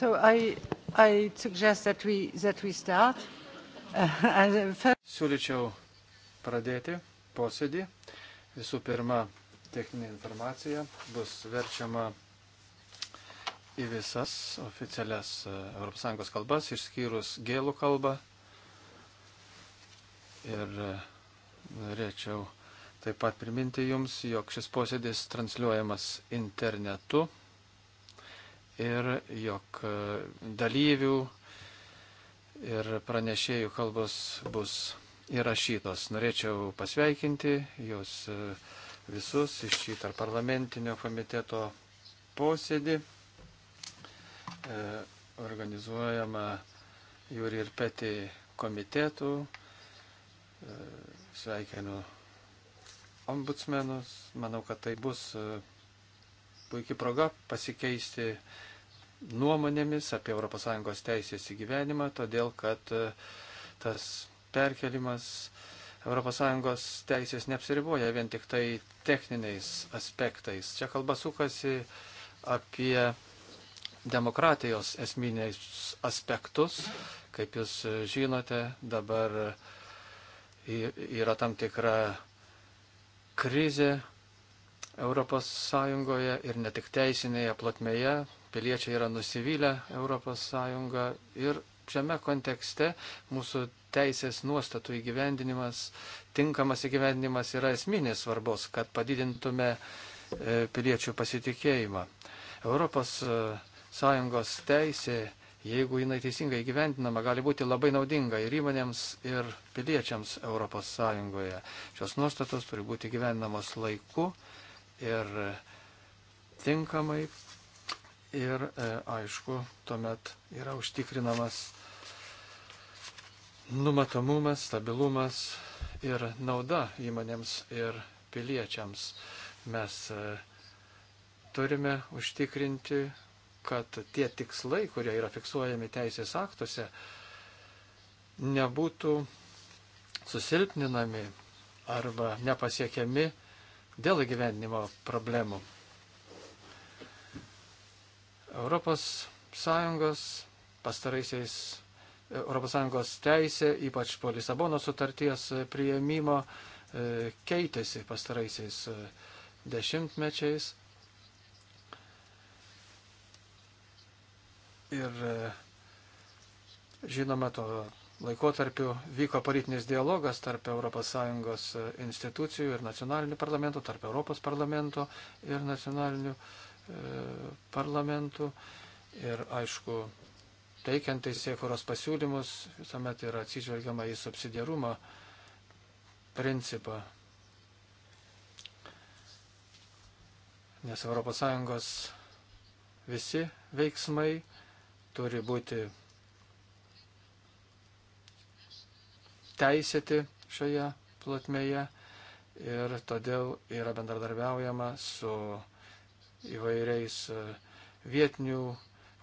So I, I suggest that we, that we start. Uh, uh, Siūlyčiau pradėti posėdį. Visų pirma, techninė informacija bus verčiama į visas oficialias uh, ES kalbas, išskyrus gėlų kalbą. Ir norėčiau taip pat priminti Jums, jog šis posėdis transliuojamas internetu ir jog e, dalyvių ir pranešėjų kalbos bus įrašytos. Norėčiau pasveikinti jūs e, visus iš šį tarp parlamentinio komiteto posėdį e, organizuojama jūri ir peti komitetų. E, sveikinu ombudsmenus. Manau, kad tai bus e, puikia proga pasikeisti nuomonėmis apie ES teisės įgyvenimą, todėl kad e, tas perkelimas ES teisės neapsiriboja vien tik tai techniniais aspektais. Čia kalba sukasi apie demokratijos esminiais aspektus. Kaip jūs žinote, dabar yra tam tikra krizė Europos Sąjungoje ir ne tik teisinėje plotmėje, piliečiai yra nusivylę ES ir šiame kontekste mūsų teisės nuostatų įgyvendinimas, tinkamas įgyvendinimas yra esminės svarbos, kad padidintume e, piliečių pasitikėjimą. ES e, teisė, jeigu jinai teisingai įgyvendinama, gali būti labai naudinga ir įmonėms, ir piliečiams ES. Šios nuostatos turi būti gyvenamos laiku ir e, tinkamai ir e, aišku, tuomet yra užtikrinamas numatomumas, stabilumas ir nauda įmonėms ir piliečiams. Mes e, turime užtikrinti, kad tie tikslai, kurie yra fiksuojami teisės aktuose, nebūtų susilpninami arba nepasiekiami dėl įgyvendinimo problemų. Europos Sąjungos pastaraisiais Europos Sąjungos teisė, ypač po Lisabono sutarties prieimimo, e, keitėsi pastaraisiais e, dešimtmečiais. Ir e, žinoma, to laikotarpiu vyko politinis dialogas tarp ES institucijų ir nacionalinių parlamentų, tarp Europos parlamento ir nacionalinių parlamentų parlamentų ir aišku, teikiant teisėkuros pasiūlymus visuomet yra atsižvelgiama į subsidiarumo principą. Nes ES visi veiksmai turi būti teisėti šioje plotmėje ir todėl yra bendradarbiaujama su įvairiais e, vietinių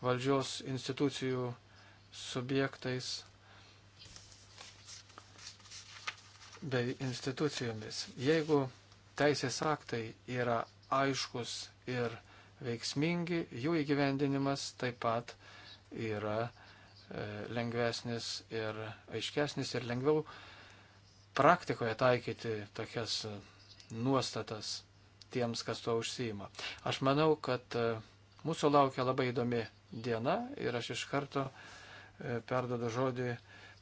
valdžios institucijų subjektais bei institucijomis. Jeigu teisės aktai yra aiškus ir veiksmingi, jų įgyvendinimas taip pat yra e, lengvesnis ir aiškesnis ir lengviau praktikoje taikyti tokias e, nuostatas tiems, kas tuo užsijima. Aš manau, kad e, mūsų laukia labai įdomi diena ir aš iš karto e, perdodu žodį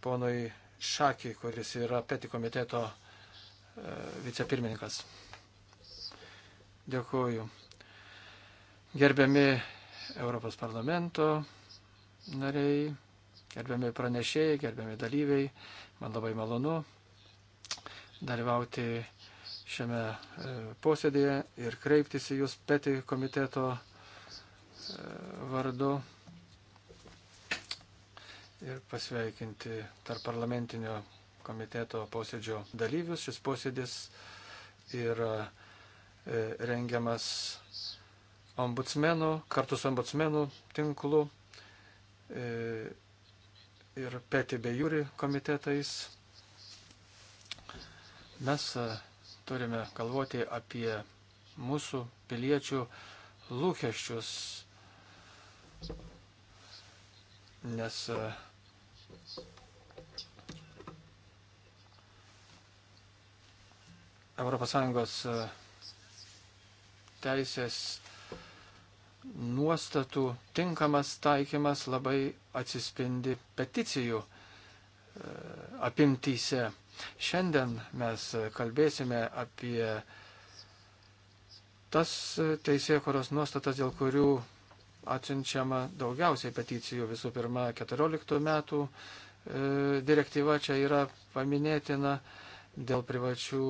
ponui Šakį, kuris yra peti komiteto e, vicepirmininkas. Dėkuoju. Gerbiami Europos parlamento nariai, gerbiami pranešėjai, gerbiami dalyviai, man labai malonu dalyvauti šiame e, posėdėje ir kreiptis į Jūs peti komiteto e, vardu ir pasveikinti tarp parlamentinio komiteto posėdžio dalyvius. Šis posėdis yra e, rengiamas ombudsmenų, kartu su ombudsmenų tinklu ir Peti Bejūri komitetais. Mes Turime galvoti apie mūsų piliečių lūkesčius, nes ES e, teisės nuostatų tinkamas taikymas labai atsispindi peticijų e, apimtyse. Šiandien mes kalbėsime apie tas teisėkuros nuostatas, dėl kurių atsiunčiama daugiausiai peticijų. Visų pirma, 14 metų e, direktyva čia yra paminėtina dėl privačių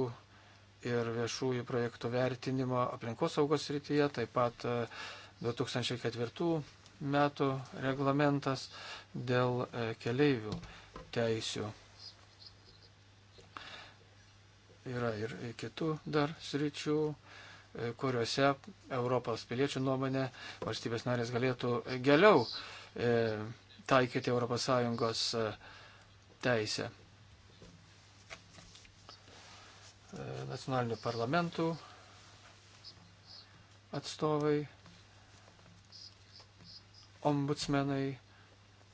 ir viešųjų projektų vertinimo aplinkosaugos srityje, taip pat 2004 e, metų reglamentas dėl e, keleivių teisių yra ir kitų dar sričių, e, kuriuose Europos piliečių nuomonė valstybės narės galėtų geriau e, taikyti ES e, teisę. Nacionalinių parlamentų atstovai, ombudsmenai,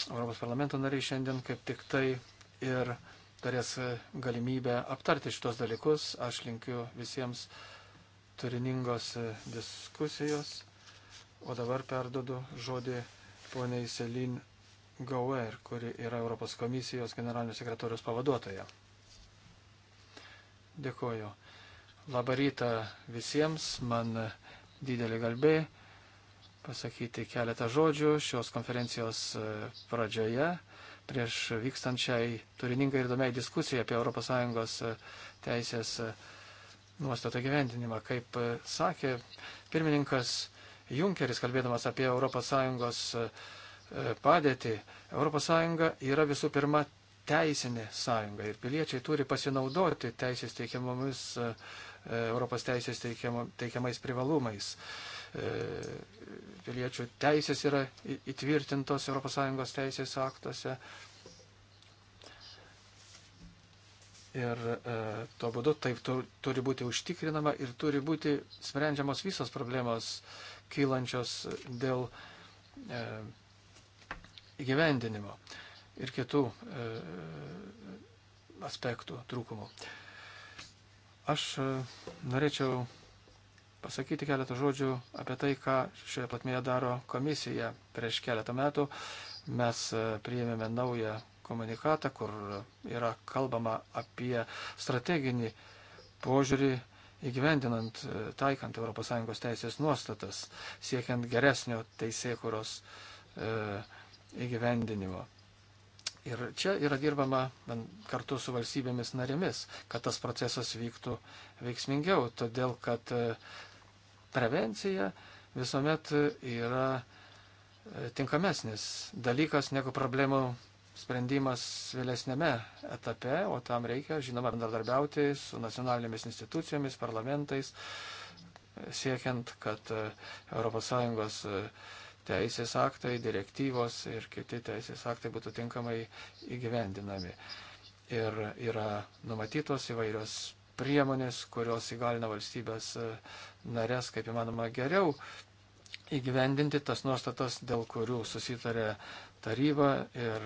Europos parlamento nariai šiandien kaip tik tai ir turės galimybę aptarti šitos dalykus. Aš linkiu visiems turiningos diskusijos. O dabar perdodu žodį poniai Selin Gauer, kuri yra Europos komisijos generalinio sekretorius pavaduotoja. Dėkuoju. Labą rytą visiems. Man didelį galbė pasakyti keletą žodžių šios konferencijos e, pradžioje prieš vykstančiai turiningai ir įdomiai diskusijai apie ES e, teisės e, nuostatą gyvendinimą. Kaip e, sakė pirmininkas Junkeris, kalbėdamas apie ES padėtį, ES yra visų pirma teisinė sąjunga ir piliečiai turi pasinaudoti teisės teikiamomis, Europos teisės teikiamais privalumais. E, piliečių teisės yra įtvirtintos ES teisės aktuose. Ir e, tuo būdu taip tur, turi būti užtikrinama ir turi būti sprendžiamos visos problemos kylančios dėl e, įgyvendinimo ir kitų e, aspektų trūkumų. Aš e, norėčiau pasakyti keletą žodžių apie tai, ką šioje platmėje daro komisija. Prieš keletą metų mes e, priėmėme naują komunikatą, kur yra kalbama apie strateginį požiūrį įgyvendinant, e, taikant ES teisės nuostatas, siekiant geresnio teisėkuros e, įgyvendinimo. Ir čia yra dirbama kartu su valstybėmis narėmis, kad tas procesas vyktų veiksmingiau, todėl kad e, prevencija visuomet yra e, tinkamesnis dalykas negu problemų sprendimas vėlesnėme etape, o tam reikia, žinoma, bendradarbiauti su nacionalinėmis institucijomis, parlamentais, e, siekiant, kad ES e, teisės aktai, direktyvos ir kiti teisės aktai būtų tinkamai įgyvendinami. Ir yra numatytos įvairios priemonės, kurios įgalina valstybės e, narės, kaip įmanoma, geriau įgyvendinti tas nuostatas, dėl kurių susitarė taryba ir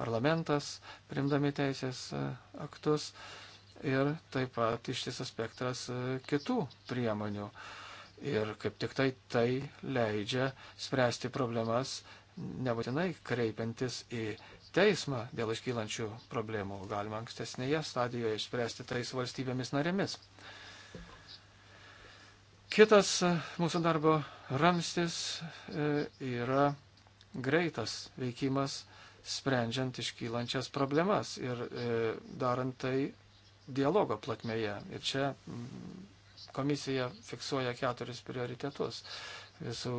parlamentas, primdami teisės e, aktus ir taip pat ištisas spektras e, kitų priemonių. Ir kaip tik tai tai leidžia spręsti problemas, nebūtinai kreipiantis į teismą dėl iškylančių problemų. Galima ankstesnėje stadijoje išspręsti tais valstybėmis narėmis. Kitas mūsų darbo ramstis e, yra greitas veikimas sprendžiant iškylančias problemas ir e, darant tai dialogo platmeje. Ir čia mm, komisija fiksuoja keturis prioritetus. Visų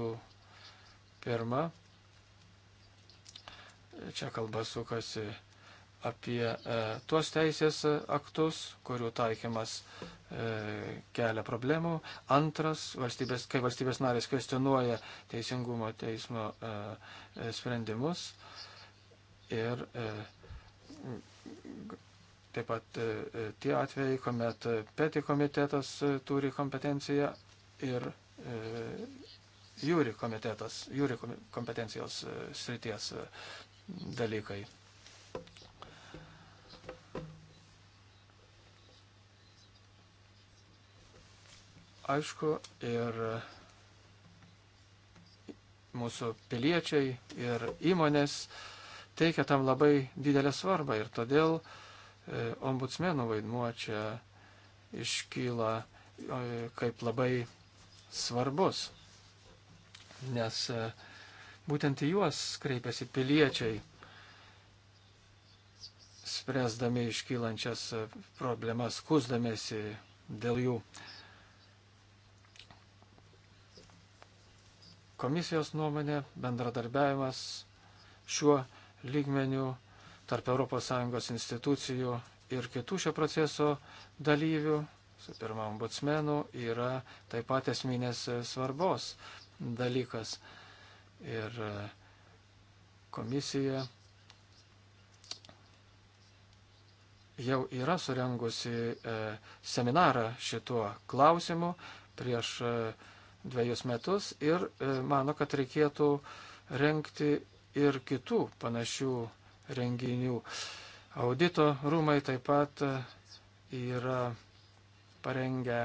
pirma, Čia kalba sukasi apie e, tuos teisės aktus, kurių taikymas e, kelia problemų. Antras, valstybės, kai valstybės narės kvestionuoja teisingumo teismo e, e sprendimus. Ir e, taip pat e, e, tie atvejai, kuomet peti komitetas e, turi kompetenciją ir e, jūri komitetas, jūri kompetencijos e, srities dalykai. Aišku, ir mūsų piliečiai ir įmonės teikia tam labai didelę svarbą ir todėl e, ombudsmenų vaidmuo čia iškyla e, kaip labai svarbus, nes e, Būtent į juos kreipiasi piliečiai, spręsdami iškylančias problemas, kusdamėsi dėl jų. Komisijos nuomonė, bendradarbiavimas šiuo lygmeniu tarp ES institucijų ir kitų šio proceso dalyvių, su pirma ombudsmenų, yra taip pat esminės svarbos dalykas ir e, komisija jau yra surengusi e, seminarą šituo klausimu prieš e, dviejus metus ir mano, kad reikėtų renkti ir kitų panašių renginių. Audito rūmai taip pat yra parengę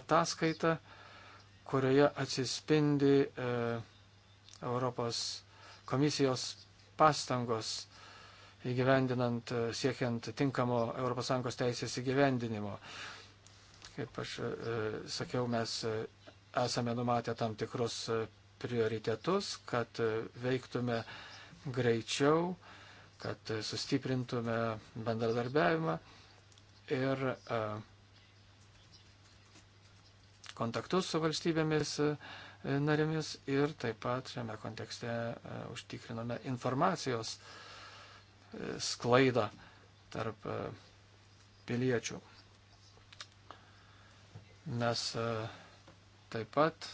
ataskaitą kurioje atsispindi e, Europos komisijos pastangos įgyvendinant, e, siekiant tinkamo ES teisės įgyvendinimo. Kaip aš e, sakiau, mes e, esame numatę tam tikrus e, prioritetus, kad veiktume greičiau, kad sustiprintume bendradarbiavimą ir e, kontaktus su valstybėmis e, narėmis ir taip pat šiame kontekste e, užtikrinome informacijos e, sklaidą tarp piliečių. Mes taip pat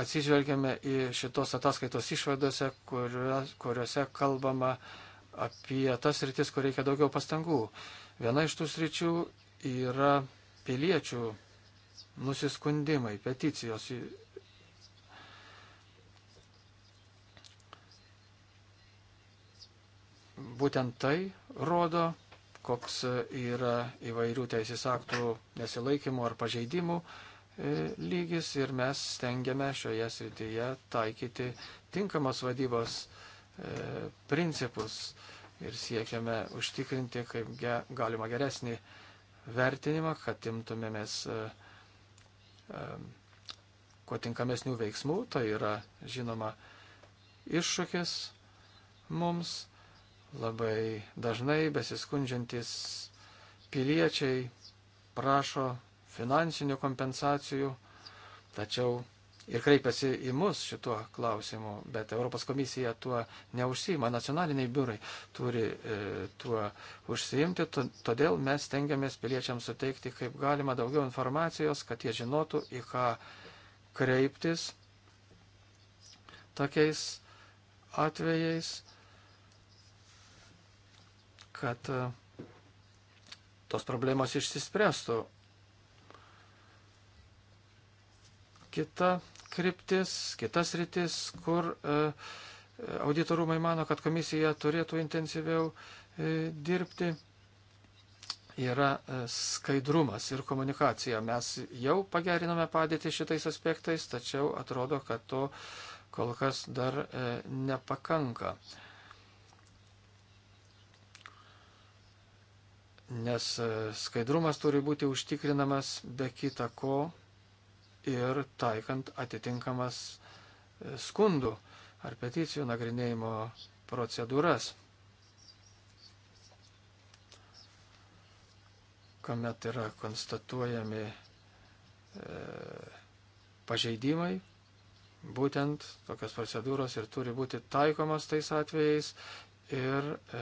atsižvelgiame į šitos ataskaitos išvadose, kuriuose kalbama apie tas rytis, kur reikia daugiau pastangų. Viena iš tų sričių yra piliečių nusiskundimai, peticijos. Būtent tai rodo, koks yra įvairių teisės aktų nesilaikymų ar pažeidimų e, lygis ir mes stengiame šioje srityje taikyti tinkamos vadybos e, principus ir siekiame užtikrinti, kaip ge, galima geresnį vertinimą, kad imtumėmės e, e, kuo tinkamesnių veiksmų. Tai yra, žinoma, iššūkis mums. Labai dažnai besiskundžiantis piliečiai prašo finansinių kompensacijų, tačiau ir kreipiasi į mus šituo klausimu, bet Europos komisija tuo neužsima, nacionaliniai biurai turi e, tuo užsiimti, todėl mes tengiamės piliečiams suteikti kaip galima daugiau informacijos, kad jie žinotų, į ką kreiptis tokiais atvejais, kad e, tos problemos išsispręstų, kita kryptis, kitas rytis, kur e, auditorumai mano, kad komisija turėtų intensyviau e, dirbti, yra e, skaidrumas ir komunikacija. Mes jau pagerinome padėtį šitais aspektais, tačiau atrodo, kad to kol kas dar nepakanka. Nes skaidrumas turi būti užtikrinamas be kita ko ir taikant atitinkamas e, skundų ar peticijų nagrinėjimo procedūras. kuomet yra konstatuojami e, pažeidimai, būtent tokios procedūros ir turi būti taikomos tais atvejais ir e,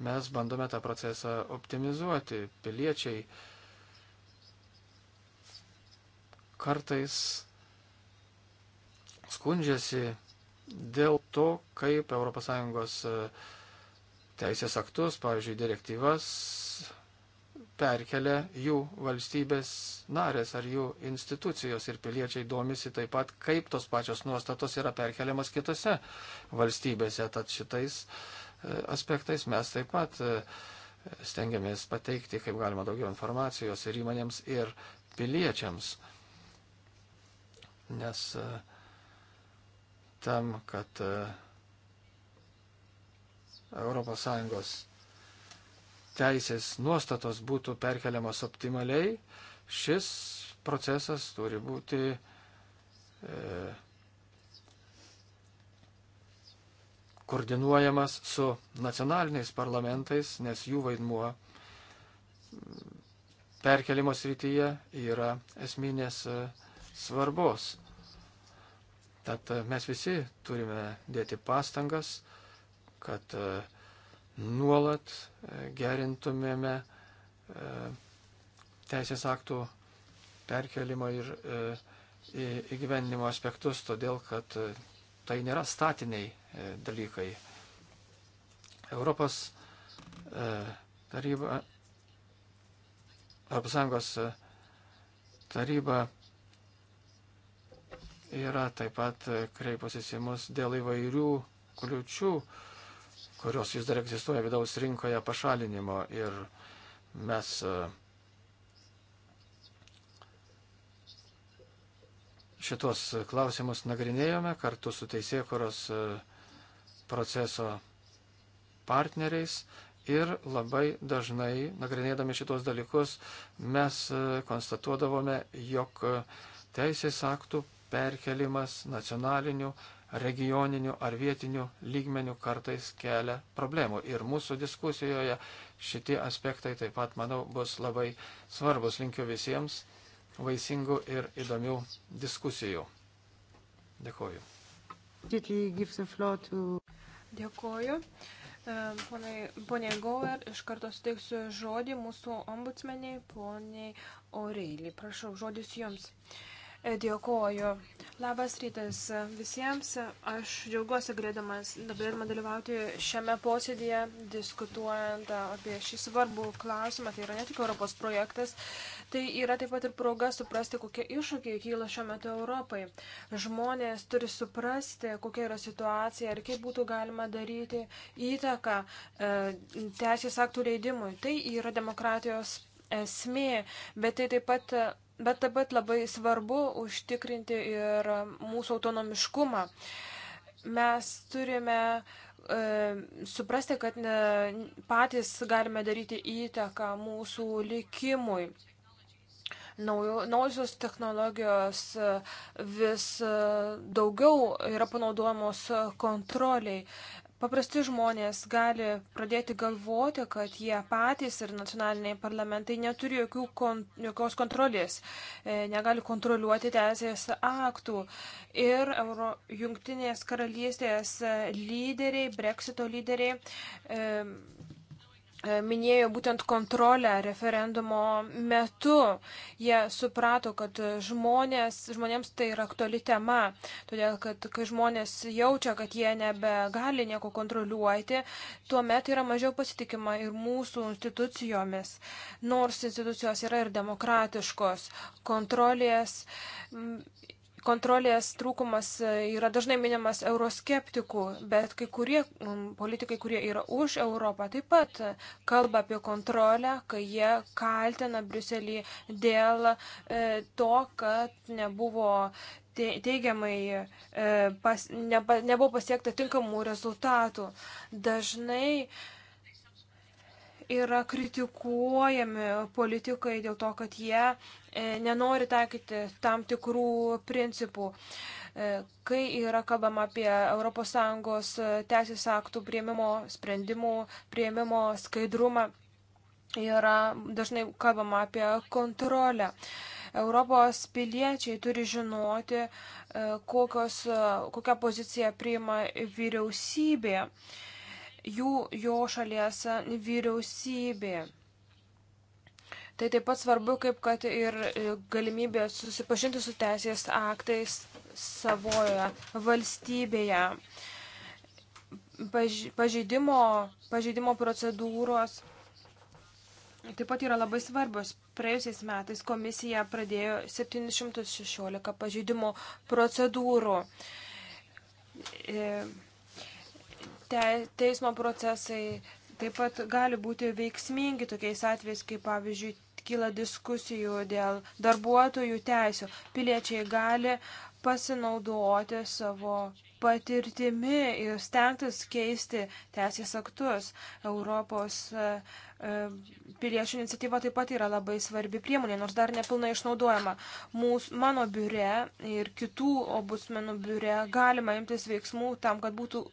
mes bandome tą procesą optimizuoti. Piliečiai e, kartais skundžiasi dėl to, kaip ES e, teisės aktus, pavyzdžiui, direktyvas perkelia jų valstybės narės ar jų institucijos ir piliečiai domisi taip pat, kaip tos pačios nuostatos yra perkeliamas kitose valstybėse. Tad šitais e, aspektais mes taip pat e, stengiamės pateikti kaip galima daugiau informacijos ir įmonėms, ir piliečiams nes e, tam, kad ES teisės nuostatos būtų perkeliamas optimaliai, šis procesas turi būti e, koordinuojamas su nacionaliniais parlamentais, nes jų vaidmuo perkelimo srityje yra esminės e, svarbos. Tad e, mes visi turime dėti pastangas, kad e, nuolat e, gerintumėme teisės aktų perkelimo ir įgyvendinimo aspektus, todėl kad tai nėra statiniai dalykai. Europos taryba, Europos Sąjungos taryba yra taip pat kreipusis į mus dėl įvairių kliučių, kurios vis dar egzistuoja vidaus rinkoje pašalinimo. Ir mes e, šitos klausimus nagrinėjome kartu su teisėkuros e, proceso partneriais ir labai dažnai, nagrinėdami šitos dalykus, mes e, konstatuodavome, jog teisės aktų perkelimas nacionaliniu, regioniniu ar vietiniu lygmeniu kartais kelia problemų. Ir mūsų diskusijoje šitie aspektai taip pat, manau, bus labai svarbus. Linkiu visiems vaisingų ir įdomių diskusijų. Dėkuoju. Dėkuoju. Pone Gauer, iš karto suteiksiu žodį mūsų ombudsmeniai, poniai Oreiliai. Prašau, žodis jums. Uh, E, dėkoju. Labas rytas visiems. Aš džiaugiuosi galėdamas dalyvauti šiame posėdėje, diskutuojant apie šį svarbų klausimą. Tai yra ne tik Europos projektas, tai yra taip pat ir proga suprasti, kokie iššūkiai kyla šiuo metu Europai. Žmonės turi suprasti, kokia yra situacija ir kaip būtų galima daryti įtaką e, teisės aktų leidimui. Tai yra demokratijos esmė, bet tai taip pat bet taip pat labai svarbu užtikrinti ir mūsų autonomiškumą. Mes turime e, suprasti, kad ne, patys galime daryti įtaką mūsų likimui. Naujosios technologijos e, vis e, daugiau yra panaudojamos kontroliai. Paprasti žmonės gali pradėti galvoti, kad jie patys ir nacionaliniai parlamentai neturi jokių kon, jokios kontrolės, e, negali kontroliuoti teisės aktų. Ir Euro, jungtinės karalystės e, lyderiai, breksito lyderiai e, E, minėjo būtent kontrolę referendumo metu. Jie suprato, kad žmonės, žmonėms tai yra aktuali tema, todėl kad kai žmonės jaučia, kad jie nebegali nieko kontroliuoti, tuomet yra mažiau pasitikima ir mūsų institucijomis. Nors institucijos yra ir demokratiškos, kontrolės kontrolės trūkumas e, yra dažnai minimas euroskeptikų, bet kai kurie politikai, kurie yra už Europą, taip pat e, kalba apie kontrolę, kai jie kaltina Briuselį dėl e, to, kad nebuvo teigiamai pas, ne, nebuvo pasiekta tinkamų rezultatų. Dažnai uh, yra kritikuojami politikai dėl to, kad jie e, nenori taikyti tam tikrų principų. E, kai yra kalbama apie ES e, teisės aktų prieimimo sprendimų, prieimimo skaidrumą, yra dažnai kalbama apie kontrolę. Europos piliečiai turi žinoti, kokios, kokią poziciją priima vyriausybė jų, jo šalies vyriausybė. Tai taip pat svarbu, kaip kad ir e, galimybė susipažinti su teisės aktais savoje valstybėje. Pažeidimo, pažeidimo procedūros taip pat yra labai svarbios. Praėjusiais metais komisija pradėjo 716 pažeidimo procedūrų. E, te, teismo procesai taip pat gali būti veiksmingi tokiais atvejais, kaip pavyzdžiui, kyla diskusijų dėl darbuotojų teisų. Piliečiai gali pasinaudoti savo patirtimi ir stengtis keisti teisės aktus. Europos e, e, piliečių iniciatyva taip pat yra labai svarbi priemonė, nors dar nepilnai išnaudojama. Mūsų, mano biure ir kitų obusmenų biure galima imtis veiksmų tam, kad būtų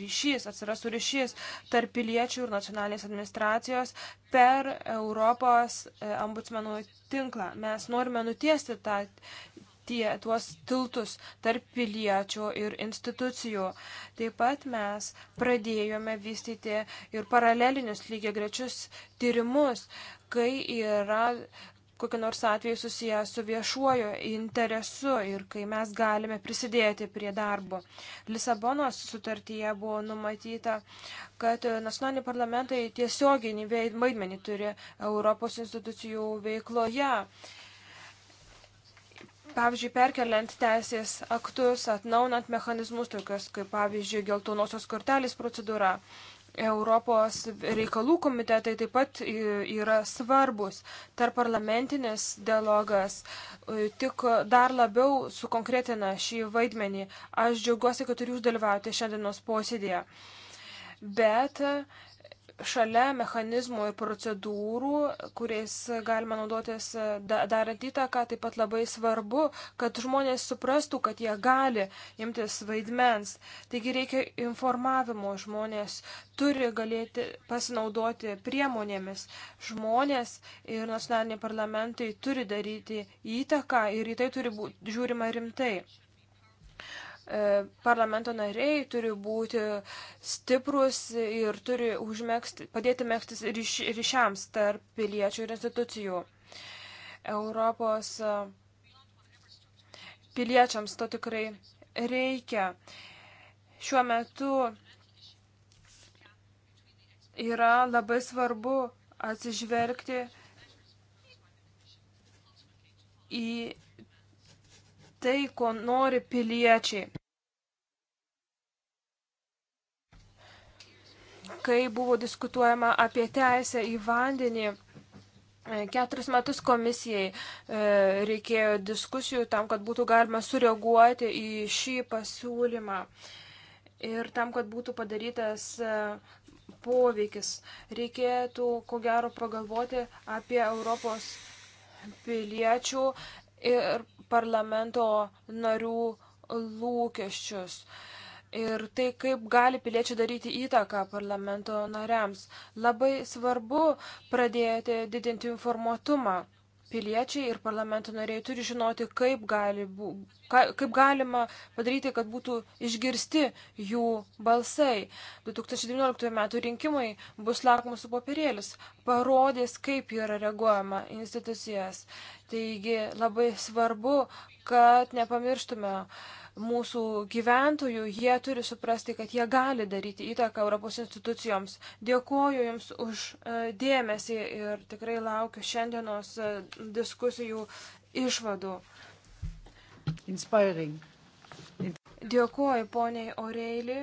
ryšys, atsirastų ryšys tarp piliečių ir nacionalinės administracijos per Europos e, ombudsmenų tinklą. Mes norime nutiesti tą tie, tuos tiltus tarp piliečių ir institucijų. Taip pat mes pradėjome vystyti ir paralelinius lygiai grečius tyrimus, kai yra kokiu nors atveju susiję su viešuoju interesu ir kai mes galime prisidėti prie darbo. Lisabonos sutartyje buvo numatyta, kad nacionaliniai parlamentai tiesioginį vaidmenį turi Europos institucijų veikloje. Pavyzdžiui, perkeliant teisės aktus, atnaunant mechanizmus, tokius kaip, pavyzdžiui, geltonosios kortelės procedūra. Uh, Europos reikalų komitetai taip pat yra svarbus. Tarp parlamentinis dialogas e, tik dar labiau sukonkretina šį vaidmenį. Aš džiaugiuosi, kad ir jūs dalyvaujate šiandienos posėdėje. Bet šalia mechanizmų ir procedūrų, kuriais galima naudotis darant įtaką, taip pat labai svarbu, kad žmonės suprastų, kad jie gali imtis vaidmens. Taigi reikia informavimo, žmonės turi galėti pasinaudoti priemonėmis. Žmonės ir nacionaliniai parlamentai turi daryti įtaką ir į tai turi būti žiūrima rimtai. E, parlamento nariai turi būti stiprus ir turi užmėgsti, padėti mėgstis ryš, ryšiams tarp piliečių ir institucijų. Europos e, piliečiams to tikrai reikia. Šiuo metu yra labai svarbu atsižvelgti į tai, ko nori piliečiai. Kai buvo diskutuojama apie teisę į vandenį, e, Keturis metus komisijai e, reikėjo diskusijų tam, kad būtų galima sureaguoti į šį pasiūlymą ir tam, kad būtų padarytas e, poveikis. Reikėtų, ko gero, pagalvoti apie Europos piliečių ir parlamento narių lūkesčius. Ir tai, kaip gali piliečiai daryti įtaką parlamento nariams. Labai svarbu pradėti didinti informatumą piliečiai ir parlamento nariai turi žinoti, kaip, gali, kaip galima padaryti, kad būtų išgirsti jų balsai. 2019 m. rinkimai bus lakmusų papirėlis, parodys, kaip yra reaguojama institucijas. Taigi labai svarbu, kad nepamirštume uh, mūsų gyventojų, jie turi suprasti, kad jie gali daryti įtaką Europos institucijoms. Dėkuoju Jums už e, dėmesį ir tikrai laukiu šiandienos e, diskusijų išvadų. Inspiring. Dėkuoju poniai Oreilį.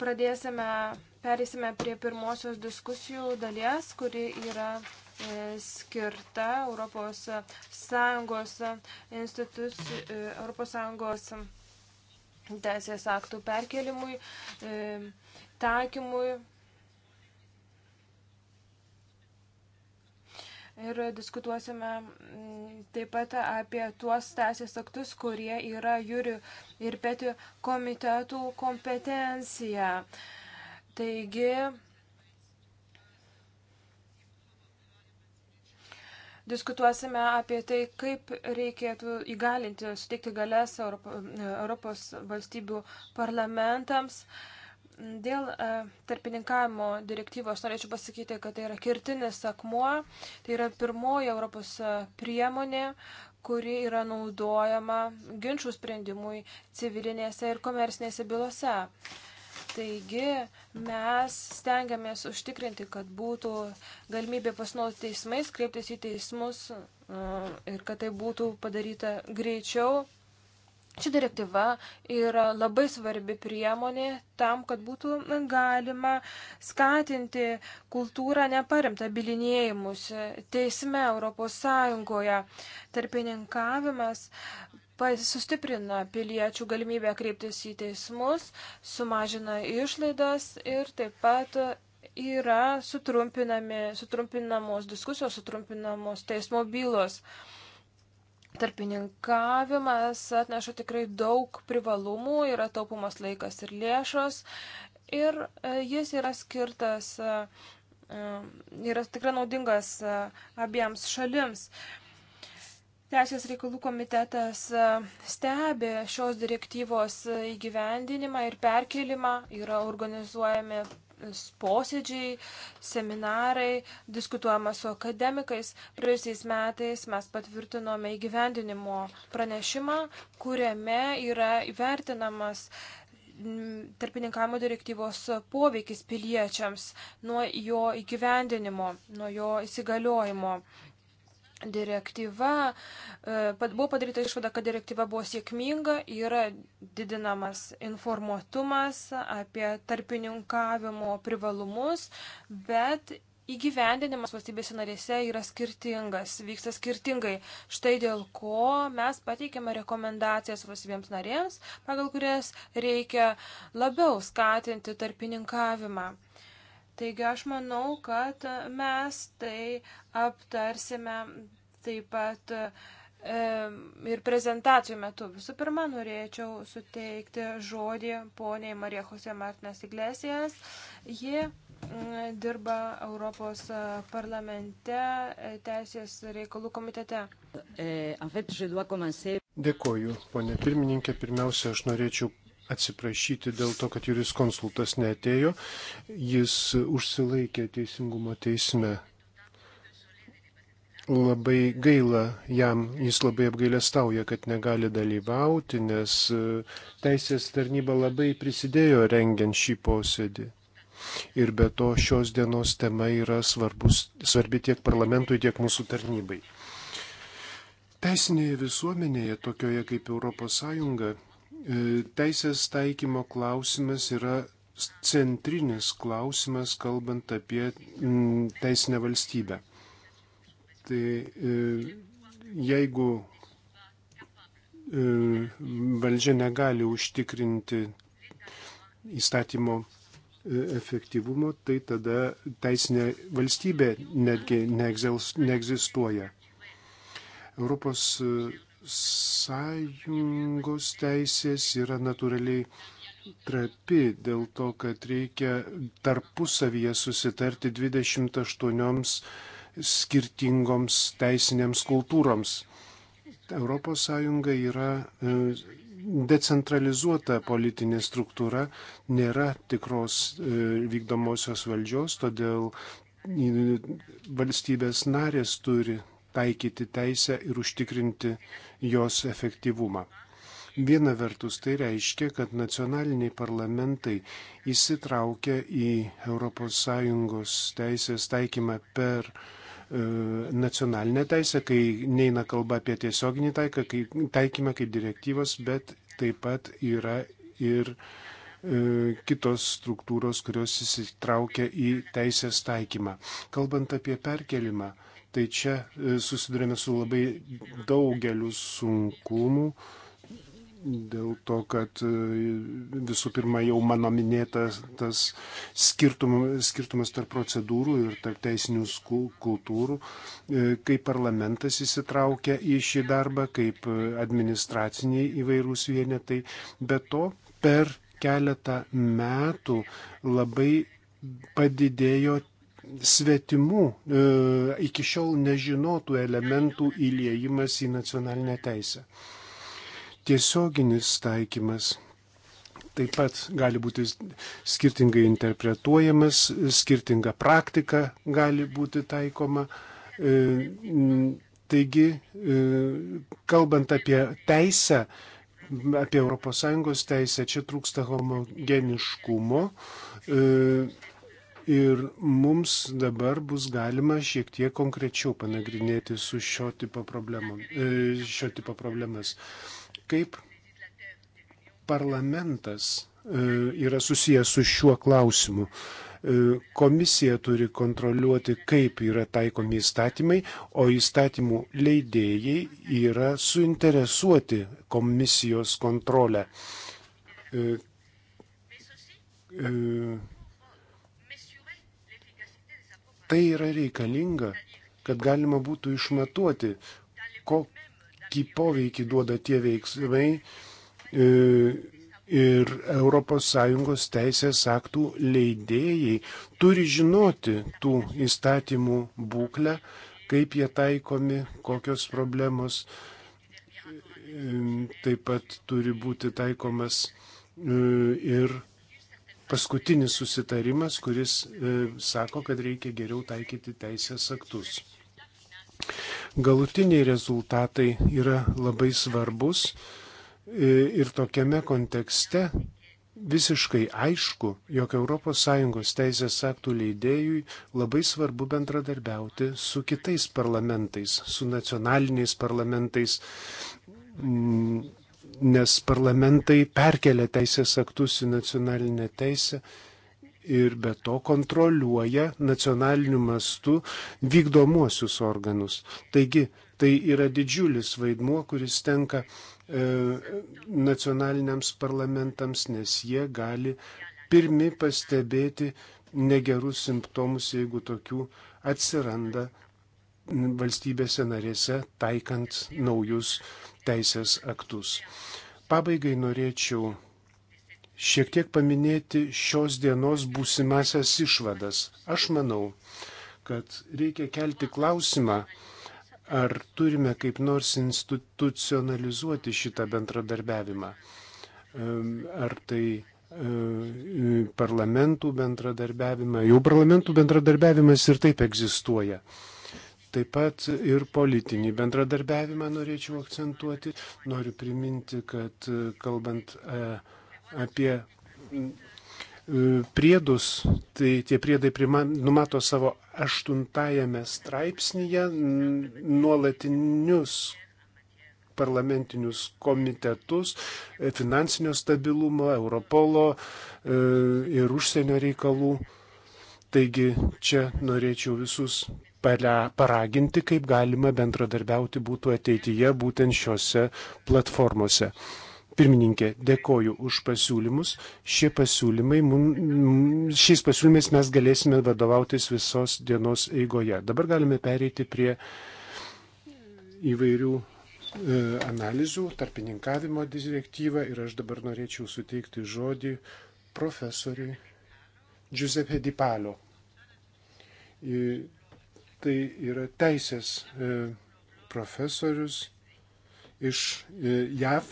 Pradėsime, perėsime prie pirmosios diskusijų dalies, kuri yra E, skirta Europos Sąjungos institucijų, e, Europos Sąjungos teisės aktų perkelimui, e, taikymui. Ir diskutuosime mm, taip pat apie tuos teisės aktus, kurie yra jūrių ir petių komitetų kompetencija. Taigi, diskutuosime apie tai, kaip reikėtų įgalinti, suteikti galės Europos valstybių parlamentams. Dėl e, tarpininkavimo direktyvos norėčiau pasakyti, kad tai yra kirtinis akmuo, tai yra pirmoji Europos priemonė, kuri yra naudojama ginčių sprendimui civilinėse ir komersinėse bylose. Taigi mes stengiamės užtikrinti, kad būtų galimybė pasinaudoti teismais, kreiptis į teismus e, ir kad tai būtų padaryta greičiau. Ši direktyva yra labai svarbi priemonė tam, kad būtų galima skatinti kultūrą neparemtą bilinėjimus teisme Europos Sąjungoje. Tarpininkavimas sustiprina piliečių galimybę kreiptis į teismus, sumažina išlaidas ir taip pat yra sutrumpinamos diskusijos, sutrumpinamos teismo bylos. Tarpininkavimas atneša tikrai daug privalumų, yra taupumas laikas ir lėšos ir e, jis yra skirtas, e, e, yra tikrai naudingas abiems šalims. Teisės reikalų komitetas e, stebi šios direktyvos e, įgyvendinimą ir perkelimą, yra organizuojami e, posėdžiai, seminarai, diskutuojama su akademikais. Praėjusiais metais mes patvirtinome įgyvendinimo pranešimą, kuriame yra įvertinamas tarpininkavimo direktyvos poveikis piliečiams nuo jo įgyvendinimo, nuo jo įsigaliojimo direktyva, e, buvo padaryta išvada, kad direktyva buvo sėkminga, yra didinamas informuotumas apie tarpininkavimo privalumus, bet įgyvendinimas valstybėse narėse yra skirtingas, vyksta skirtingai. Štai dėl ko mes pateikėme rekomendacijas valstybėms narėms, pagal kurias reikia labiau skatinti tarpininkavimą. Taigi aš manau, kad mes tai aptarsime taip pat e, ir prezentacijų metu. Visų pirma, norėčiau suteikti žodį poniai Marija Jose Martinas Iglesijas. Ji mm, dirba Europos parlamente e, Teisės reikalų komitete. E, Dėkoju, ponė pirmininkė. Pirmiausia, aš norėčiau atsiprašyti dėl to, kad juriskonsultas neatėjo. Jis užsilaikė teisingumo teisme. Labai gaila jam, jis labai apgailestauja, kad negali dalyvauti, nes e, teisės tarnyba labai prisidėjo rengiant šį posėdį. Ir be to šios dienos tema yra svarbus, svarbi tiek parlamentui, tiek mūsų tarnybai. Teisinėje visuomenėje, tokioje kaip ES, E, teisės taikymo klausimas yra centrinis klausimas, kalbant apie mm, teisinę valstybę. Tai e, jeigu e, valdžia negali užtikrinti įstatymo efektyvumo, tai tada teisinė valstybė netgi neegzistuoja. Europos sąjungos teisės yra natūraliai trapi dėl to, kad reikia tarpusavyje susitarti 28 skirtingoms teisinėms kultūroms. ES yra e, decentralizuota politinė struktūra, nėra tikros e, vykdomosios valdžios, todėl e, valstybės narės turi taikyti teisę ir užtikrinti jos efektyvumą. Viena vertus tai reiškia, kad nacionaliniai parlamentai įsitraukia į ES teisės taikymą per e, nacionalinę teisę, kai neina kalba apie tiesioginį taiką, kai, taikymą kaip direktyvos, bet taip pat yra ir e, kitos struktūros, kurios įsitraukia į teisės taikymą. Kalbant apie perkelimą, e, tai čia e, susidurėme su labai daugeliu sunkumų. Dėl to, kad e, visų pirma jau mano minėtas tas skirtum, skirtumas tarp procedūrų ir tarp teisinių kultūrų, e, kaip parlamentas įsitraukia į šį darbą, kaip administraciniai įvairūs vienetai. Be to, per keletą metų labai padidėjo svetimų e, iki šiol nežinotų elementų įliejimas į nacionalinę teisę. Tiesioginis taikymas taip pat gali būti skirtingai interpretuojamas, skirtinga praktika gali būti taikoma. E, taigi, e, kalbant apie teisę, apie ES teisę, čia trūksta homogeniškumo. E, Ir mums dabar bus galima šiek tiek konkrečiau panagrinėti su šio tipo, problemom, e, šio tipo problemas. Kaip parlamentas e, yra susijęs su šiuo klausimu. E, komisija turi kontroliuoti, kaip yra taikomi įstatymai, o įstatymų leidėjai yra suinteresuoti komisijos kontrolę Tai yra reikalinga, kad galima būtų išmatuoti, kokį poveikį duoda tie veiksmai e, ir ES teisės aktų leidėjai turi žinoti tų įstatymų būklę, kaip jie taikomi, kokios problemos. E, taip pat turi būti taikomas e, ir paskutinis susitarimas, kuris e, sako, kad reikia geriau taikyti teisės aktus. Galutiniai rezultatai yra labai svarbus e, ir tokiame kontekste visiškai aišku, jog ES teisės aktų leidėjui labai svarbu bendradarbiauti su kitais parlamentais, su nacionaliniais parlamentais, mm, nes parlamentai perkelia teisės aktus į nacionalinę teisę ir be to kontroliuoja nacionaliniu mastu vykdomuosius organus. Taigi tai yra didžiulis vaidmuo, kuris tenka e, nacionaliniams parlamentams, nes jie gali pirmi pastebėti negerus simptomus, jeigu tokių atsiranda valstybėse narėse taikant naujus teisės aktus. Pabaigai norėčiau šiek tiek paminėti šios dienos būsimasias išvadas. Aš manau, kad reikia kelti klausimą, ar turime kaip nors institucionalizuoti šitą bendradarbiavimą. Ar tai e, parlamentų bendradarbiavimą. Jau parlamentų bendradarbiavimas ir taip egzistuoja. Taip pat ir politinį bendradarbiavimą norėčiau akcentuoti. Noriu priminti, kad e, kalbant e, apie e, priedus, tai tie priedai numato savo aštuntajame straipsnėje nuolatinius parlamentinius komitetus, finansinio stabilumo, Europolo ir užsienio reikalų. Taigi čia norėčiau visus paraginti, kaip galima bendradarbiauti būtų ateityje būtent šiuose platformose. Pirmininkė, dėkoju už pasiūlymus. Šie pasiūlymai, šiais pasiūlymais mes galėsime vadovautis visos dienos eigoje. Dabar galime pereiti prie įvairių e, analizų, tarpininkavimo direktyvą ir aš dabar norėčiau suteikti žodį profesoriui Giuseppe Di Palo. Tai yra teisės e, profesorius iš e, JAV.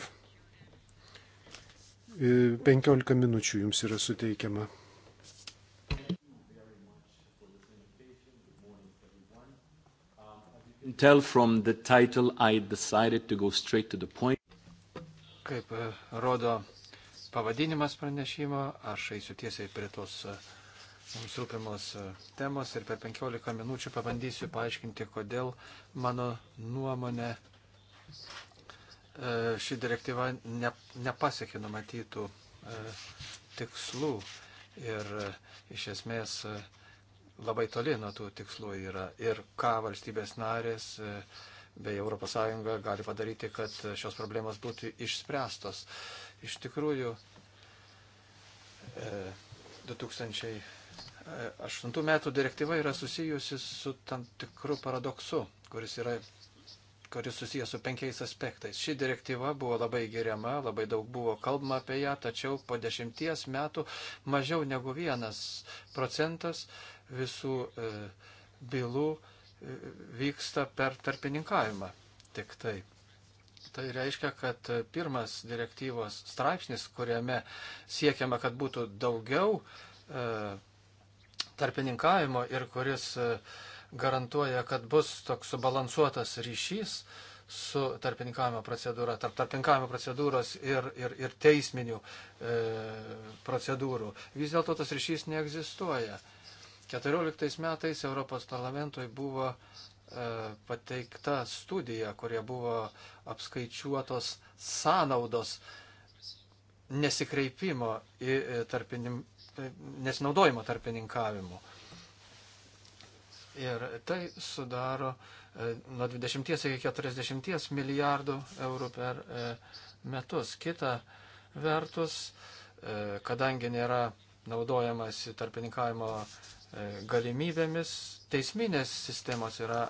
15 e, minučių jums yra suteikiama. tell from the title, I decided to go straight to the point. Kaip rodo pavadinimas pranešimo, aš eisiu tiesiai prie tos mums rūpimos e, temos ir per 15 minučių pabandysiu paaiškinti, kodėl mano nuomonė e, ši direktyva ne, nepasiekė numatytų e, tikslų ir iš esmės labai toli nuo tų tikslų yra ir ką valstybės narės bei ES gali padaryti, kad šios problemos būtų išspręstos. Iš tikrųjų, 2000 Aštuntų metų direktyva yra susijusi su tam tikru paradoksu, kuris, yra, kuris susijęs su penkiais aspektais. Ši direktyva buvo labai geriama, labai daug buvo kalbama apie ją, tačiau po dešimties metų mažiau negu vienas procentas visų e, bylų e, vyksta per tarpininkavimą. Tik tai. Tai reiškia, kad pirmas direktyvos straipsnis, kuriame siekiama, kad būtų daugiau e, tarpininkavimo ir kuris e, garantuoja, kad bus toks subalansuotas ryšys su tarpininkavimo procedūra, tarp tarpininkavimo procedūros ir, ir, ir teisminių e, procedūrų. Vis dėlto tas ryšys neegzistuoja. 14 metais Europos parlamentui buvo e, pateikta studija, kurie buvo apskaičiuotos sąnaudos nesikreipimo į e, tarpinim, Tai nesinaudojimo tarpininkavimu. Ir tai sudaro e, nuo 20 iki 40 milijardų eurų per e, metus. Kita vertus, e, kadangi nėra naudojamas tarpininkavimo galimybėmis, teisminės sistemos yra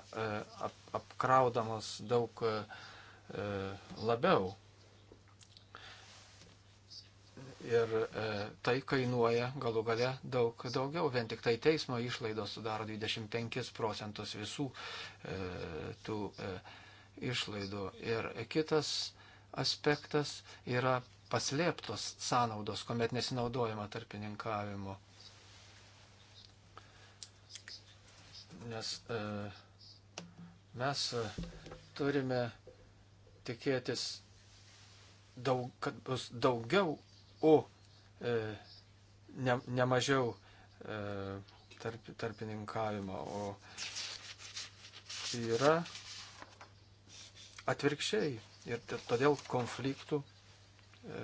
apkraudamos daug labiau. Ir e, tai kainuoja galų gale daug daugiau. Vien tik tai teismo išlaidos sudaro 25 procentus visų e, tų e, išlaidų. Ir kitas aspektas yra paslėptos sąnaudos, kuomet nesinaudojama tarpininkavimu. Nes e, mes e, turime tikėtis, daug, kad bus daugiau o e, ne, nemažiau e, tarp, tarpininkavimo, o yra atvirkščiai. Ir todėl konfliktų, e,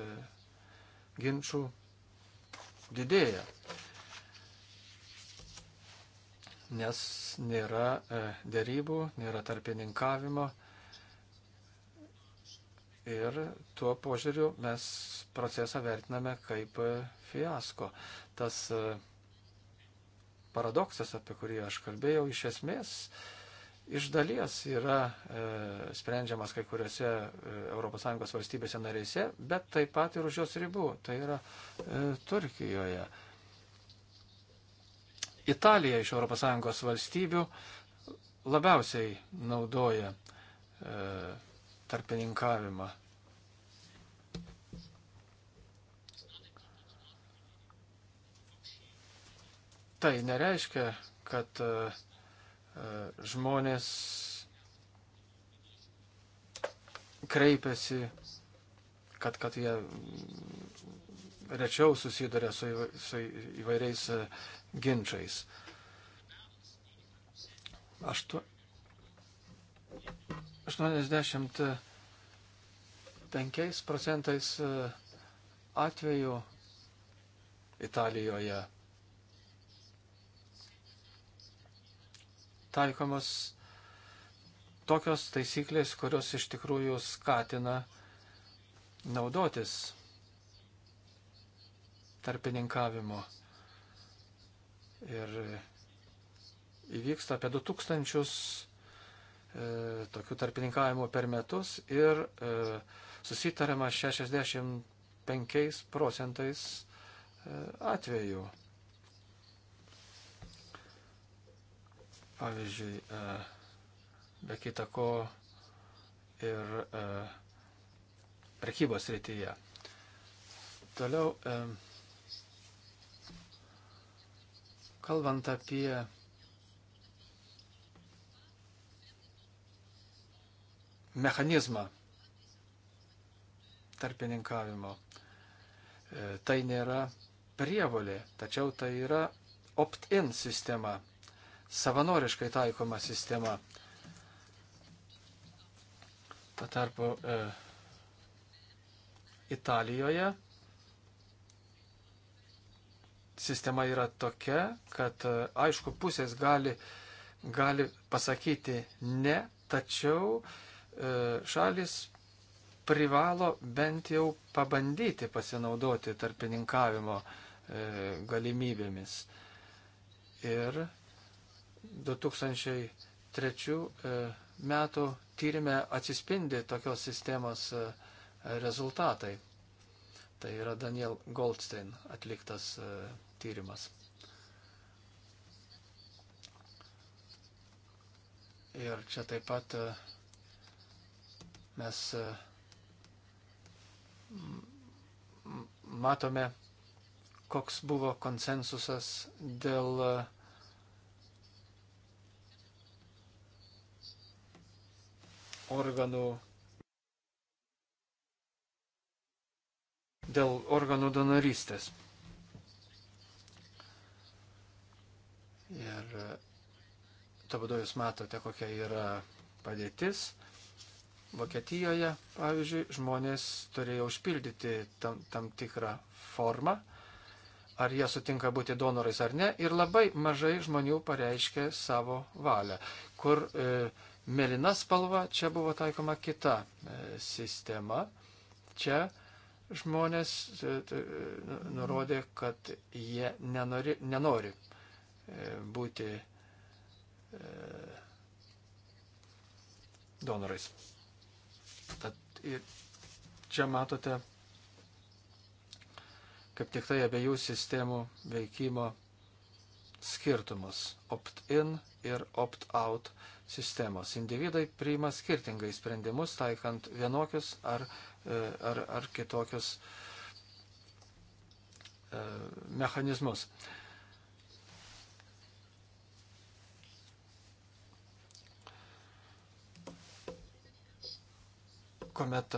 ginčių didėja. Nes nėra e, dėrybų, nėra tarpininkavimo, Ir tuo požiūriu mes procesą vertiname kaip fiasko. Tas e, paradoksas, apie kurį aš kalbėjau, iš esmės iš dalies yra e, sprendžiamas kai kuriuose ES valstybėse narėse, bet taip pat ir už jos ribų, tai yra e, Turkijoje. Italija iš ES valstybių labiausiai naudoja e, tarpininkavimą. Tai nereiškia, kad e, e, žmonės kreipiasi, kad, kad jie rečiau susiduria su, su įvairiais e, ginčiais. Aštu... 85 procentais e, atvejų Italijoje taikomos tokios taisyklės, kurios iš tikrųjų skatina naudotis tarpininkavimo. Ir įvyksta apie 2000 E, tokių tarpininkavimų per metus ir e, susitarama 65 procentais e, atveju. Pavyzdžiui, be kita ko ir prekybos rytyje. Toliau, kalbant apie mechanizmą tarpininkavimo. E, tai nėra prievolė, tačiau tai yra opt-in sistema, savanoriškai taikoma sistema. Tuo tarpu e, Italijoje sistema yra tokia, kad e, aišku pusės gali, gali pasakyti ne, tačiau e, E, šalis privalo bent jau pabandyti pasinaudoti tarpininkavimo e, galimybėmis. Ir 2003 e, metų tyrimė atsispindi tokios sistemos rezultatai. Tai yra Daniel Goldstein atliktas tyrimas. Ir čia taip pat uh, Mes e, matome, koks buvo konsensusas dėl e, organų dėl organų donorystės. Ir e, to būdu jūs matote, kokia yra padėtis. Vokietijoje, pavyzdžiui, žmonės turėjo užpildyti tam, tam tikrą formą, ar jie sutinka būti donorais ar ne, ir labai mažai žmonių pareiškė savo valią. Kur e, mėlyna spalva, čia buvo taikoma kita e, sistema. Čia žmonės e, t, e, nurodė, kad jie nenori, nenori e, būti e, donorais. Tad ir čia matote, kaip tik tai abiejų sistemų veikimo skirtumus - opt-in ir opt-out sistemos. Individai priima skirtingai sprendimus, taikant vienokius ar, e, ar, ar kitokius e, mechanizmus. kuomet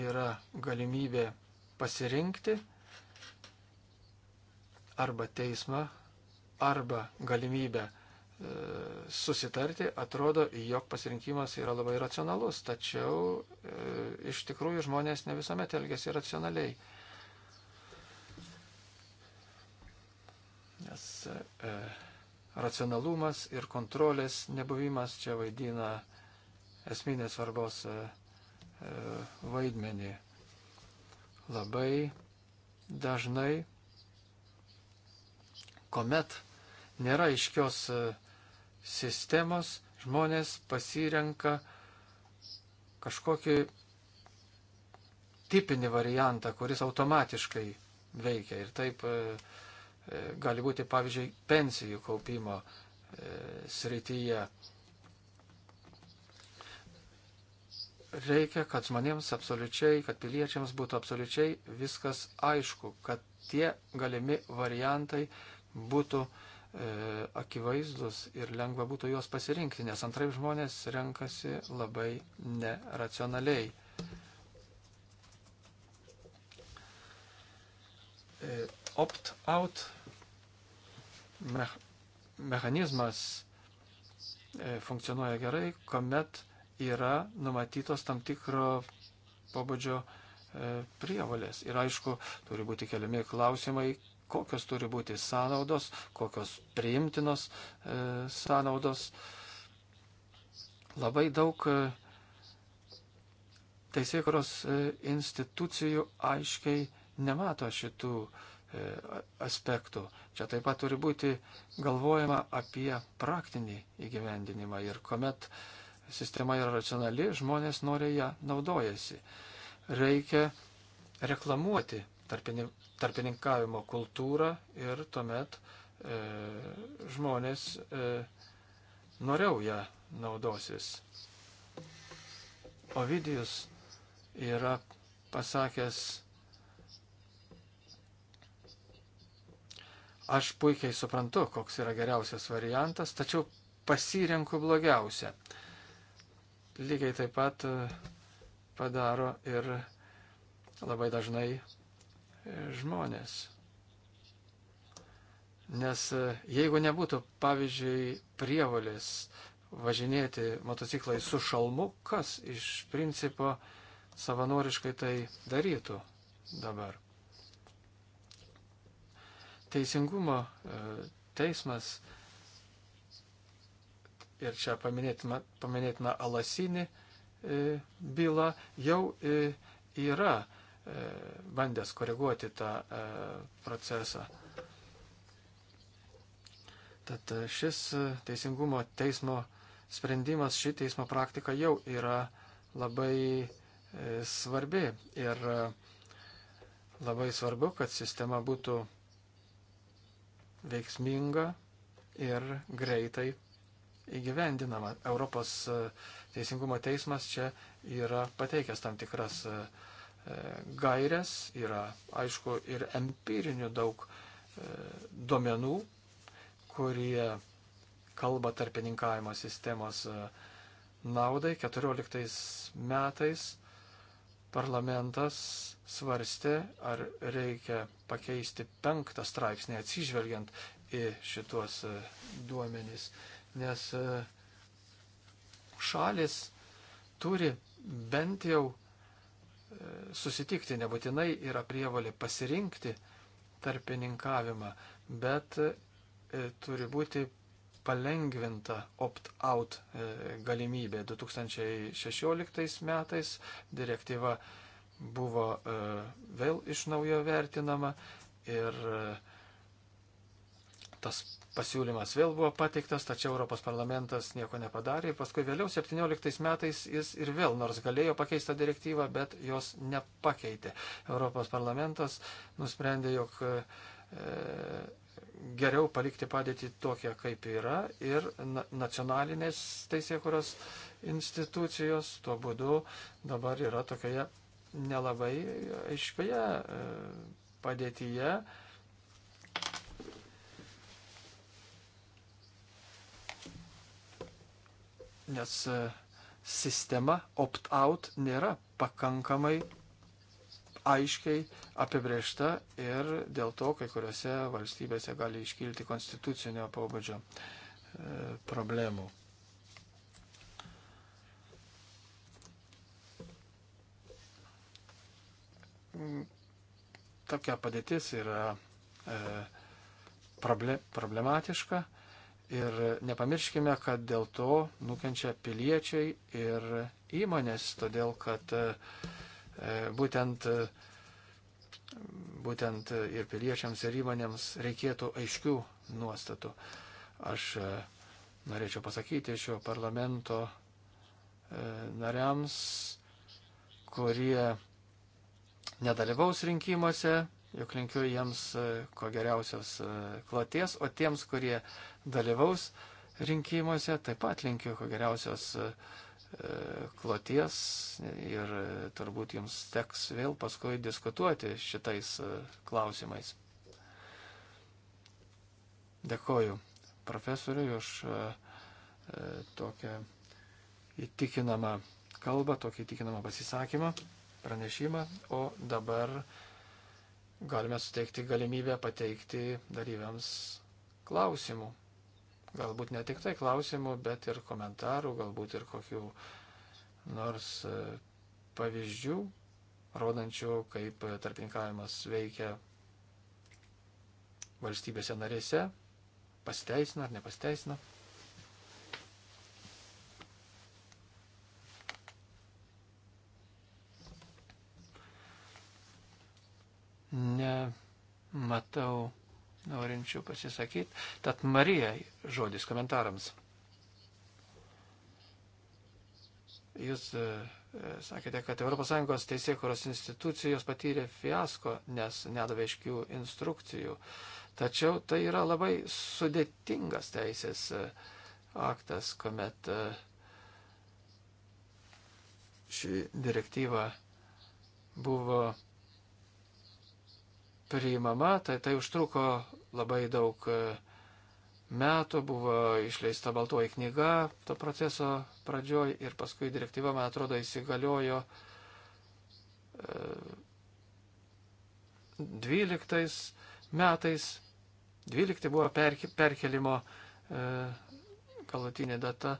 yra galimybė pasirinkti arba teismą, arba galimybę e, susitarti, atrodo, jog pasirinkimas yra labai racionalus, tačiau e, iš tikrųjų žmonės ne visuomet elgesi racionaliai. Nes e, racionalumas ir kontrolės nebuvimas čia vaidina esminės svarbos e, E, vaidmenį. Labai dažnai, kuomet nėra aiškios e, sistemos, žmonės pasirenka kažkokį tipinį variantą, kuris automatiškai veikia. Ir taip e, gali būti, pavyzdžiui, pensijų kaupimo srityje. reikia, kad žmonėms absoliučiai, kad piliečiams būtų absoliučiai viskas aišku, kad tie galimi variantai būtų e, akivaizdus ir lengva būtų juos pasirinkti, nes antraip žmonės renkasi labai neracionaliai. E, Opt-out me mechanizmas e, funkcionuoja gerai, kuomet yra numatytos tam tikro pobūdžio e, prievalės. Ir aišku, turi būti keliami klausimai, kokios turi būti sąnaudos, kokios priimtinos e, sąnaudos. Labai daug e, teisėkuros institucijų aiškiai nemato šitų aspektų. Čia taip pat turi būti galvojama apie praktinį įgyvendinimą ir kuomet uh, sistema yra racionali, žmonės nori ją naudojasi. Reikia reklamuoti tarpininkavimo kultūrą ir tuomet e, žmonės e, noriau ją naudosis. Ovidijus yra pasakęs, aš puikiai suprantu, koks yra geriausias variantas, tačiau pasirenku blogiausią. E, lygiai taip pat e, padaro ir labai dažnai e, žmonės. Nes e, jeigu nebūtų, pavyzdžiui, prievalės važinėti motociklai su šalmu, kas iš principo savanoriškai tai darytų dabar. Teisingumo teismas ir čia paminėtina, paminėtina Alasinį e, bylą, jau e, yra e, bandęs koreguoti tą procesą. Tad šis teisingumo teismo sprendimas, ši teismo praktika jau yra labai svarbi ir labai svarbu, kad sistema būtų veiksminga ir greitai įgyvendinama. Europos e, Teisingumo teismas čia yra pateikęs tam tikras e, e, gairias, yra aišku ir empirinių daug duomenų, kurie kalba tarpininkavimo sistemos naudai. 14 metais parlamentas svarstė, ar reikia pakeisti penktą straipsnį atsižvelgiant į šitos duomenys nes e, šalis turi bent jau e, susitikti, nebūtinai yra prievalė pasirinkti tarpininkavimą, bet e, turi būti palengvinta opt-out galimybė. 2016 metais direktyva buvo vėl iš naujo vertinama ir tas pasiūlymas vėl buvo pateiktas, tačiau Europos parlamentas nieko nepadarė. Paskui vėliau 17 metais jis ir vėl, nors galėjo pakeisti direktyvą, bet jos nepakeitė. Europos parlamentas nusprendė, jog e, geriau palikti padėtį tokią, kaip yra ir na, nacionalinės teisėkuros institucijos tuo būdu dabar yra tokioje nelabai aiškioje e, padėtyje. E, nes e, sistema opt-out nėra pakankamai aiškiai apibriešta ir dėl to kai kuriuose valstybėse gali iškilti konstitucinio pobūdžio e, problemų. Mm, tokia padėtis yra e, probleme, problematiška Ir nepamirškime, kad dėl to nukenčia piliečiai ir įmonės, todėl kad e, būtent, būtent ir piliečiams, ir įmonėms reikėtų aiškių nuostatų. Aš e, norėčiau pasakyti šio parlamento e, nariams, kurie nedalyvaus rinkimuose, jog linkiu jiems e, ko geriausios e, kloties, o tiems, kurie dalyvaus rinkimuose, taip pat linkiu ko geriausios e, kloties ir turbūt jums teks vėl paskui diskutuoti šitais klausimais. Dėkoju profesoriui už tokią įtikinamą kalbą, tokį įtikinamą pasisakymą, pranešimą, o dabar galime suteikti galimybę pateikti dalyviams klausimų. Galbūt ne tik tai klausimų, bet ir komentarų, galbūt ir kokių nors e, pavyzdžių, rodančių, kaip tarpininkavimas veikia valstybėse narėse, pasiteisina ar nepasteisina. matau norinčių pasisakyti. Tad Marijai žodis komentarams. Jūs e, e, sakėte, kad ES teisėkuros institucijos patyrė fiasko, nes nedavė iškių instrukcijų. Tačiau tai yra labai sudėtingas teisės e, aktas, kuomet ši direktyva buvo priimama, tai tai užtruko labai daug e, metų, buvo išleista baltoji knyga to proceso pradžioj ir paskui direktyva, man atrodo, įsigaliojo 12 e, metais, 12 buvo perkelimo e, galutinė data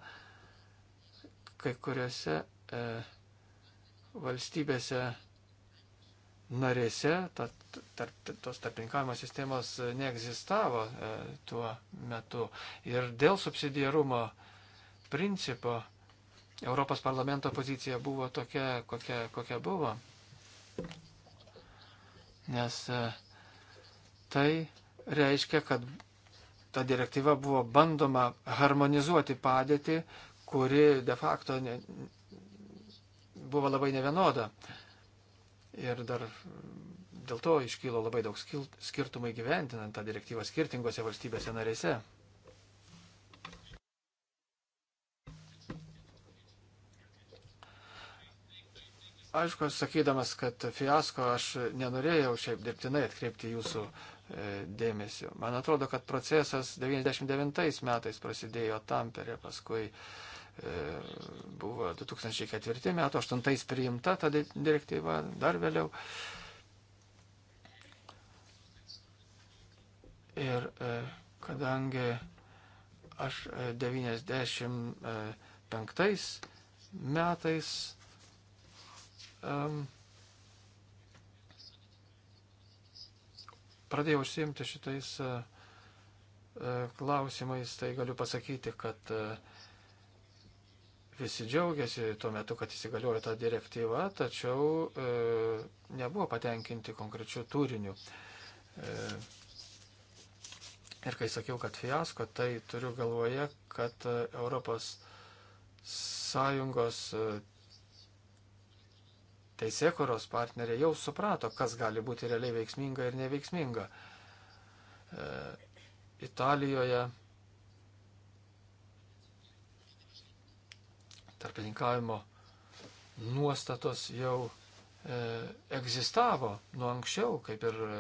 kai kuriuose valstybėse narėse, tad tarp, tos tarpininkavimo sistemos neegzistavo e, tuo metu. Ir dėl subsidiarumo principo Europos parlamento pozicija buvo tokia, kokia, kokia buvo. Nes e, tai reiškia, kad ta direktyva buvo bandoma harmonizuoti padėtį, kuri de facto ne, buvo labai nevienoda. E, Ir dar dėl to iškylo labai daug skirtumai gyventinant tą direktyvą skirtingose valstybėse narėse. Aišku, aš sakydamas, kad fiasko aš nenorėjau šiaip dirbtinai atkreipti jūsų e, dėmesio. Man atrodo, kad procesas 99 metais prasidėjo Tamperė, paskui e, E, buvo 2004 metų, 2008 priimta ta direktyva, dar vėliau. Ir e, kadangi aš 95 e, metais um, pradėjau užsiimti šitais uh, klausimais, tai galiu pasakyti, kad uh, visi džiaugiasi tuo metu, kad įsigaliojo ta direktyva, tačiau e, nebuvo patenkinti konkrečių turinių. E, ir kai sakiau, kad fiasko, tai turiu galvoje, kad e, Europos Sąjungos e, teisėkoros partneriai jau suprato, kas gali būti realiai veiksminga ir neveiksminga. E, Italijoje tarpininkavimo nuostatos jau e, egzistavo nuo anksčiau, kaip ir e,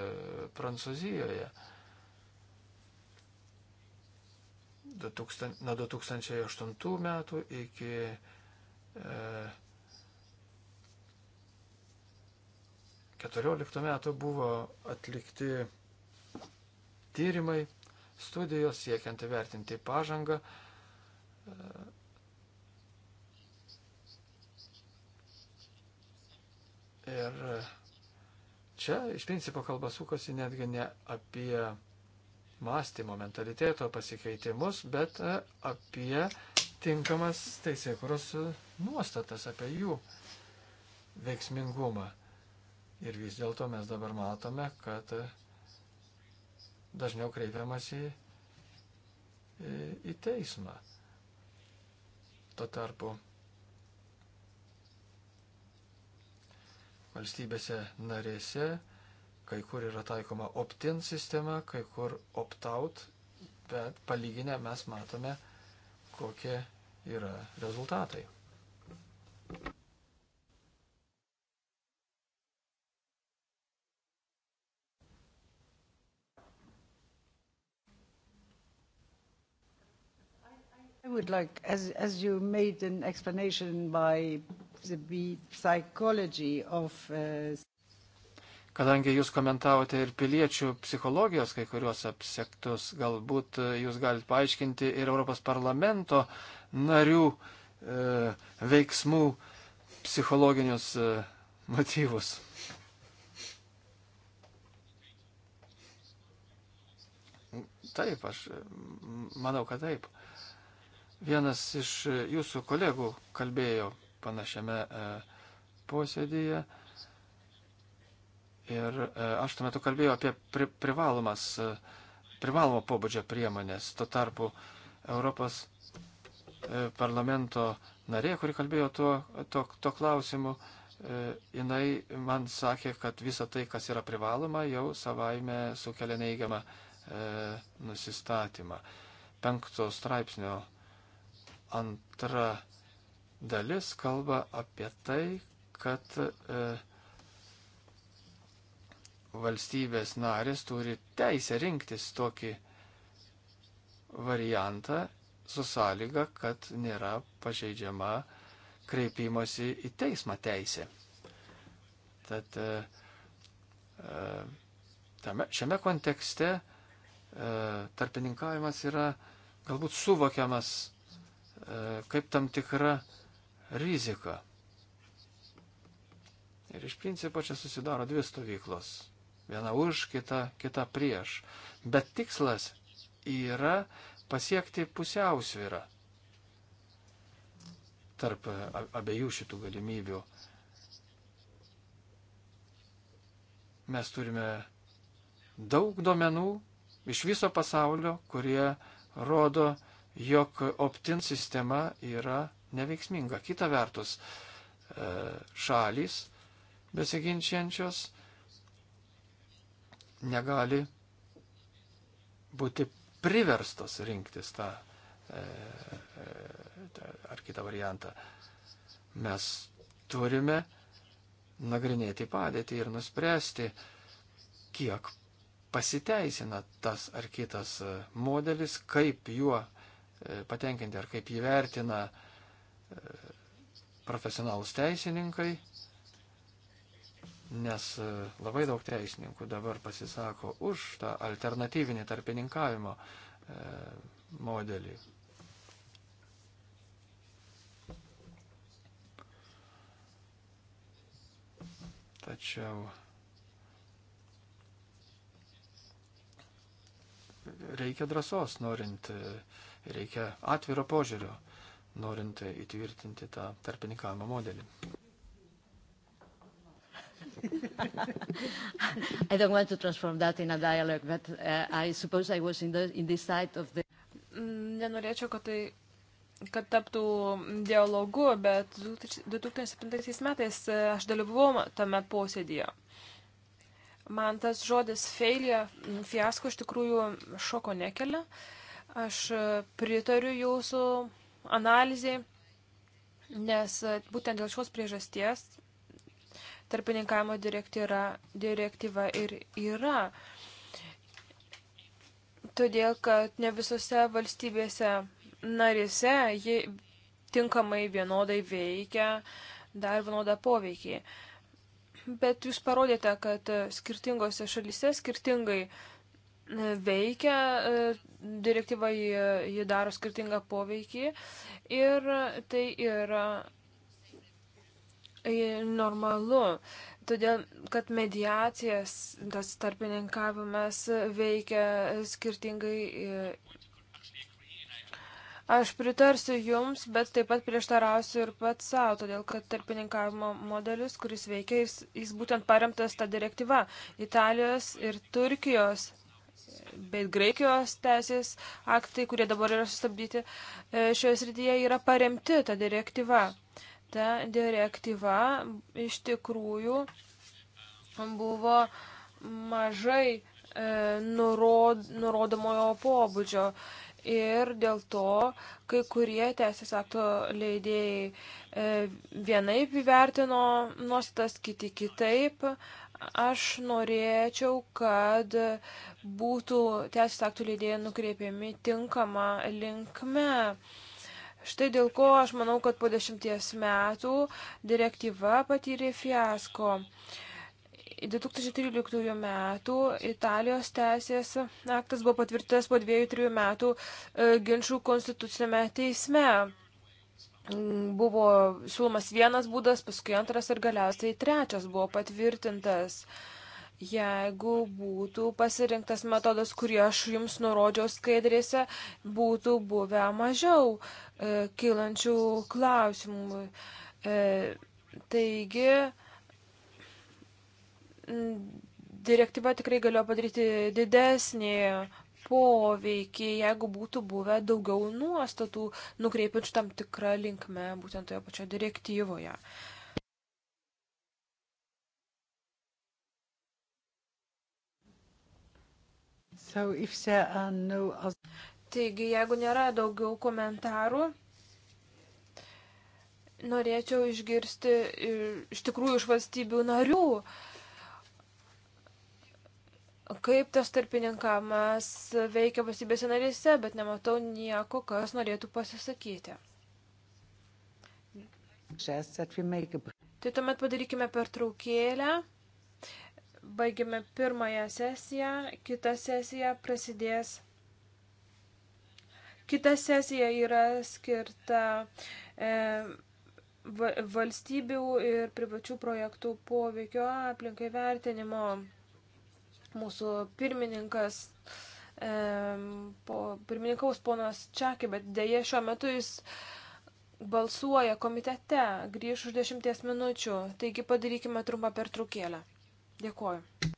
Prancūzijoje. Nuo 2008 metų iki e, 14 metų buvo atlikti tyrimai, studijos siekiant įvertinti pažangą e, Ir e, čia iš principo kalba sukosi netgi ne apie mąstymo mentaliteto pasikeitimus, bet e, apie tinkamas teisėkuros e, nuostatas, apie jų veiksmingumą. Ir vis dėlto mes dabar matome, kad dažniau kreipiamasi į, į teismą. Tuo tarpu valstybėse narėse, kai kur yra taikoma opt-in sistema, kai kur opt-out, bet palyginę mes matome, kokie yra rezultatai. I would like, as, as you made an explanation by Of, uh... Kadangi jūs komentavote ir piliečių psichologijos kai kuriuos apsektus, galbūt uh, jūs galite paaiškinti ir Europos parlamento narių e, veiksmų psichologinius e, motyvus. Taip, aš manau, kad taip. Vienas iš jūsų kolegų kalbėjo panašiame e, posėdėje. Ir e, aš tuo metu kalbėjau apie pri, privalomas, e, privalomo pobūdžio priemonės. Tuo tarpu Europos parlamento narė, kuri kalbėjo tuo, tuo, tuo klausimu, jinai man sakė, kad visa tai, kas yra privaloma, jau savaime sukelia neigiamą nusistatymą. Penkto straipsnio antra dalis kalba apie tai, kad e, valstybės narės turi teisę rinktis tokį variantą su sąlyga, kad nėra pažeidžiama kreipimosi į teismą teisė. Tad e, e tame, šiame kontekste e, tarpininkavimas yra galbūt suvokiamas e, kaip tam tikra riziką. Ir iš principo čia susidaro dvi stovyklos. Viena už, kita, kita prieš. Bet tikslas yra pasiekti pusiausvyrą tarp abiejų šitų galimybių. Mes turime daug duomenų iš viso pasaulio, kurie rodo, jog optin sistema yra neveiksminga. Kita vertus, e, šalis besiginčiančios negali būti priverstos rinktis tą e, e, ar kitą variantą. Mes turime nagrinėti padėtį ir nuspręsti, kiek pasiteisina tas ar kitas modelis, kaip juo patenkinti ar kaip jį vertina uh, profesionalus teisininkai, nes e, labai daug teisininkų dabar pasisako už tą alternatyvinį tarpininkavimo e, modelį. Tačiau reikia drąsos, norint, e, reikia atviro požiūrio norint įtvirtinti tą tarpininkavimo modelį. I don't want to transform that in a dialogue, but uh, I suppose I was in, the, in this side of the... Mm, nenorėčiau, kad tai kad taptų dialogu, bet 2007 metais e, aš dalyvavau tame posėdėje. Man tas žodis failure, mm, fiasko iš tikrųjų šoko nekelia. Aš e, pritariu jūsų analizai, nes e, būtent dėl šios priežasties tarpininkavimo direktyva, direktyva ir yra. Todėl, kad ne visose valstybėse narise ji tinkamai vienodai veikia, dar vienodą poveikį. Bet jūs parodėte, kad skirtingose šalise skirtingai veikia, e, direktyva jį, jį daro skirtingą poveikį ir tai yra e, normalu. Todėl, kad mediacijas, tas tarpininkavimas veikia skirtingai. E, aš pritarsiu jums, bet taip pat prieštarausiu ir pats savo, todėl kad tarpininkavimo modelis, kuris veikia, jis, jis būtent paremtas tą direktyvą Italijos ir Turkijos bet Graikijos teisės aktai, kurie dabar yra sustabdyti e, šioje srityje, yra paremti ta direktyva. Ta direktyva iš tikrųjų buvo mažai e, nurod, nurodomojo pobūdžio. Ir dėl to kai kurie teisės akto leidėjai e, vienaip įvertino nuostas, kiti kitaip. Aš norėčiau, kad būtų teisės aktų leidėjai nukreipiami tinkamą linkme. Štai dėl ko aš manau, kad po dešimties metų direktyva patyrė fiasko. 2013 metų Italijos teisės aktas buvo patvirtintas po dviejų, trijų metų e, ginčių konstitucinėme teisme. Mm, buvo siūlomas vienas būdas, paskui antras ir galiausiai trečias buvo patvirtintas. Jeigu būtų pasirinktas metodas, kurį aš jums nurodžiau skaidrėse, būtų buvę mažiau e, kilančių klausimų. E, taigi, mm, direktyva tikrai galėjo padaryti didesnį poveikį, jeigu būtų buvę daugiau nuostatų nukreipiančių tam tikrą linkmę būtent toje pačioje direktyvoje. So no... Taigi, jeigu nėra daugiau komentarų, norėčiau išgirsti iš tikrųjų iš valstybių narių. Uh, kaip tas tarpininkavimas veikia valstybėse narėse, bet nematau nieko, kas norėtų pasisakyti. Tai tuomet padarykime pertraukėlę. Baigime pirmąją sesiją, kita sesija prasidės. Kita sesija yra skirta e, valstybių ir privačių projektų poveikio aplinkai vertinimo mūsų pirmininkas, e, po, pirmininkaus ponas Čekė, bet dėje šiuo metu jis balsuoja komitete, grįž už dešimties minučių, taigi padarykime trumpą pertraukėlę. Dėkuoju.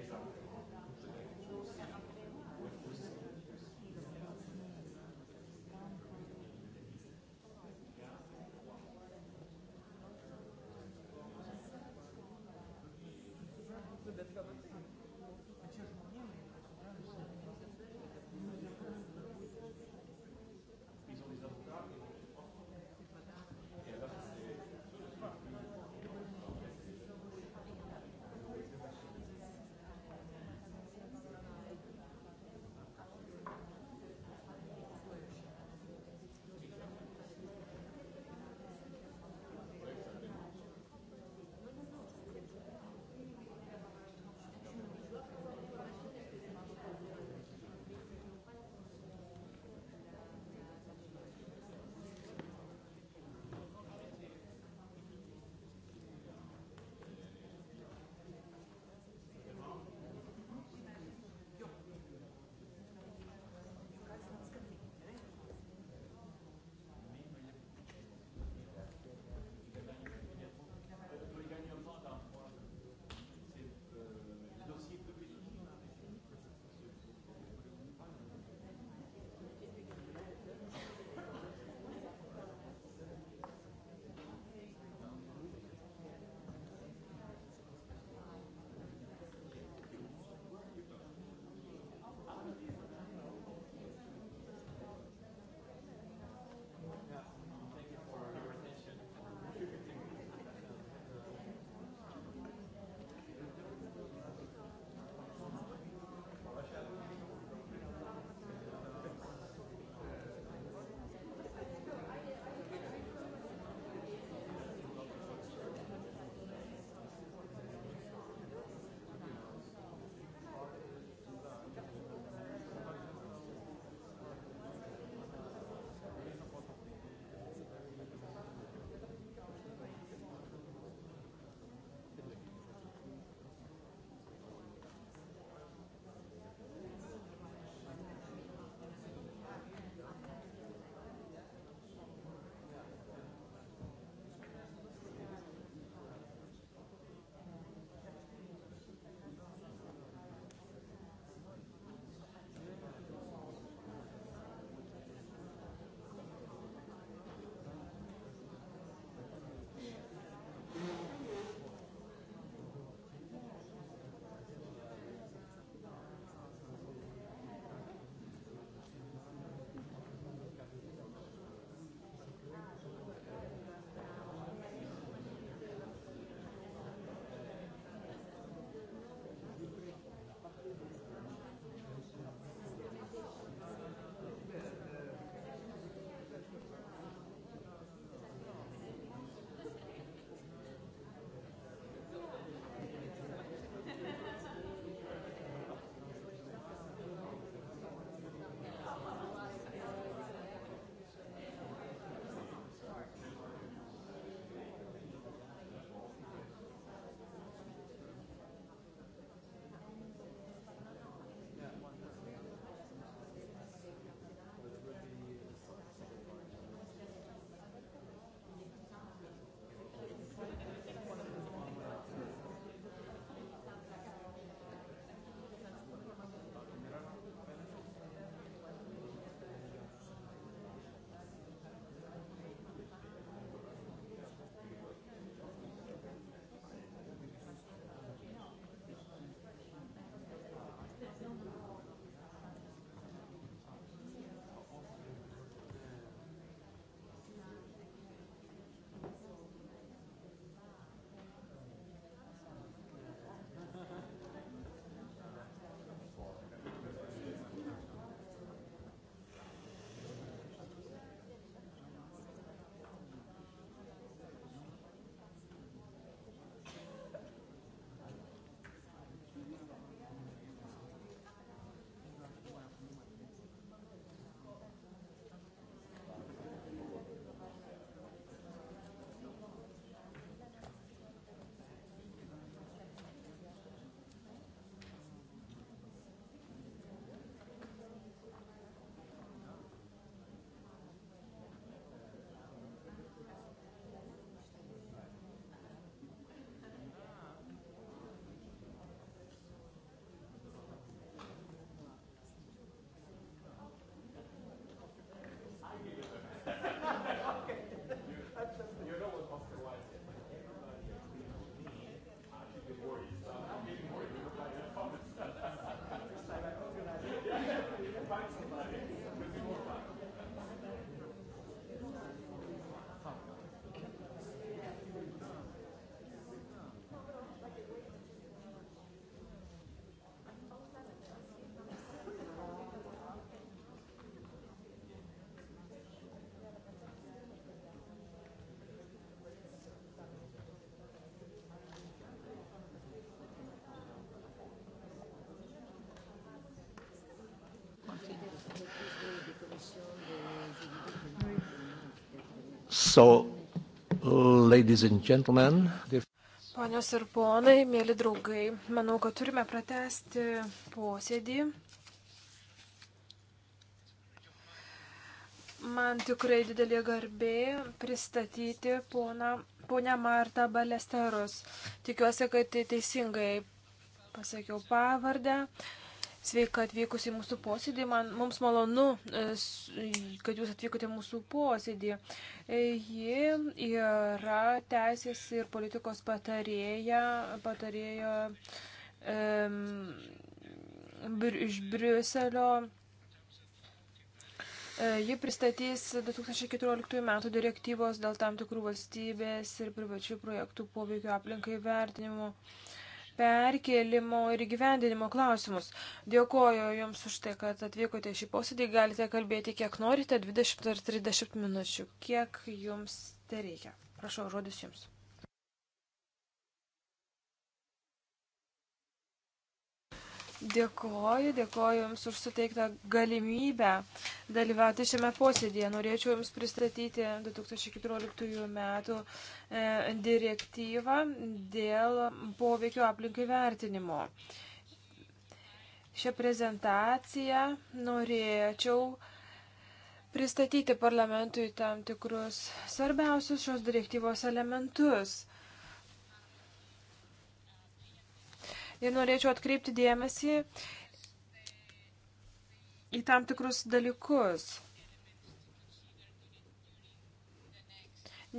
Exact. So, uh, ladies and gentlemen. If... Ponios ir ponai, mėly draugai, manau, kad turime pratesti posėdį. Man tikrai didelė garbė pristatyti poną, ponę Martą Balesterus. Tikiuosi, kad teisingai pasakiau pavardę. Uh, Sveika atvykusi į mūsų posėdį. Man, mums malonu, e, kad jūs atvykote į mūsų posėdį. E, ji yra teisės ir politikos patarėja, patarėjo um, e, iš Briuselio. E, ji pristatys 2014 metų direktyvos dėl tam tikrų valstybės ir privačių projektų poveikio aplinkai vertinimo. Uh, perkelimo ir gyvendinimo klausimus. Dėkoju Jums už tai, kad atvykote šį posėdį. Galite kalbėti kiek norite, 20 ar 30 minučių, kiek Jums tai reikia. Prašau, žodis Jums. Dėkoju, dėkoju Jums už suteiktą galimybę dalyvauti šiame posėdėje. Norėčiau Jums pristatyti 2014 metų e, direktyvą dėl poveikio aplinkai vertinimo. Šią prezentaciją norėčiau pristatyti parlamentui tam tikrus svarbiausius šios direktyvos elementus – ir norėčiau atkreipti dėmesį į tam tikrus dalykus.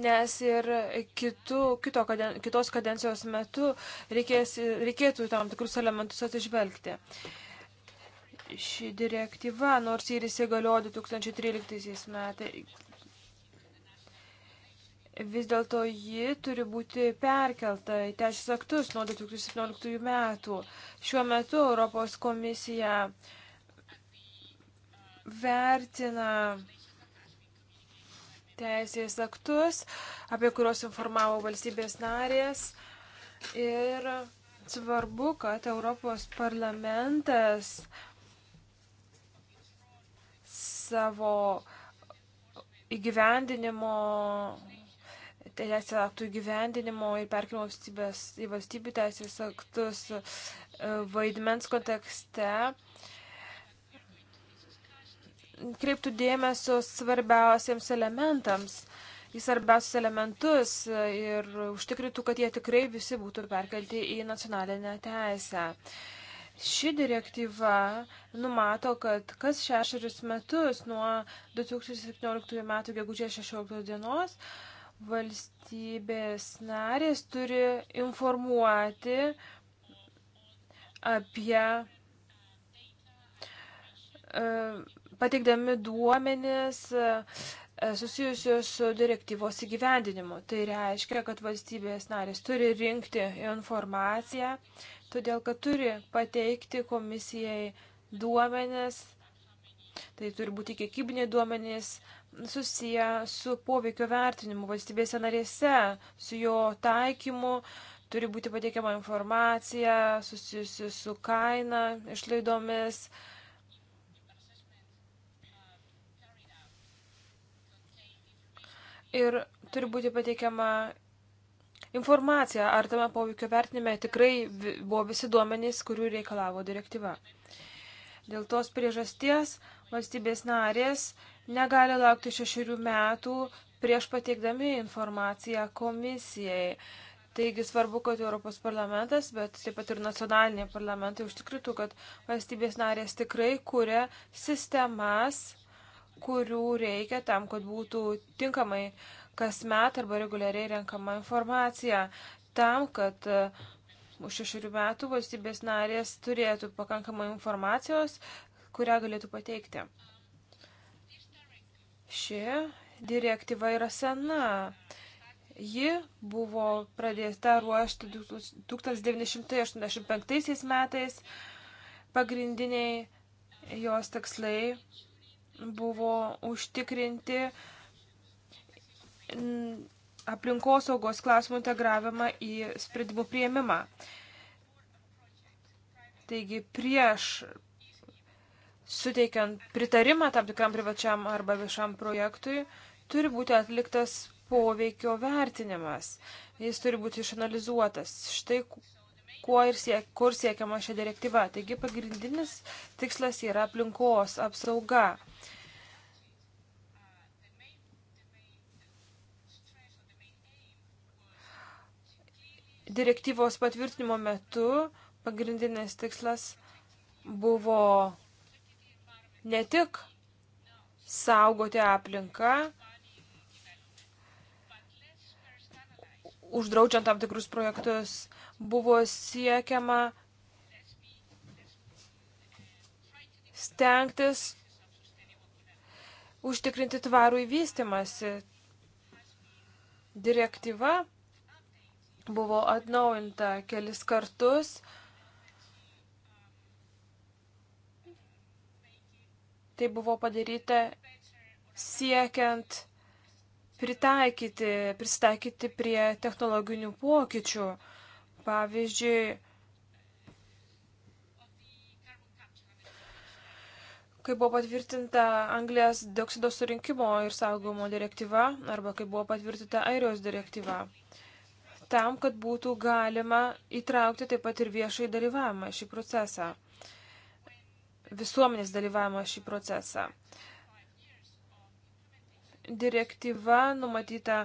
Nes ir kitų, kito, kaden, kitos kadencijos metu reikės, reikėtų tam tikrus elementus atsižvelgti. Ši direktyva, nors ir įsigaliojo 2013 metais, vis dėlto ji turi būti perkelta į teisės aktus nuo 2017 metų. Šiuo metu Europos komisija vertina teisės aktus, apie kuriuos informavo valstybės narės. Ir svarbu, kad Europos parlamentas savo įgyvendinimo teisės aktų įgyvendinimo ir perkelimo valstybės į valstybių teisės aktus e, vaidmens kontekste kreiptų dėmesio svarbiausiams elementams, į svarbiausius elementus ir užtikrintų, kad jie tikrai visi būtų perkelti į nacionalinę teisę. Ši direktyva numato, kad kas šešerius metus nuo 2017 metų gegužės 16 dienos Valstybės narės turi informuoti apie e, pateikdami duomenis e, susijusius su direktyvos įgyvendinimu. Tai reiškia, kad valstybės narės turi rinkti informaciją, todėl kad turi pateikti komisijai duomenis, tai turi būti kiekybiniai duomenys susiję su poveikio vertinimu valstybėse narėse, su jo taikymu, turi būti pateikiama informacija susijusi su kaina, išlaidomis. Ir turi būti pateikiama informacija, ar tame poveikio vertinime tikrai buvo visi duomenys, kurių reikalavo direktyva. Dėl tos priežasties valstybės narės na, negali laukti šešių metų prieš pateikdami informaciją komisijai. Taigi svarbu, kad Europos parlamentas, bet taip pat ir nacionaliniai parlamentai užtikrintų, kad valstybės narės tikrai kuria sistemas, kurių reikia tam, kad būtų tinkamai kasmet arba reguliariai renkama informacija, tam, kad uh, už šešių metų valstybės narės turėtų pakankamai informacijos, kurią galėtų pateikti. Ši direktyva yra sena. Ji buvo pradėta ruošti 1985 metais. Pagrindiniai jos tikslai buvo užtikrinti aplinkosaugos klausimų integravimą į sprendimų prieimimą. Taigi prieš suteikiant pritarimą tam tikram privačiam arba viešam projektui, turi būti atliktas poveikio vertinimas. Jis turi būti išanalizuotas. Štai kuo ir siek, kur siekiama šią direktyvą. Taigi pagrindinis tikslas yra aplinkos apsauga. Direktyvos patvirtinimo metu pagrindinis tikslas buvo ne tik saugoti aplinką, uždraudžiant tam tikrus projektus, buvo siekiama stengtis užtikrinti tvarų įvystimąsi. Direktyva buvo atnaujinta kelis kartus, Tai buvo padaryta siekiant pritaikyti, pristaikyti prie technologinių pokyčių. Pavyzdžiui, kai buvo patvirtinta Anglijos dioksido surinkimo ir saugomo direktyva arba kai buvo patvirtinta Airijos direktyva. Tam, kad būtų galima įtraukti taip pat ir viešai dalyvavimą šį procesą visuomenės dalyvavimo šį procesą. Direktyva numatyta,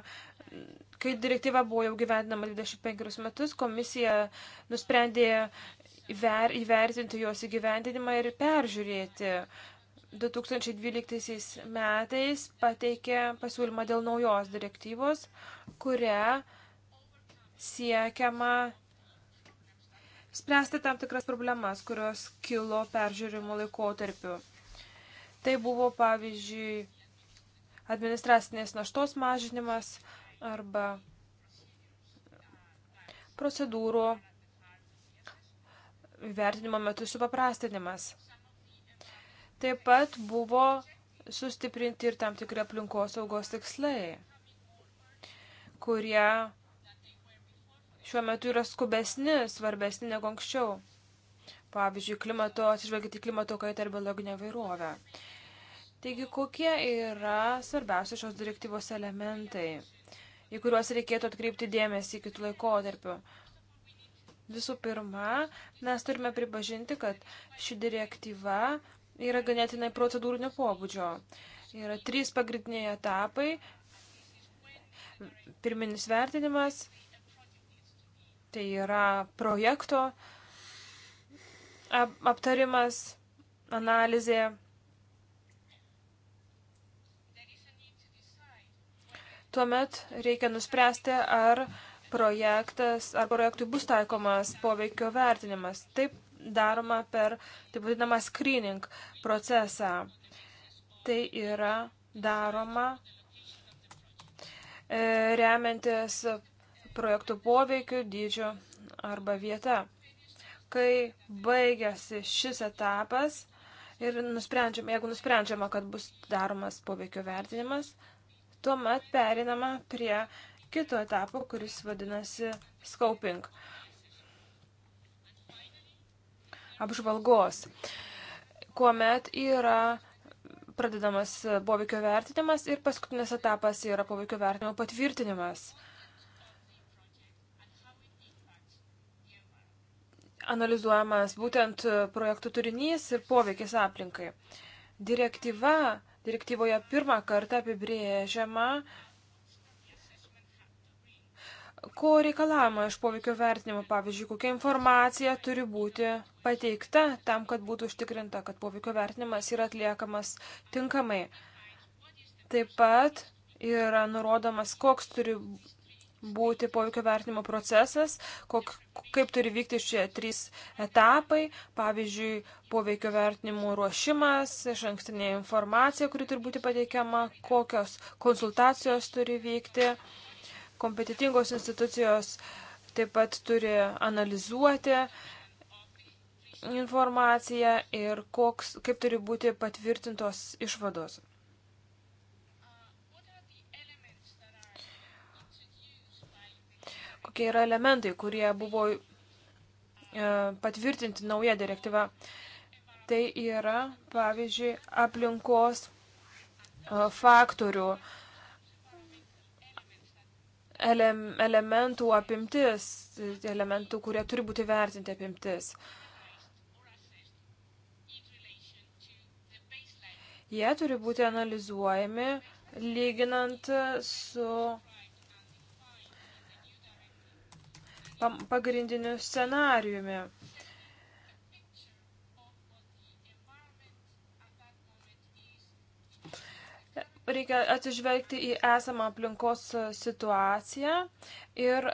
kai direktyva buvo jau gyventinama 25 metus, komisija nusprendė įver, įvertinti jos įgyvendinimą ir peržiūrėti. 2012 metais pateikė pasiūlymą dėl naujos direktyvos, kuria siekiama spręsti tam tikras problemas, kurios kilo peržiūrimo laikotarpiu. Tai buvo, pavyzdžiui, administracinės naštos mažinimas arba procedūrų vertinimo metu supaprastinimas. Taip pat buvo sustiprinti ir tam tikri aplinkosaugos tikslai, kurie šiuo metu yra skubesni, svarbesni negu anksčiau. Pavyzdžiui, klimato, atsižvelgiant į klimato kaitą ir biologinę vairovę. Taigi, kokie yra svarbiausi šios direktyvos elementai, į kuriuos reikėtų atkreipti dėmesį kitų laikotarpių? Visų pirma, mes turime pripažinti, kad ši direktyva yra ganėtinai procedūrinio pobūdžio. Yra trys pagrindiniai etapai. Pirminis vertinimas, tai yra projekto aptarimas, analizė. Tuomet reikia nuspręsti, ar projektas, ar projektui bus taikomas poveikio vertinimas. Taip daroma per, taip vadinamą, screening procesą. Tai yra daroma e, remiantis projektų poveikiu, dydžiu arba vieta. Kai baigėsi šis etapas ir nusprendžiama, jeigu nusprendžiama, kad bus daromas poveikio vertinimas, tuomet perinama prie kito etapo, kuris vadinasi scoping. Apžvalgos, kuomet yra pradedamas poveikio vertinimas ir paskutinis etapas yra poveikio vertinimo patvirtinimas. analizuojamas būtent projektų turinys ir poveikis aplinkai. Direktyva, direktyvoje pirmą kartą apibrėžiama, ko reikalavimo iš poveikio vertinimo, pavyzdžiui, kokia informacija turi būti pateikta tam, kad būtų užtikrinta, kad poveikio vertinimas yra atliekamas tinkamai. Taip pat yra nurodomas, koks turi būti būti poveikio vertinimo procesas, kok, kaip turi vykti šie trys etapai, pavyzdžiui, poveikio vertinimo ruošimas, iš ankstinė informacija, kuri turi būti pateikiama, kokios konsultacijos turi vykti, kompetitingos institucijos taip pat turi analizuoti informaciją ir koks, kaip turi būti patvirtintos išvados. kokie yra elementai, kurie buvo e, patvirtinti nauja direktyva. Tai yra, pavyzdžiui, aplinkos e, faktorių elementų apimtis, elementų, kurie turi būti vertinti apimtis. Jie turi būti analizuojami lyginant su pagrindiniu scenariumi. Reikia atsižvelgti į esamą aplinkos situaciją ir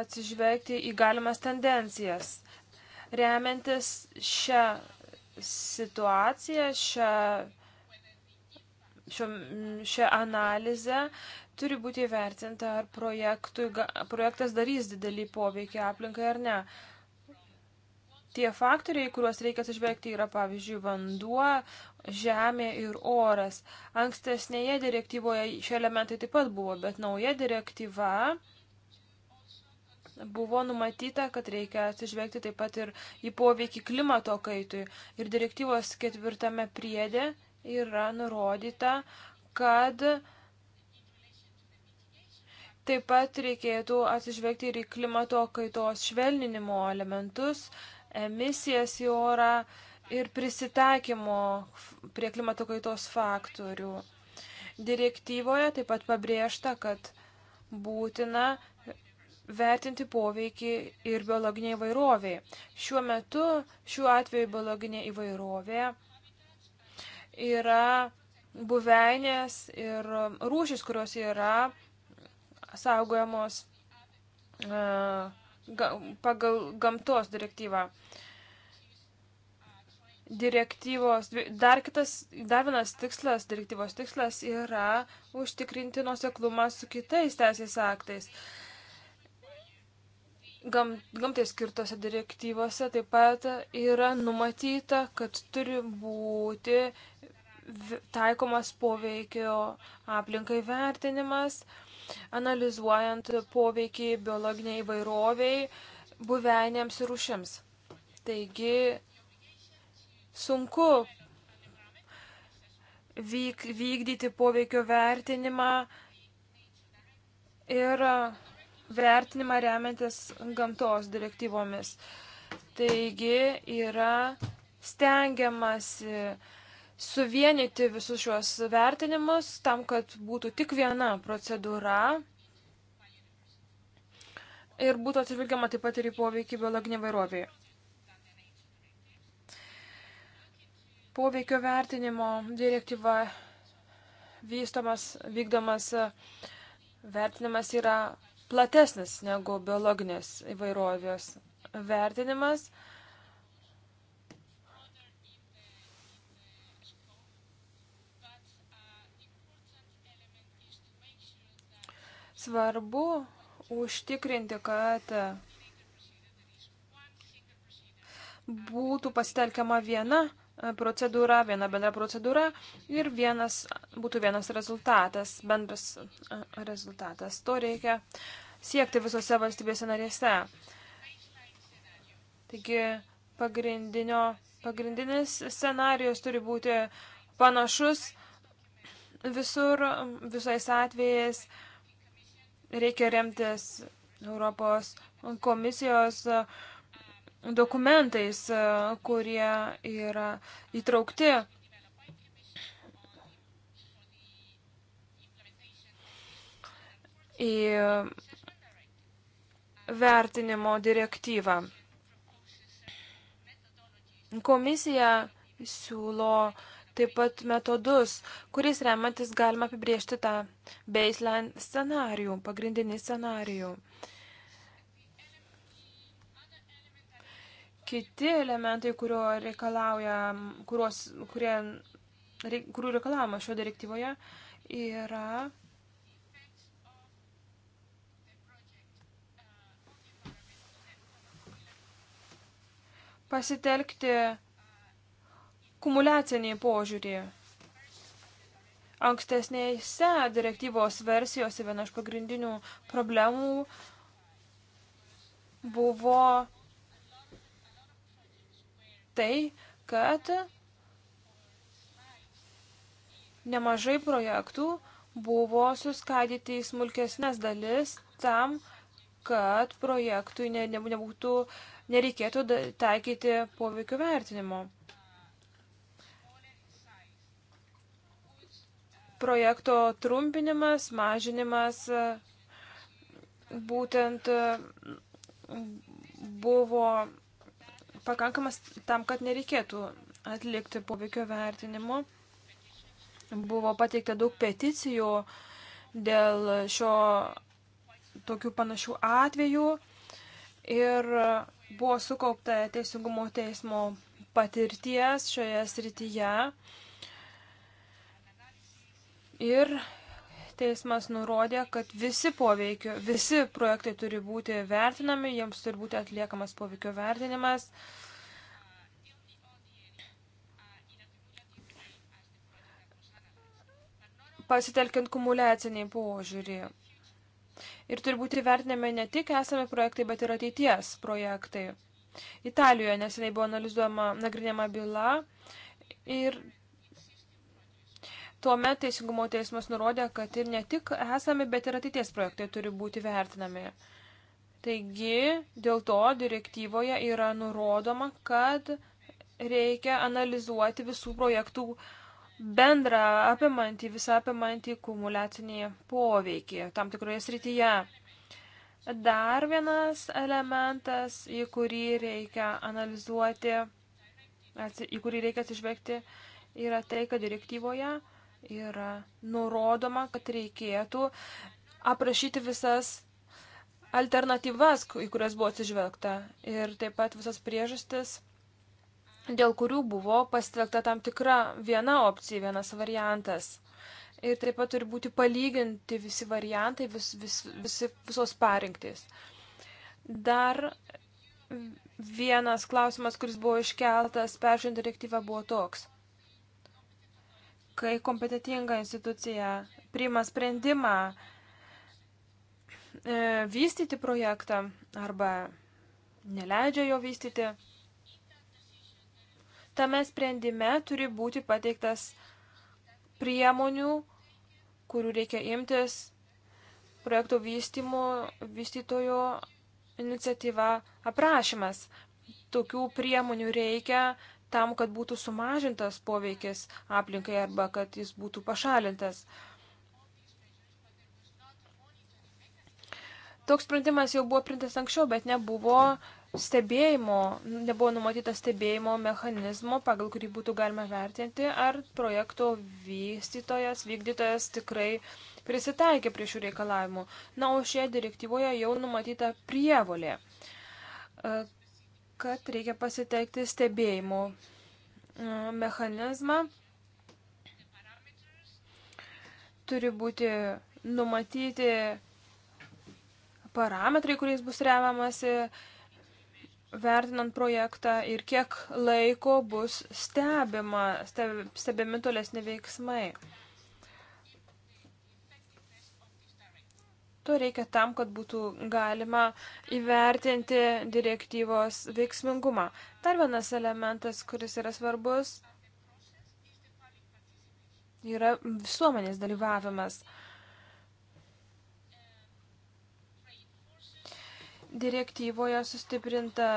atsižvelgti į galimas tendencijas. Remiantis šią situaciją, šią, šią, šią analizę, Turi būti įvertinta, ar projektas darys didelį poveikį aplinkai ar ne. Tie faktoriai, kuriuos reikia atsižvelgti, yra pavyzdžiui vanduo, žemė ir oras. Ankstesnėje direktyvoje šie elementai taip pat buvo, bet nauja direktyva buvo numatyta, kad reikia atsižvelgti taip pat ir į poveikį klimato kaitui. Ir direktyvos ketvirtame priedė yra nurodyta, kad uh, Taip pat reikėtų atsižvelgti ir į klimato kaitos švelninimo elementus, emisijas į orą ir prisitaikymo prie klimato kaitos faktorių. Direktyvoje taip pat pabrėžta, kad būtina vertinti poveikį ir biologiniai įvairoviai. Šiuo metu, šiuo atveju biologinė įvairovė yra buveinės ir rūšis, kurios yra saugojamos e, pagal gamtos direktyvą. Direktyvos, dar, kitas, dar vienas tikslas, direktyvos tikslas yra užtikrinti nuoseklumą su kitais teisės aktais. Gam, gamtai skirtose direktyvose taip pat yra numatyta, kad turi būti taikomas poveikio aplinkai vertinimas. Uh, analizuojant poveikį biologiniai įvairoviai, buvenėms ir rušiams. Taigi sunku vyk, vykdyti poveikio vertinimą ir vertinimą remiantis gamtos direktyvomis. Taigi yra stengiamasi uh, suvienyti visus šiuos vertinimus tam, kad būtų tik viena procedūra. Ir būtų atsivilgiama taip pat ir į poveikį biologinį vairovį. Poveikio vertinimo direktyva vystomas, vykdomas vertinimas yra platesnis negu biologinės įvairovės vertinimas. Svarbu užtikrinti, kad būtų pasitelkiama viena procedūra, viena bendra procedūra ir vienas, būtų vienas rezultatas, bendras rezultatas. To reikia siekti visose valstybėse narėse. Taigi pagrindinis scenarijus turi būti panašus visur, visais atvejais reikia remtis Europos komisijos e, dokumentais, e, kurie yra įtraukti. Į vertinimo direktyvą. Komisija siūlo taip pat metodus, kuriais remiantis galima apibriežti tą baseline scenarijų, pagrindinį scenarijų. Kiti elementai, reikalauja, kurios, kurie, kurių reikalaujama šio direktyvoje, yra pasitelkti kumulacinį požiūrį. Ankstesnėse direktyvos versijose viena iš pagrindinių problemų buvo tai, kad nemažai projektų buvo suskaidyti į smulkesnės dalis tam, kad projektui ne, ne, nebūtų, nereikėtų taikyti poveikio vertinimo. projekto trumpinimas, mažinimas būtent buvo pakankamas tam, kad nereikėtų atlikti poveikio vertinimu. Buvo pateikta daug peticijų dėl šio tokių panašių atvejų ir buvo sukaupta Teisingumo teismo patirties šioje srityje. Ir teismas nurodė, kad visi poveikio, visi projektai turi būti vertinami, jiems turi būti atliekamas poveikio vertinimas. pasitelkiant kumuliaciniai požiūrį. Ir turi būti vertinami ne tik esami projektai, bet ir ateities projektai. Italijoje neseniai buvo analizuojama nagrinėma byla ir Tuomet Teisingumo teismas nurodė, kad ir ne tik esami, bet ir ateities projektai turi būti vertinami. Taigi, dėl to direktyvoje yra nurodoma, kad reikia analizuoti visų projektų bendrą apimantį, visą apimantį kumulacinį poveikį tam tikroje srityje. Dar vienas elementas, į kurį reikia analizuoti, į kurį reikia atsižvelgti, yra tai, kad direktyvoje yra nurodoma, kad reikėtų aprašyti visas alternatyvas, į kurias buvo atsižvelgta ir taip pat visas priežastis, dėl kurių buvo pasitelkta tam tikra viena opcija, vienas variantas. Ir taip pat turi būti palyginti visi variantai, vis, vis, visi, visos parinktys. Dar vienas klausimas, kuris buvo iškeltas peržiūrint direktyvą, buvo toks kai kompetitinga institucija priima sprendimą e, vystyti projektą arba neleidžia jo vystyti, tame sprendime turi būti pateiktas priemonių, kurių reikia imtis projekto vystymo, vystytojo iniciatyva aprašymas. Tokių priemonių reikia tam, kad būtų sumažintas poveikis aplinkai arba kad jis būtų pašalintas. Toks sprendimas jau buvo printas anksčiau, bet nebuvo stebėjimo, nebuvo numatyta stebėjimo mechanizmo, pagal kurį būtų galima vertinti, ar projekto vystytojas, vykdytojas tikrai prisitaikė prie šių reikalavimų. Na, o šioje direktyvoje jau numatyta prievolė kad reikia pasiteikti stebėjimų e, mechanizmą. Turi būti numatyti parametrai, kuriais bus remiamasi, vertinant projektą ir kiek laiko bus stebima, stebimi tolesni veiksmai. To reikia tam, kad būtų galima įvertinti direktyvos veiksmingumą. Dar vienas elementas, kuris yra svarbus, yra visuomenės dalyvavimas. Direktyvoje sustiprinta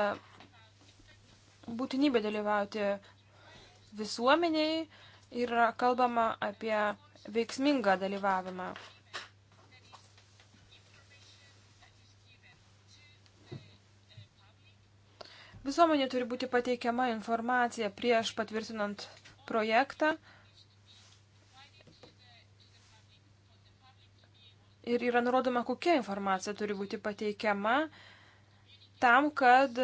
būtinybė dalyvauti visuomeniai yra kalbama apie veiksmingą dalyvavimą. Visuomenė turi būti pateikiama informacija prieš patvirtinant projektą. Ir yra nurodoma, kokia informacija turi būti pateikiama tam, kad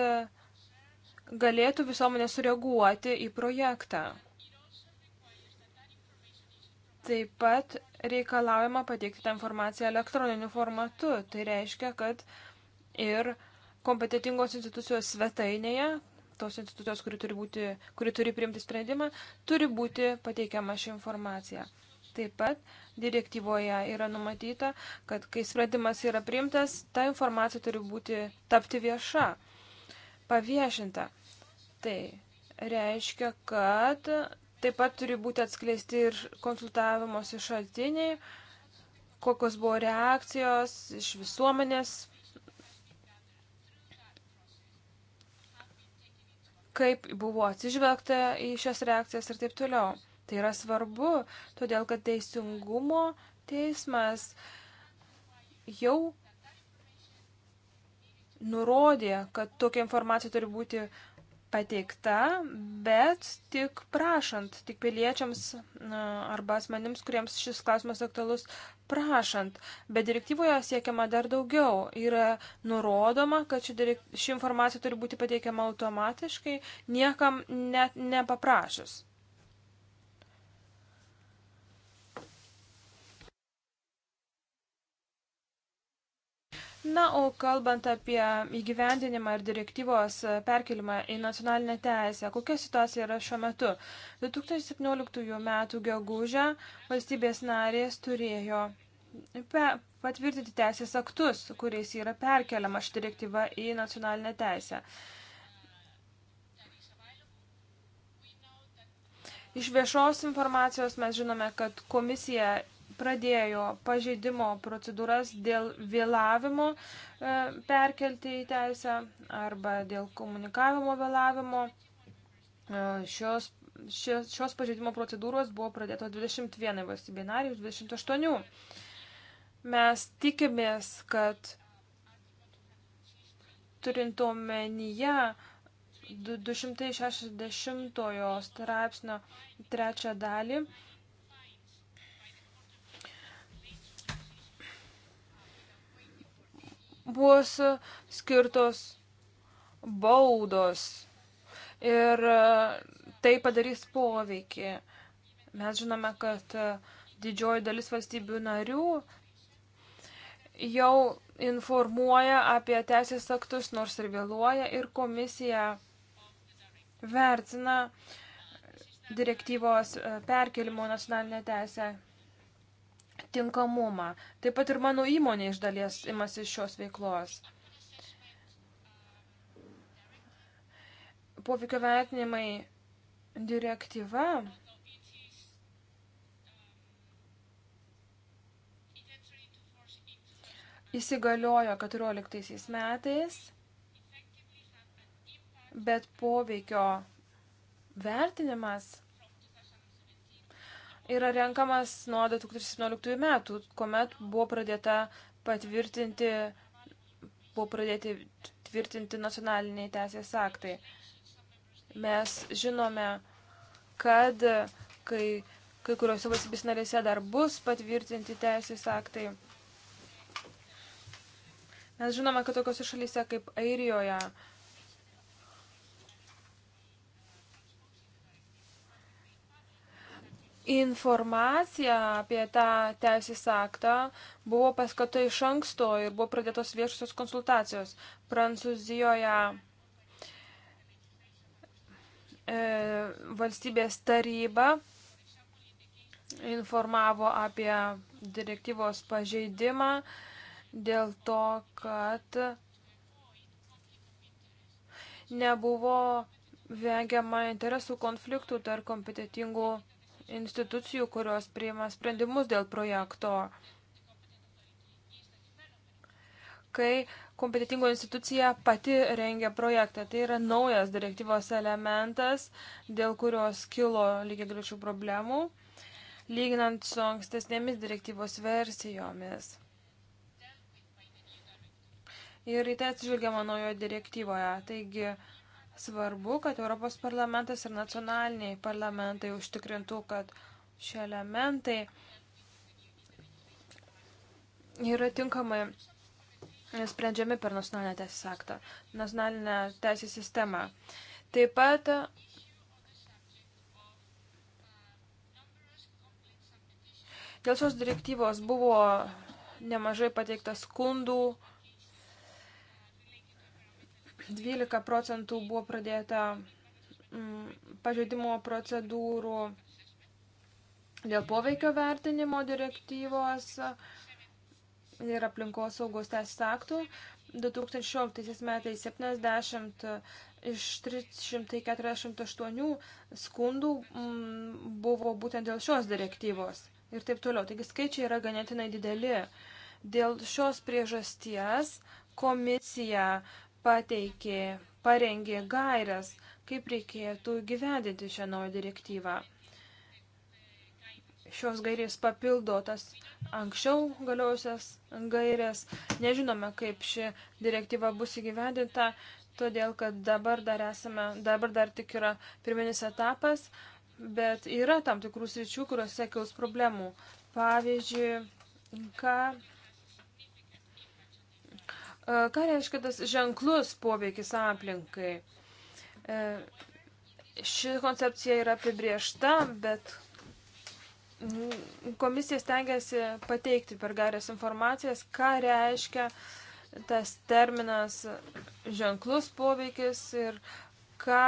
galėtų visuomenė sureaguoti į projektą. Taip pat reikalaujama pateikti tą informaciją elektroniniu formatu. Tai reiškia, kad ir uh, kompetitingos institucijos svetainėje, tos institucijos, kuri turi, būti, kuri turi priimti sprendimą, turi būti pateikiama ši informacija. Taip pat direktyvoje yra numatyta, kad kai sprendimas yra priimtas, ta informacija turi būti tapti vieša, paviešinta. Tai reiškia, kad taip pat turi būti atskleisti ir konsultavimosi šaltiniai, kokios buvo reakcijos iš visuomenės kaip buvo atsižvelgta į šias reakcijas ir taip toliau. Tai yra svarbu, todėl kad teisingumo teismas jau nurodė, kad tokia informacija turi būti pateikta, bet tik prašant, tik piliečiams arba asmenims, kuriems šis klausimas aktualus, prašant. Bet direktyvoje siekiama dar daugiau. Yra nurodoma, kad ši, direkt... ši informacija turi būti pateikiama automatiškai, niekam net nepaprašus. Na, o kalbant apie įgyvendinimą ir direktyvos e, perkelimą į nacionalinę teisę, kokia situacija yra šiuo metu? 2017 m. gegužę valstybės narės turėjo patvirtinti teisės aktus, kuriais yra perkeliama ši direktyva į nacionalinę teisę. Iš viešos informacijos mes žinome, kad komisija pradėjo pažeidimo procedūras dėl vėlavimo e, perkelti į teisę arba dėl komunikavimo vėlavimo. E, šios, šios, šios pažeidimo procedūros buvo pradėtos 21 valstybė nariai ir 28. Mes tikimės, kad turint omenyje 260 straipsnio trečią dalį, bus skirtos baudos ir e, tai padarys poveikį. Mes žinome, kad e, didžioji dalis valstybių narių jau informuoja apie teisės aktus, nors ir vėluoja, ir komisija vertina direktyvos e, perkelimo nacionalinę teisę tinkamumą. Taip pat ir mano įmonė iš dalies imasi šios veiklos. Poveikio vertinimai direktyva įsigaliojo 14 metais, bet poveikio vertinimas yra renkamas nuo 2017 metų, kuomet buvo pradėta patvirtinti, buvo pradėti tvirtinti nacionaliniai teisės aktai. Mes žinome, kad kai, kai kuriuose valstybės narėse dar bus patvirtinti teisės aktai. Mes žinome, kad tokiuose šalyse kaip Airijoje, informacija apie tą teisės aktą buvo paskata iš anksto ir buvo pradėtos viešosios konsultacijos. Prancūzijoje e, valstybės taryba informavo apie direktyvos pažeidimą dėl to, kad nebuvo vengiama interesų konfliktų tarp kompetitingų institucijų, kurios priima sprendimus dėl projekto. Kai kompetitingo institucija pati rengia projektą, tai yra naujas direktyvos elementas, dėl kurios kilo lygiai grečių problemų, lyginant su ankstesnėmis direktyvos versijomis. Ir į tai atsižvelgiama naujoje direktyvoje. Taigi, Svarbu, kad Europos parlamentas ir nacionaliniai parlamentai užtikrintų, kad šie elementai yra tinkamai sprendžiami per nacionalinę teisės aktą, nacionalinę teisės sistemą. Taip pat dėl šios direktyvos buvo nemažai pateikta skundų, 12 procentų buvo pradėta mm, pažeidimo procedūrų dėl poveikio vertinimo direktyvos ir aplinkos saugos teisės aktų. 2016 metais 70 iš 348 skundų mm, buvo būtent dėl šios direktyvos ir taip toliau. Taigi skaičiai yra ganėtinai dideli. Dėl šios priežasties komisija pateikė, parengė gairias, kaip reikėtų gyvendinti šią naują direktyvą. Šios gairės papildo tas anksčiau galiojusias gairės. Nežinome, kaip ši direktyva bus įgyvendinta, todėl kad dabar dar esame, dabar dar tik yra pirminis etapas, bet yra tam tikrų sričių, kuriuose kils problemų. Pavyzdžiui, ką E, ką reiškia tas ženklus poveikis aplinkai? E, ši koncepcija yra apibriešta, bet komisija stengiasi pateikti per garės informacijas, ką reiškia tas terminas ženklus poveikis ir ką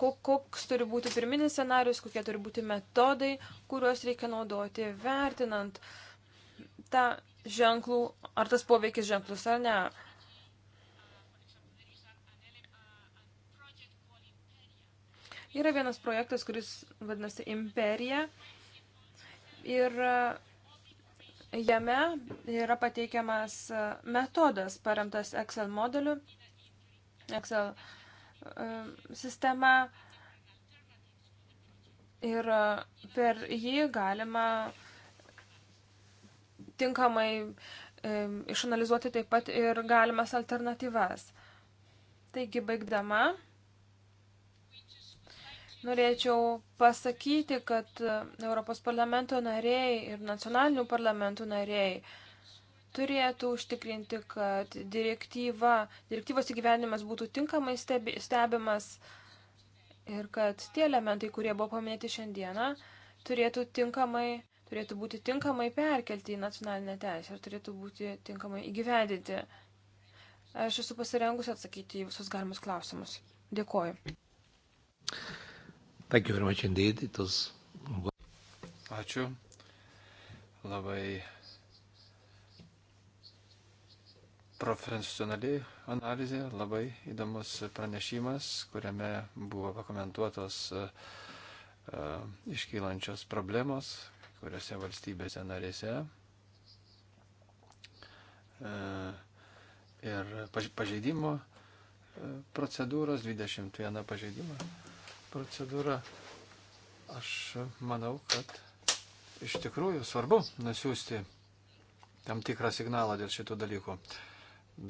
koks turi būti pirminis scenarius, kokie turi būti metodai, kuriuos reikia naudoti vertinant tą ženklų, ar tas poveikis ženklus ar ne. Yra vienas projektas, kuris vadinasi Imperija. Ir e, jame yra pateikiamas e, metodas paremtas Excel modeliu, Excel e, sistema. Ir per jį galima tinkamai išanalizuoti taip pat ir galimas alternatyvas. Taigi, baigdama, norėčiau pasakyti, kad Europos parlamento nariai ir nacionalinių parlamentų nariai turėtų užtikrinti, kad direktyva, direktyvos įgyvenimas būtų tinkamai stebi, stebimas ir kad tie elementai, kurie buvo paminėti šiandieną, turėtų tinkamai turėtų būti tinkamai perkelti į nacionalinę teisę ir turėtų būti tinkamai įgyvendinti. Aš esu pasirengusi atsakyti į visus galimus klausimus. Dėkuoju. Thank you very much indeed. It was... Ačiū. Labai profesionali analizė, labai įdomus pranešimas, kuriame buvo pakomentuotos uh, iškylančios problemos, kuriuose valstybėse narėse. E, ir pažeidimo e, procedūros, 21 pažeidimo procedūra. Aš manau, kad iš tikrųjų svarbu nusiųsti tam tikrą signalą dėl šitų dalykų.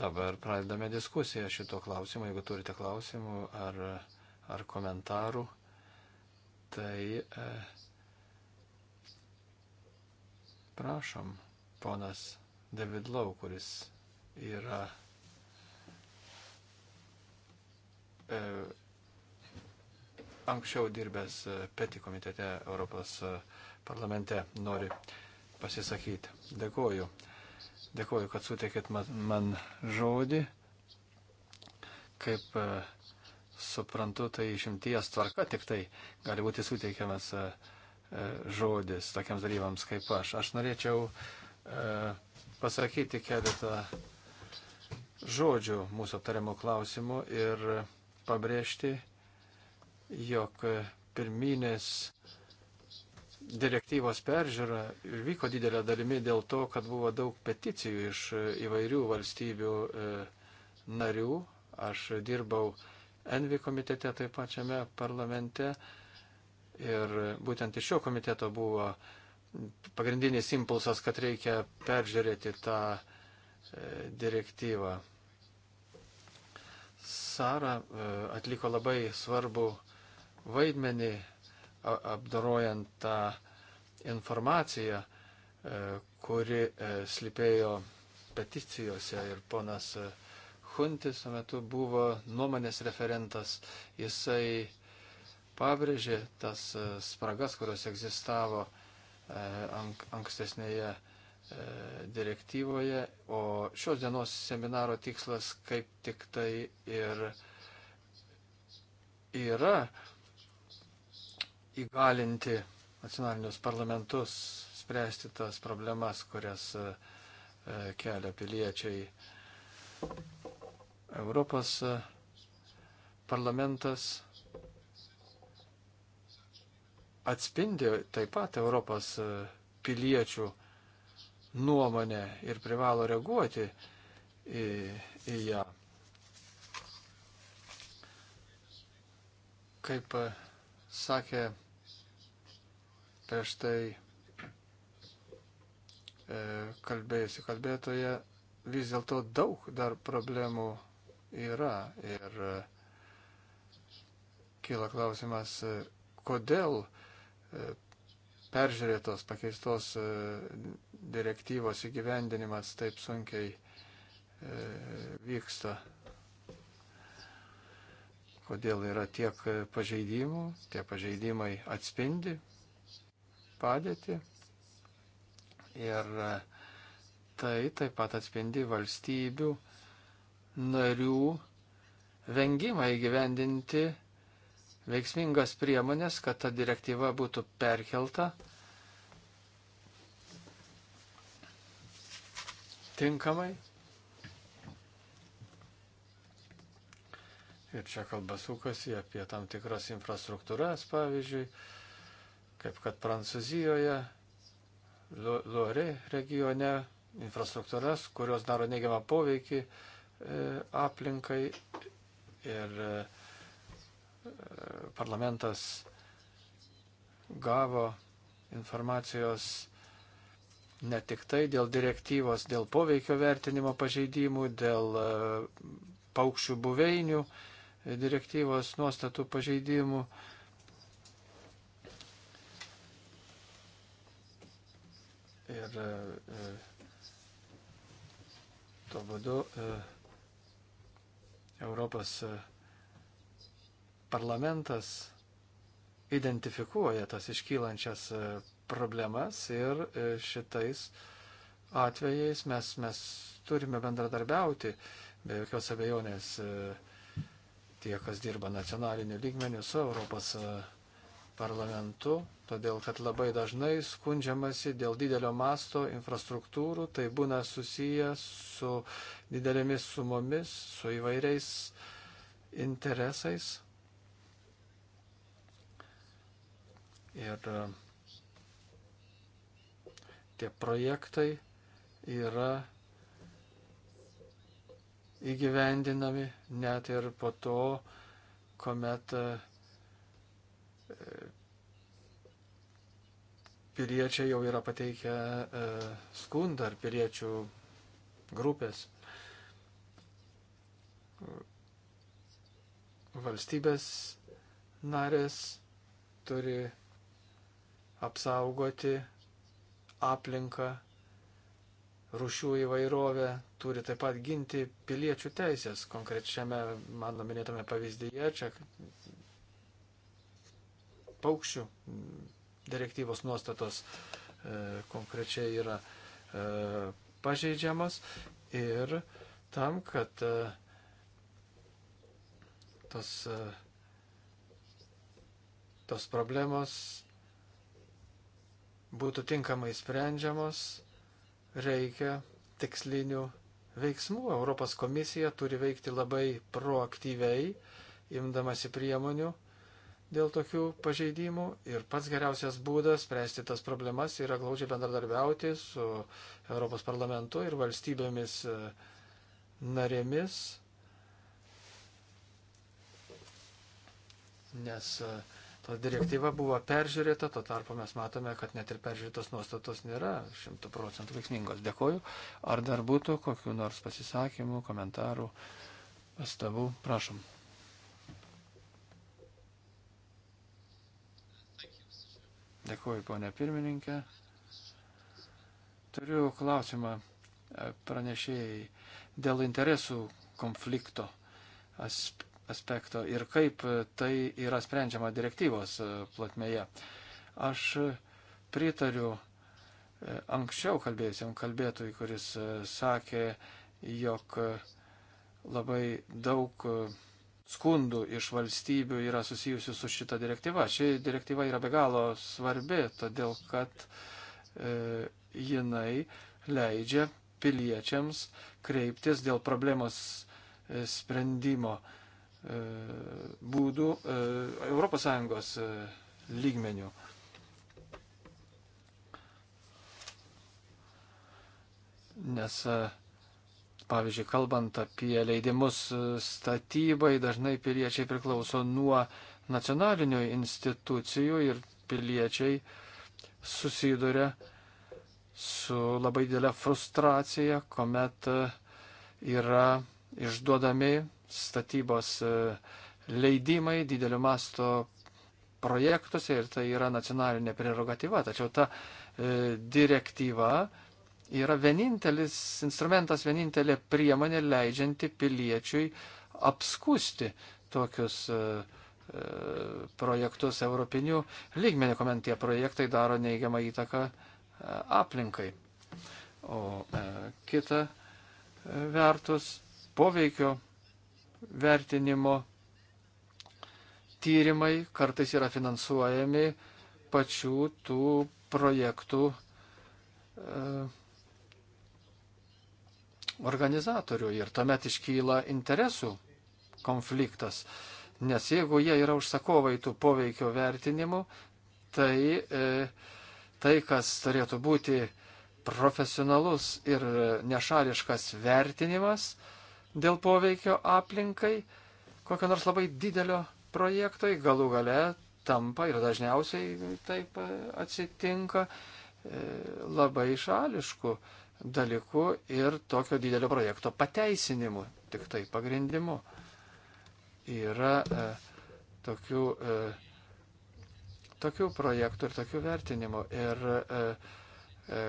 Dabar pradedame diskusiją šito klausimo. Jeigu turite klausimų ar, ar komentarų, tai e, Prašom, ponas David Lau, kuris yra e, anksčiau dirbęs e, peti komitete Europos e, parlamente, nori pasisakyti. Dėkoju. Dėkoju, kad suteikėt man, man žodį. Kaip e, suprantu, tai išimties tvarka tik tai gali būti suteikiamas. E, E, žodis tokiams dalyvams kaip aš. Aš norėčiau e, pasakyti keletą žodžių mūsų aptariamų klausimų ir pabrėžti, jog pirminės direktyvos peržiūra vyko didelė dalimi dėl to, kad buvo daug peticijų iš įvairių valstybių e, narių. Aš dirbau Envi komitete, taip pačiame parlamente. Ir būtent iš šio komiteto buvo pagrindinis impulsas, kad reikia peržiūrėti tą e, direktyvą. Sara e, atliko labai svarbu vaidmenį apdarojant tą informaciją, e, kuri slipėjo peticijose ir ponas Huntis tuo metu buvo nuomonės referentas. Jisai pabrėžė tas e, spragas, kurios egzistavo e, ank ankstesnėje e, direktyvoje, o šios dienos seminaro tikslas kaip tik tai ir yra įgalinti nacionalinius parlamentus spręsti tas problemas, kurias kelia piliečiai. Europos parlamentas atspindi taip pat Europos e, piliečių nuomonę ir privalo reaguoti į, į ją. Kaip e, sakė prieš tai e, kalbėjusi kalbėtoje, vis dėlto daug dar problemų yra ir kyla klausimas, kodėl E, peržiūrėtos, pakeistos e, direktyvos įgyvendinimas taip sunkiai e, vyksta. Kodėl yra tiek pažeidimų, tie pažeidimai atspindi padėtį. Ir tai taip pat atspindi valstybių narių vengimą įgyvendinti veiksmingas priemonės, kad ta direktyva būtų perkelta tinkamai. Ir čia kalba sukasi apie tam tikras infrastruktūras, pavyzdžiui, kaip kad Prancūzijoje, Lori regione, infrastruktūras, kurios daro neigiamą poveikį e, aplinkai ir e, parlamentas gavo informacijos ne tik tai dėl direktyvos, dėl poveikio vertinimo pažeidimų, dėl e, paukščių buveinių direktyvos nuostatų pažeidimų. Ir e, e, tuo būdu Europos parlamentas identifikuoja tas iškylančias e, problemas ir e, šitais atvejais mes, mes turime bendradarbiauti, be jokios abejonės, e, tie, kas dirba nacionaliniu lygmeniu su Europos parlamentu, todėl kad labai dažnai skundžiamasi dėl didelio masto infrastruktūrų, tai būna susiję su didelėmis sumomis, su įvairiais interesais Ir e, tie projektai yra įgyvendinami net ir po to, kuomet e, piliečiai jau yra pateikę e, skundą ar piliečių grupės. Valstybės narės turi apsaugoti aplinką, rušių įvairovę, turi taip pat ginti piliečių teisės. Konkrečiame mano minėtame pavyzdyje čia paukščių direktyvos nuostatos e, konkrečiai yra e, pažeidžiamas ir tam, kad e, tos, e, tos problemos būtų tinkamai sprendžiamos, reikia tikslinių veiksmų. Europos komisija turi veikti labai proaktyviai, imdamasi priemonių dėl tokių pažeidimų ir pats geriausias būdas spręsti tas problemas yra glaudžiai bendradarbiauti su Europos parlamentu ir valstybėmis e, narėmis, nes uh, ta direktyva buvo peržiūrėta, to tarpu mes matome, kad net ir peržiūrėtos nuostatos nėra šimtų procentų veiksmingos. Dėkoju. Ar dar būtų kokiu nors pasisakymu, komentarų, pastabų? Prašom. Dėkuoju, ponė pirmininkė. Turiu klausimą e, pranešėjai dėl interesų konflikto asp aspekto ir kaip tai yra sprendžiama direktyvos e, platmeje. Aš pritariu e, anksčiau kalbėjusiam kalbėtojui, kuris e, sakė, jog labai daug skundų iš valstybių yra susijusių su šita direktyva. Ši direktyva yra be galo svarbi, todėl kad e, jinai leidžia piliečiams kreiptis dėl problemos sprendimo E, būdų ES e, lygmenių. Nes, e, pavyzdžiui, kalbant apie leidimus statybai, dažnai piliečiai priklauso nuo nacionalinių institucijų ir piliečiai susiduria su labai didelė frustracija, kuomet yra išduodami statybos e, leidimai didelio masto projektuose ir tai yra nacionalinė prerogatyva. Tačiau ta e, direktyva yra vienintelis instrumentas, vienintelė priemonė leidžianti piliečiui apskusti tokius e, projektus europinių lygmenių, kuomet tie projektai daro neigiamą įtaką aplinkai. O kita vertus, poveikio vertinimo tyrimai kartais yra finansuojami pačių tų projektų e, organizatorių ir tuomet iškyla interesų konfliktas. Nes jeigu jie yra užsakovai tų poveikio vertinimų, tai e, tai, kas turėtų būti profesionalus ir nešališkas vertinimas, e, dėl poveikio aplinkai kokio nors labai didelio projekto, galų gale tampa ir dažniausiai taip e, atsitinka e, labai šališku dalyku ir tokio didelio projekto pateisinimu, tik tai pagrindimu. Yra e, tokių, e, tokių projektų ir tokių vertinimų. Ir e, e,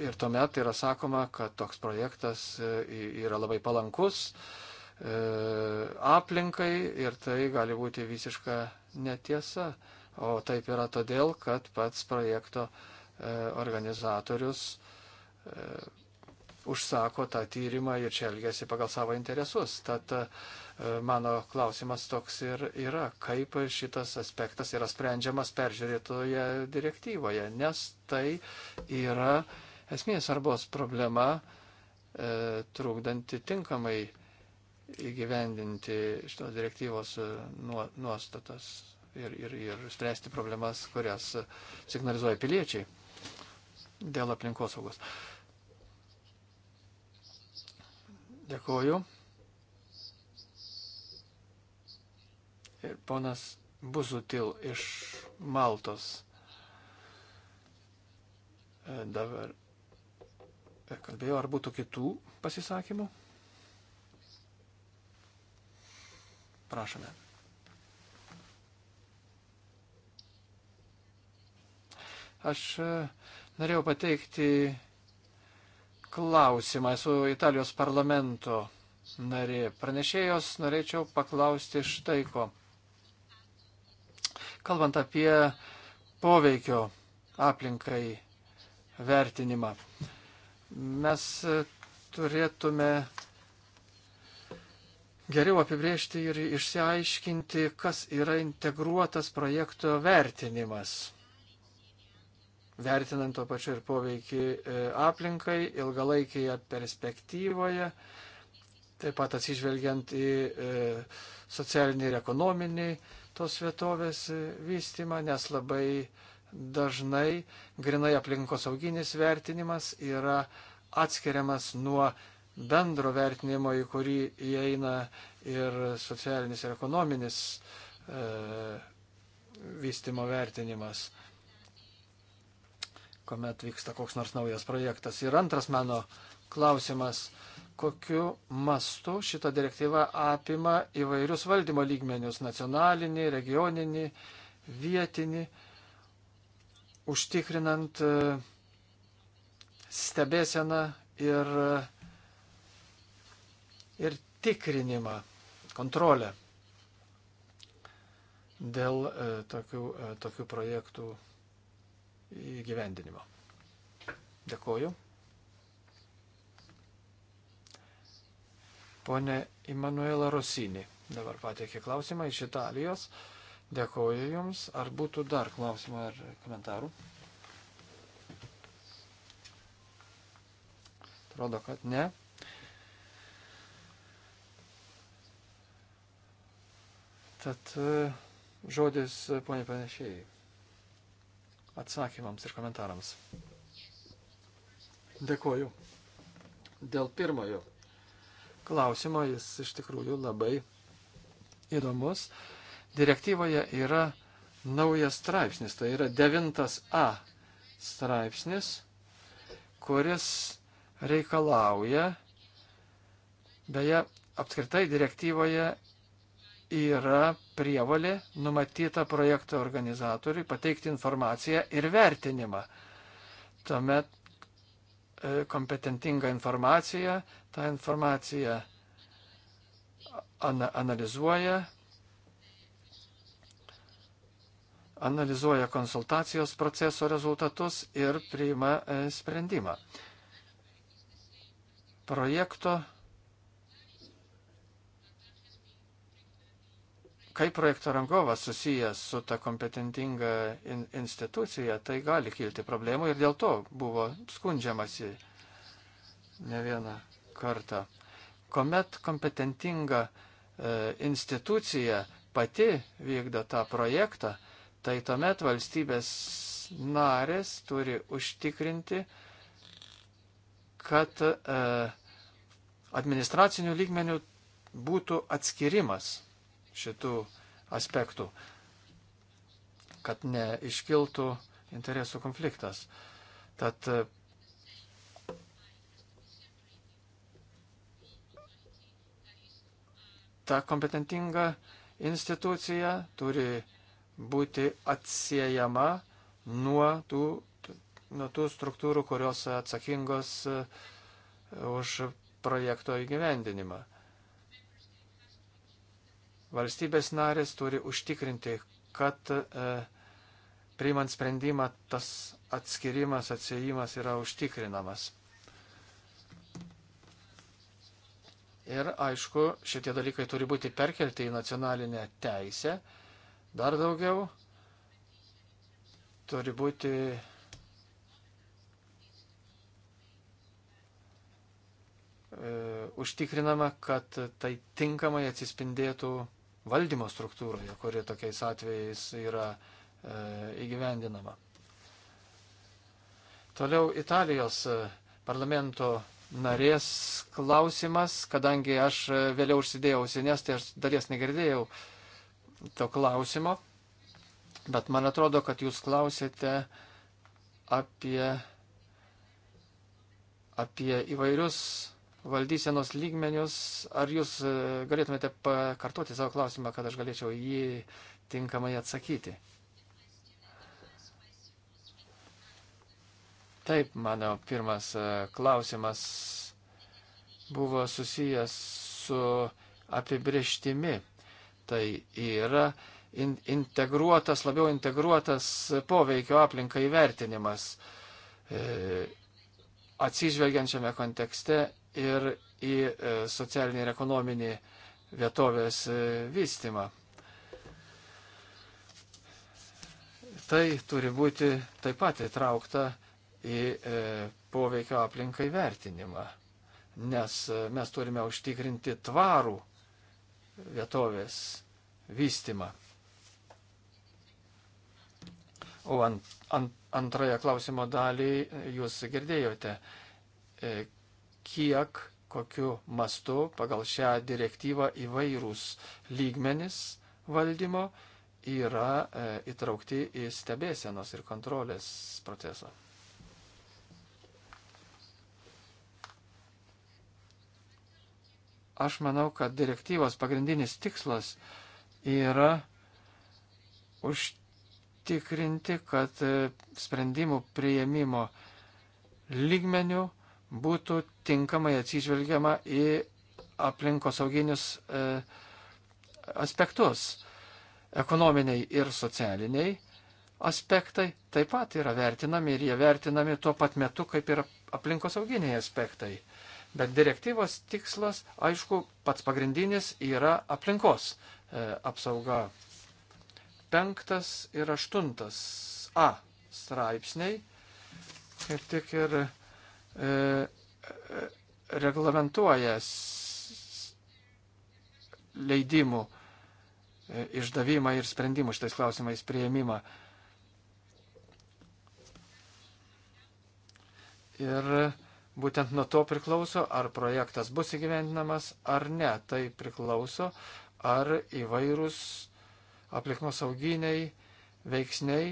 Ir tuomet yra sakoma, kad toks projektas e, yra labai palankus e, aplinkai ir tai gali būti visiška netiesa. O taip yra todėl, kad pats projekto e, organizatorius užsako tą tyrimą ir čia elgesi pagal savo interesus. Tad mano klausimas toks ir yra, kaip šitas aspektas yra sprendžiamas peržiūrėtoje direktyvoje, nes tai yra esmės svarbos problema, e, trukdanti tinkamai įgyvendinti šitos direktyvos e, nuostatas ir, ir, ir spręsti problemas, kurias signalizuoja piliečiai dėl aplinkosaugos. Dėkuoju. Ir ponas Buzutil iš Maltos e, dabar kalbėjau, ar būtų kitų pasisakymų? Prašome. Aš e, norėjau pateikti klausimą. Esu Italijos parlamento narė. Pranešėjos norėčiau paklausti štai ko. Kalbant apie poveikio aplinkai vertinimą. Mes e, turėtume geriau apibriežti ir išsiaiškinti, kas yra integruotas projekto vertinimas. Vertinant to pačiu ir poveikį e, aplinkai ilgalaikėje perspektyvoje, taip pat atsižvelgiant į e, socialinį ir ekonominį tos vietovės vystimą, nes labai dažnai grinai aplinkosauginis vertinimas yra atskiriamas nuo bendro vertinimo, į kurį įeina ir socialinis ir ekonominis e, vystimo vertinimas, kuomet vyksta koks nors naujas projektas. Ir antras mano klausimas, kokiu mastu šita direktyva apima įvairius valdymo lygmenius - nacionalinį, regioninį, vietinį. E, užtikrinant e, stebėseną ir, e, ir tikrinimą, kontrolę dėl e, tokių, tokių projektų įgyvendinimo. Dėkoju. Pone Emanuela Rosinį dabar pateikė klausimą iš Italijos. Uh, Dėkoju Jums. Ar būtų dar klausimų ar komentarų? Atrodo, kad ne. Tad e, žodis, e, ponė panešėjai, atsakymams ir komentarams. Dėkoju. Dėl pirmojo klausimo jis iš tikrųjų labai įdomus. Uh, direktyvoje yra naujas straipsnis, tai yra 9a straipsnis, kuris reikalauja, beje, apskritai direktyvoje yra prievalė numatyta projekto organizatoriui pateikti informaciją ir vertinimą. Tuomet e, kompetentinga informacija, tą informaciją analizuoja analizuoja konsultacijos proceso rezultatus ir priima e, sprendimą. Projekto, kai projekto rangovas susijęs su ta kompetentinga in, institucija, tai gali kilti problemų ir dėl to buvo skundžiamasi ne vieną kartą. Komet kompetentinga e, institucija pati vykdo tą projektą, tai tuomet valstybės narės turi užtikrinti, kad e, administracinių lygmenių būtų atskirimas šitų aspektų, kad neiškiltų interesų konfliktas. Tad e, ta kompetentinga institucija turi būti atsiejama nuo tų, nuo tų struktūrų, kurios atsakingos e, už projekto įgyvendinimą. Valstybės narės turi užtikrinti, kad e, priimant sprendimą tas atskirimas, atsiejimas yra užtikrinamas. Ir aišku, šitie dalykai turi būti perkelti į nacionalinę teisę dar daugiau. Turi būti e, užtikrinama, kad tai tinkamai atsispindėtų valdymo struktūroje, kuri tokiais atvejais yra e, įgyvendinama. Toliau Italijos e, parlamento narės klausimas, kadangi aš vėliau užsidėjau ausinės, tai aš dalies negirdėjau to klausimo, bet man atrodo, kad jūs klausėte apie, apie įvairius valdysenos lygmenius. Ar jūs e, galėtumėte pakartoti savo klausimą, kad aš galėčiau jį tinkamai atsakyti? Taip, mano pirmas e, klausimas buvo susijęs su apibrieštimi tai yra in, integruotas, labiau integruotas poveikio aplinkai vertinimas, e, atsižvelgiančiame kontekste ir į e, socialinį ir ekonominį vietovės e, vystimą. Tai turi būti taip pat įtraukta į e, poveikio aplinkai vertinimą, nes e, mes turime užtikrinti tvarų vietovės vystimą. O ant, ant, antrąją klausimo dalį jūs girdėjote, e, kiek, kokiu mastu pagal šią direktyvą įvairūs lygmenis valdymo yra e, įtraukti į stebėsenos ir kontrolės procesą. Aš manau, kad direktyvos pagrindinis tikslas yra užtikrinti, kad e, sprendimų prieimimo lygmenių būtų tinkamai atsižvelgiama į aplinkosauginius e, aspektus. Ekonominiai ir socialiniai aspektai taip pat yra vertinami ir jie vertinami tuo pat metu, kaip ir aplinkosauginiai aspektai. Bet direktyvos tikslas, aišku, pats pagrindinis yra aplinkos e, apsauga. Penktas ir aštuntas A straipsniai kaip tik ir e, reglamentuoja leidimų e, išdavimą ir sprendimų šitais klausimais prieimimą. Ir Būtent nuo to priklauso, ar projektas bus įgyvendinamas ar ne. Tai priklauso, ar įvairūs aplinkosauginiai veiksniai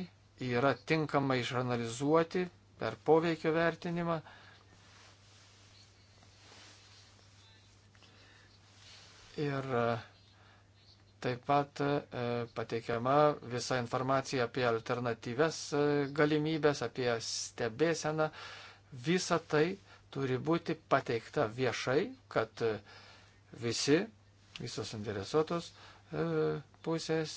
yra tinkamai išanalizuoti per poveikio vertinimą. Ir e, taip pat e, pateikiama visa informacija apie alternatyves e, galimybės, apie stebėseną. Visa tai turi būti pateikta viešai, kad e, visi, visos interesuotos e, pusės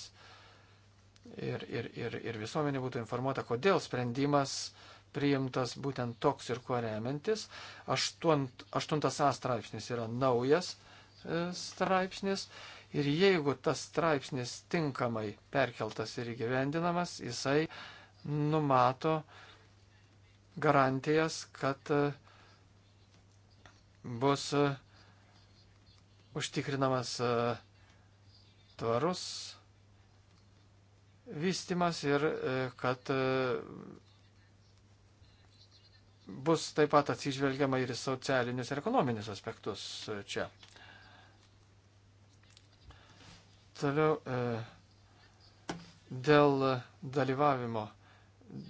ir, ir, ir, ir visuomenė būtų informuota, kodėl sprendimas priimtas būtent toks ir kuo remiantis. Aštunt, aštuntas A straipsnis yra naujas e, straipsnis ir jeigu tas straipsnis tinkamai perkeltas ir įgyvendinamas, jisai numato garantijas, kad uh, bus e, užtikrinamas e, tvarus vystimas ir e, kad bus taip pat atsižvelgiama ir į socialinius ir ekonominius aspektus čia. Toliau dėl dalyvavimo,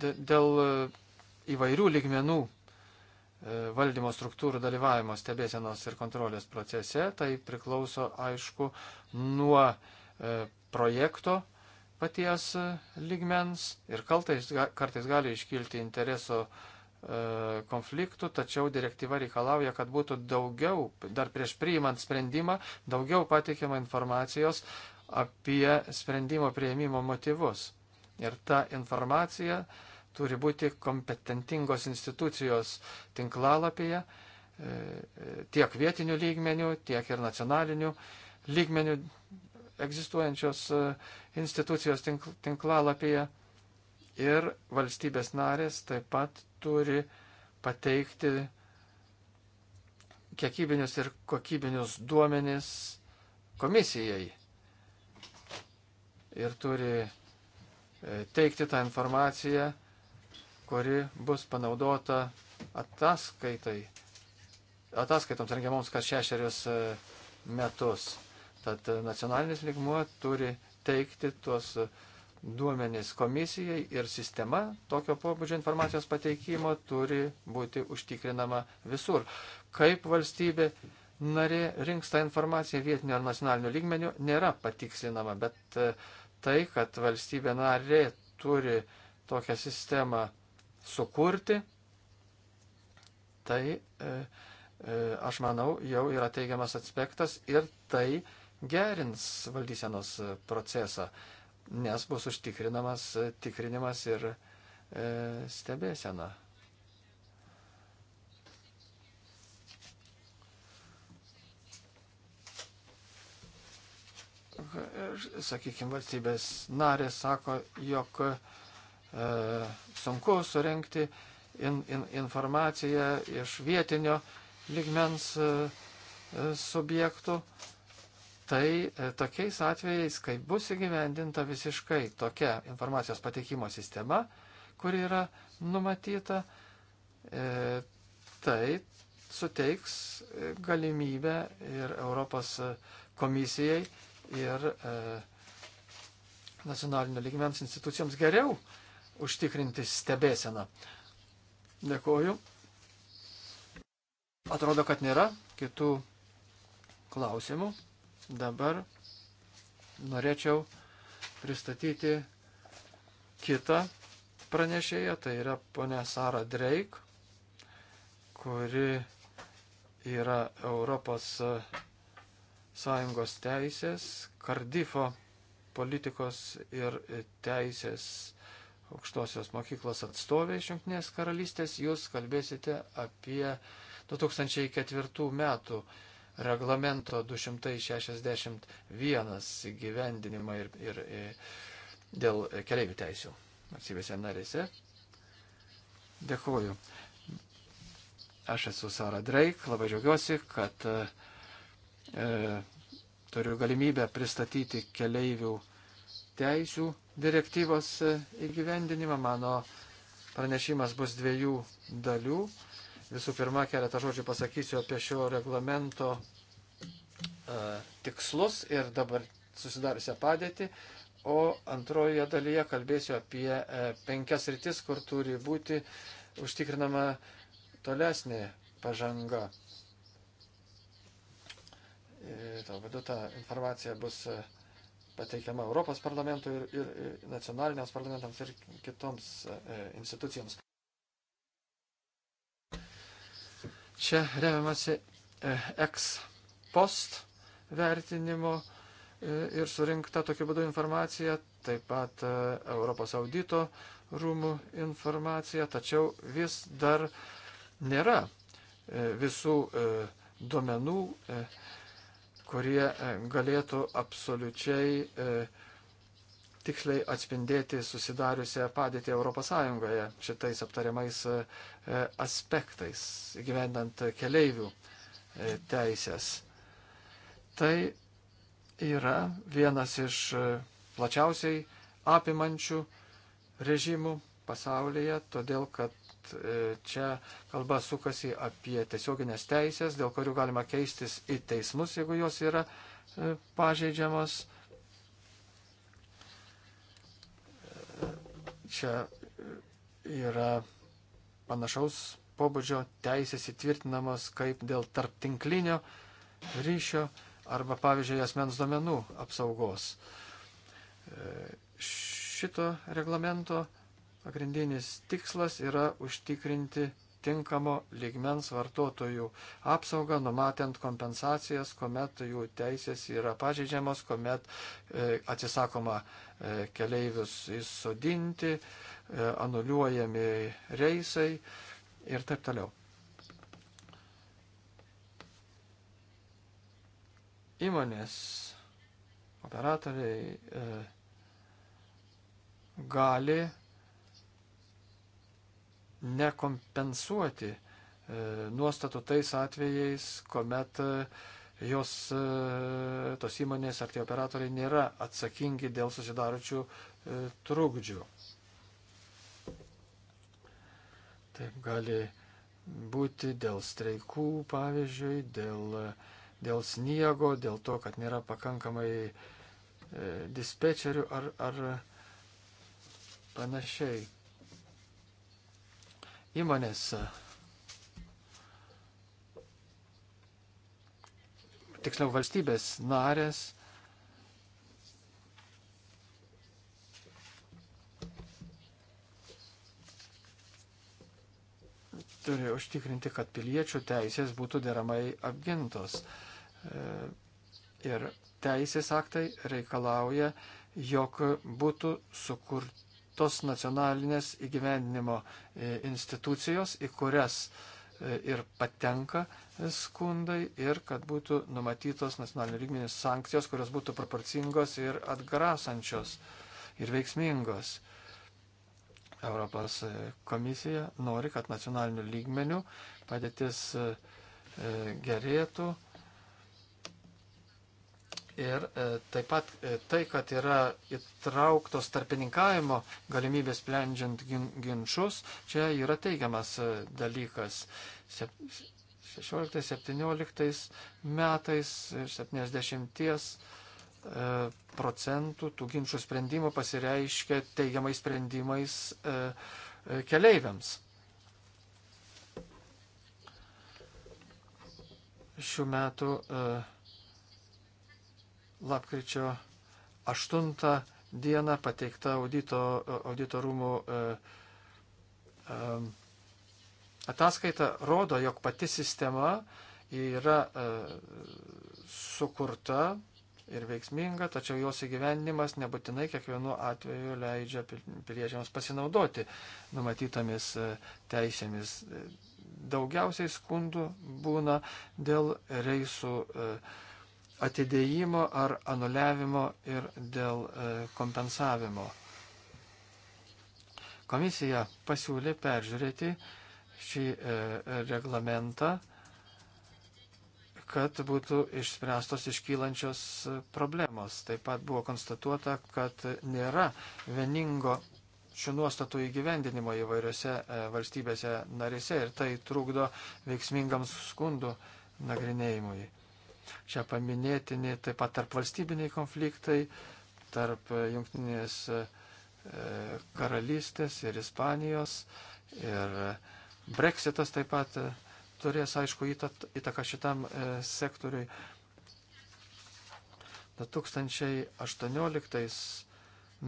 dėl įvairių ligmenų E, valdymo struktūrų dalyvavimo stebėsenos ir kontrolės procese. Tai priklauso, aišku, nuo e, projekto paties e, ligmens ir kartais, kartais gali iškilti intereso konfliktų, tačiau direktyva reikalauja, kad būtų daugiau, dar prieš priimant sprendimą, daugiau patikiama informacijos apie sprendimo prieimimo motyvus. Ir ta informacija uh, turi būti kompetentingos institucijos tinklalapyje e, e, tiek vietinių lygmenių, tiek ir nacionalinių lygmenių egzistuojančios e, institucijos tinklalapyje. Ir valstybės narės taip pat turi pateikti kiekybinius ir kokybinius duomenis komisijai. Ir turi teikti tą informaciją kuri bus panaudota ataskaitai, ataskaitoms rengiamoms kas šešerius e, metus. Tad nacionalinis ligmuo turi teikti tuos duomenys komisijai ir sistema tokio pobūdžio informacijos pateikimo turi būti užtikrinama visur. Kaip valstybė narė rinks tą informaciją vietiniu ar nacionaliniu lygmeniu nėra patikslinama, bet e, tai, kad valstybė narė turi tokią sistemą sukurti, tai e, e, aš manau, jau yra teigiamas aspektas ir tai gerins valdysenos procesą, nes bus užtikrinamas e, tikrinimas ir e, stebėsena. E, Sakykime, valstybės narės sako, jog e, E, sunku surenkti in, in, informaciją iš vietinio ligmens e, e, subjektų. Tai tokiais atvejais, kai bus įgyvendinta visiškai tokia informacijos pateikimo sistema, kuri yra numatyta, tai suteiks galimybę ir Europos komisijai ir nacionalinio lygmens institucijoms geriau užtikrinti stebėseną. Dėkoju. Atrodo, kad nėra kitų klausimų. Dabar norėčiau pristatyti kitą pranešėją, tai yra ponia Sara Drake, kuri yra Europos Sąjungos teisės, Kardifo politikos ir teisės aukštosios mokyklos atstovė iš Junktinės karalystės, jūs kalbėsite apie 2004 metų reglamento 261 įgyvendinimą ir, ir, ir e, dėl keliaivių teisių valstybėse narėse. Dėkuoju. Aš esu Sara Drake, labai džiaugiuosi, kad e, e turiu galimybę pristatyti keliaivių teisių direktyvos įgyvendinimą. Mano pranešimas bus dviejų dalių. Visų pirma, keletą žodžių pasakysiu apie šio reglamento e, tikslus ir dabar susidariusią padėtį. O antrojoje dalyje kalbėsiu apie e, penkias rytis, kur turi būti užtikrinama tolesnė pažanga. E, tuo būdu ta informacija bus pateikiama Europos parlamentui ir, ir, ir nacionaliniams parlamentams ir kitoms e, institucijoms. Čia remiamasi e, ex post vertinimo e, ir surinkta tokiu būdu informacija, taip pat e, Europos audito rūmų informacija, tačiau vis dar nėra e, visų e, duomenų. E, kurie e, galėtų absoliučiai e, tiksliai atspindėti susidariusią padėtį ES šitais aptariamais e, aspektais, gyvendant keleivių teisės. Tai yra vienas iš plačiausiai apimančių režimų pasaulyje, todėl kad E, čia kalba sukasi apie tiesioginės teisės, dėl kurių galima keistis į teismus, jeigu jos yra e, pažeidžiamos. Čia yra panašaus pobūdžio teisės įtvirtinamos kaip dėl tarptinklinio ryšio arba, pavyzdžiui, asmens duomenų apsaugos. E, šito reglamento Pagrindinis tikslas yra užtikrinti tinkamo ligmens vartotojų apsaugą, numatant kompensacijas, kuomet jų teisės yra pažeidžiamos, kuomet e, atsisakoma e, keleivius įsodinti, e, anuliuojami reisai ir taip toliau. Įmonės operatoriai e, gali nekompensuoti e, nuostatų tais atvejais, kuomet e, jos, e, tos įmonės ar tie operatoriai nėra atsakingi dėl susidaručių trukdžių. Taip gali būti dėl streikų, pavyzdžiui, dėl, dėl sniego, dėl to, kad nėra pakankamai dispečerių ar, ar panašiai. Įmonės tiksliau valstybės narės turi užtikrinti, kad piliečių teisės būtų deramai apgintos. E, ir teisės aktai reikalauja, jog būtų sukurti tos nacionalinės įgyvendinimo e, institucijos, į kurias e, ir patenka e, skundai ir kad būtų numatytos nacionalinio lygmenės sankcijos, kurios būtų proporcingos ir atgrasančios ir veiksmingos. Europos komisija nori, kad nacionaliniu lygmeniu padėtis gerėtų, Ir e, taip pat e, tai, kad yra įtrauktos tarpininkavimo galimybės sprendžiant ginčius, čia yra teigiamas e, dalykas. 16-17 metais 70 procentų tų ginčių sprendimų pasireiškia teigiamais sprendimais keleiviams. Šių metų uh, lapkričio 8 dieną pateikta audito, audito rūmų e, e, ataskaita rodo, jog pati sistema yra e, sukurta ir veiksminga, tačiau jos įgyvenimas nebūtinai kiekvienu atveju leidžia piliečiams pasinaudoti numatytomis e, teisėmis. E, daugiausiai skundų būna dėl reisų e, atidėjimo ar anuliavimo ir dėl e, kompensavimo. Komisija pasiūlė peržiūrėti šį e, reglamentą, kad būtų išspręstos iškylančios problemos. Taip pat buvo konstatuota, kad nėra vieningo šių nuostatų įgyvendinimo įvairiose e, valstybėse narėse ir tai trukdo veiksmingam skundų nagrinėjimui. Čia paminėtini taip pat tarp valstybiniai konfliktai, tarp jungtinės e, karalystės ir Ispanijos. Ir Brexitas taip pat e, turės, aišku, įtaką šitam e, sektoriui. 2018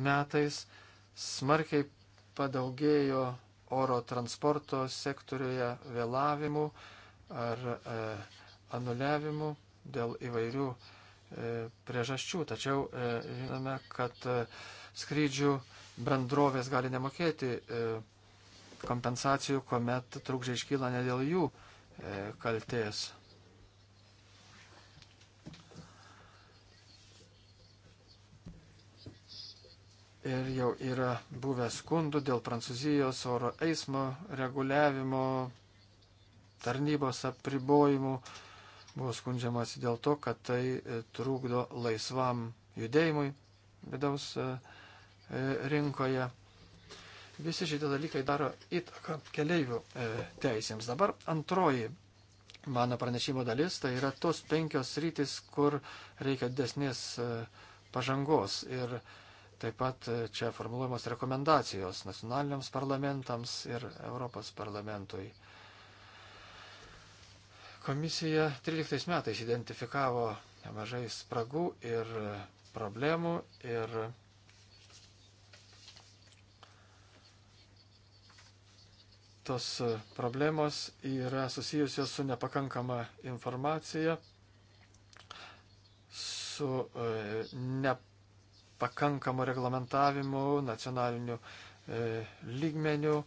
metais smarkiai padaugėjo oro transporto sektoriuje vėlavimų ar e, anuliavimų dėl įvairių e, priežasčių, tačiau e, žinome, kad e, skrydžių bendrovės gali nemokėti kompensacijų, kuomet trukdžiai iškyla ne dėl jų kalties. Ir jau yra buvę skundų dėl Prancūzijos oro eismo reguliavimo tarnybos apribojimų. E, Buvo skundžiamasi dėl to, kad tai e, trūkdo laisvam judėjimui vidaus e, e, rinkoje. Visi šitie dalykai daro įtaką keleivių teisėms. Dabar antroji mano pranešimo dalis, tai yra tos penkios rytis, kur reikia desnės pažangos. Ir taip pat čia formuluojamos rekomendacijos nacionaliniams parlamentams ir Europos parlamentui. Komisija 13 metais identifikavo nemažai spragų ir problemų ir tos problemos yra susijusios su nepakankama informacija, su e, nepakankamu reglamentavimu nacionaliniu e, lygmeniu,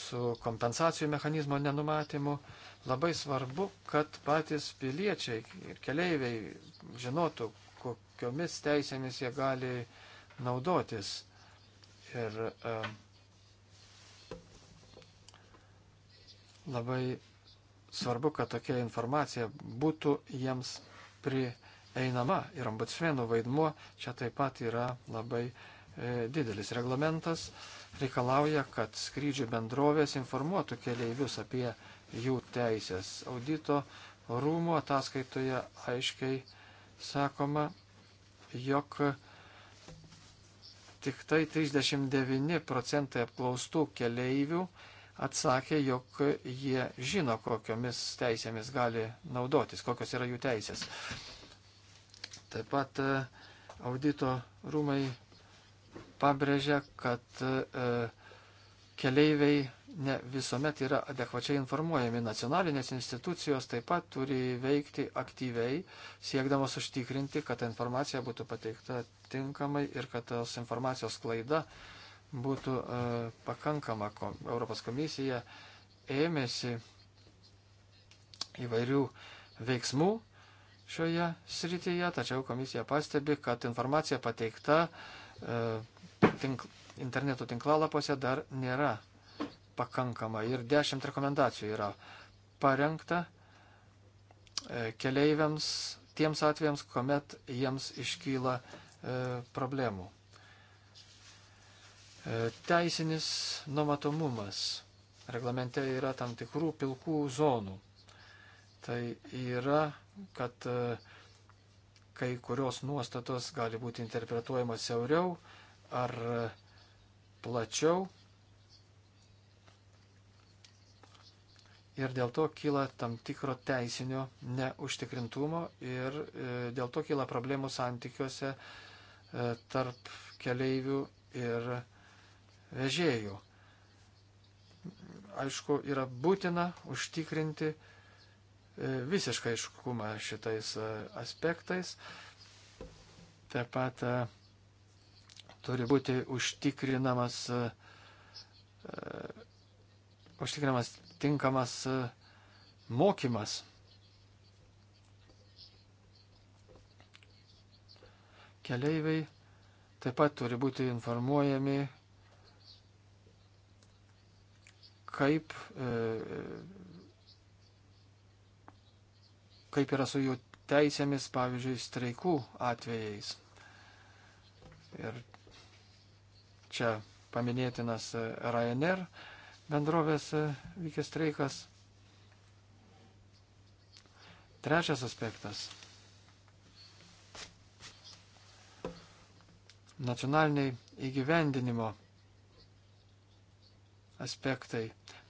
su kompensacijų mechanizmo nenumatymu. Labai svarbu, kad patys piliečiai ir keleiviai žinotų, kokiomis teisėmis jie gali naudotis. Ir e, labai svarbu, kad tokia informacija būtų jiems prieinama. Ir ombudsmenų vaidmuo čia taip pat yra labai e, didelis. Reglamentas reikalauja, kad skrydžių bendrovės informuotų keleivius apie jų teisės. Audito rūmų ataskaitoje aiškiai sakoma, jog tik tai 39 procentai apklaustų keleivių atsakė, jog jie žino, kokiomis teisėmis gali naudotis, kokios yra jų teisės. Taip pat e, audito rūmai pabrėžia, kad e, keleiviai ne visuomet yra adekvačiai informuojami. Nacionalinės institucijos taip pat turi veikti aktyviai, siekdamos užtikrinti, kad ta informacija būtų pateikta tinkamai ir kad tos informacijos klaida būtų e, pakankama. Kom, Europos komisija ėmėsi įvairių veiksmų šioje srityje, tačiau komisija pastebi, kad informacija pateikta e, tink, interneto tinklalapose dar nėra pakankama ir dešimt rekomendacijų yra parengta e, keleiviams tiems atvejams, kuomet jiems iškyla e, problemų. E, teisinis numatomumas. Reglamente yra tam tikrų pilkų zonų. Tai yra, kad kai kurios nuostatos gali būti interpretuojamos siauriau ar plačiau, ir dėl to kyla tam tikro teisinio neužtikrintumo ir e, dėl to kyla problemų santykiuose e, tarp keleivių ir vežėjų. Aišku, yra būtina užtikrinti e, visišką iškumą šitais aspektais. Taip pat turi būti užtikrinamas, užtikrinamas tinkamas e, mokymas. Keleiviai taip pat turi būti informuojami, kaip, e, kaip yra su jų teisėmis, pavyzdžiui, streikų atvejais. Ir čia paminėtinas e, Ryanair bendrovės e, vykęs streikas. Trečias aspektas. Nacionaliniai įgyvendinimo aspektai.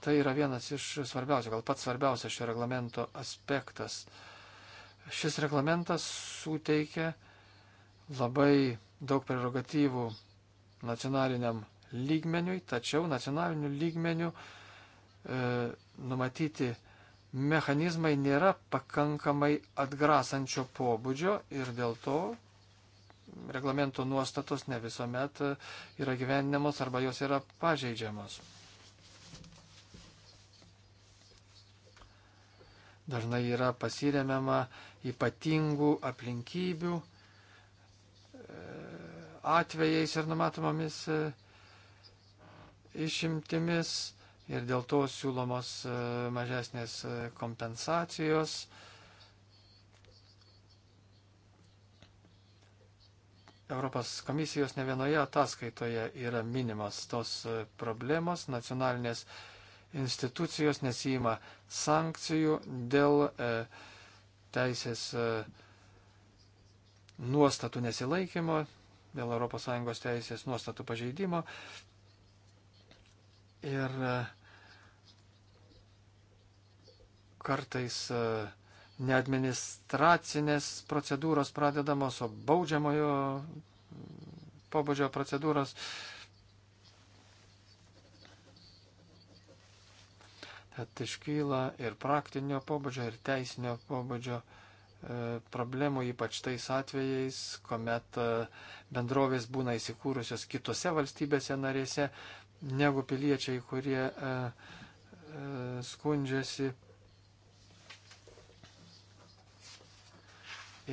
Tai yra vienas iš svarbiausių, gal pats svarbiausias šio reglamento aspektas. Šis reglamentas suteikia labai daug prerogatyvų nacionaliniam lygmeniui, tačiau nacionaliniu lygmeniu e, numatyti mechanizmai nėra pakankamai atgrasančio pobūdžio ir dėl to reglamento nuostatos ne visuomet e, yra gyvenimos arba jos yra pažeidžiamos. Dažnai yra pasiremiama ypatingų aplinkybių e, atvejais ir numatomomis e, išimtimis ir dėl to siūlomos e, mažesnės e, kompensacijos. Europos komisijos ne vienoje ataskaitoje yra minimas tos e, problemos, nacionalinės institucijos nesijima sankcijų dėl e, teisės e, nuostatų nesilaikymo, dėl ES teisės nuostatų pažeidimo. Ir e, kartais e, ne administracinės procedūros pradedamos, o baudžiamojo pobūdžio procedūros. Tad iškyla ir praktinio pobūdžio, ir teisinio pobūdžio e, problemų, ypač tais atvejais, kuomet bendrovės būna įsikūrusios kitose valstybėse narėse, negu piliečiai, kurie e, e, skundžiasi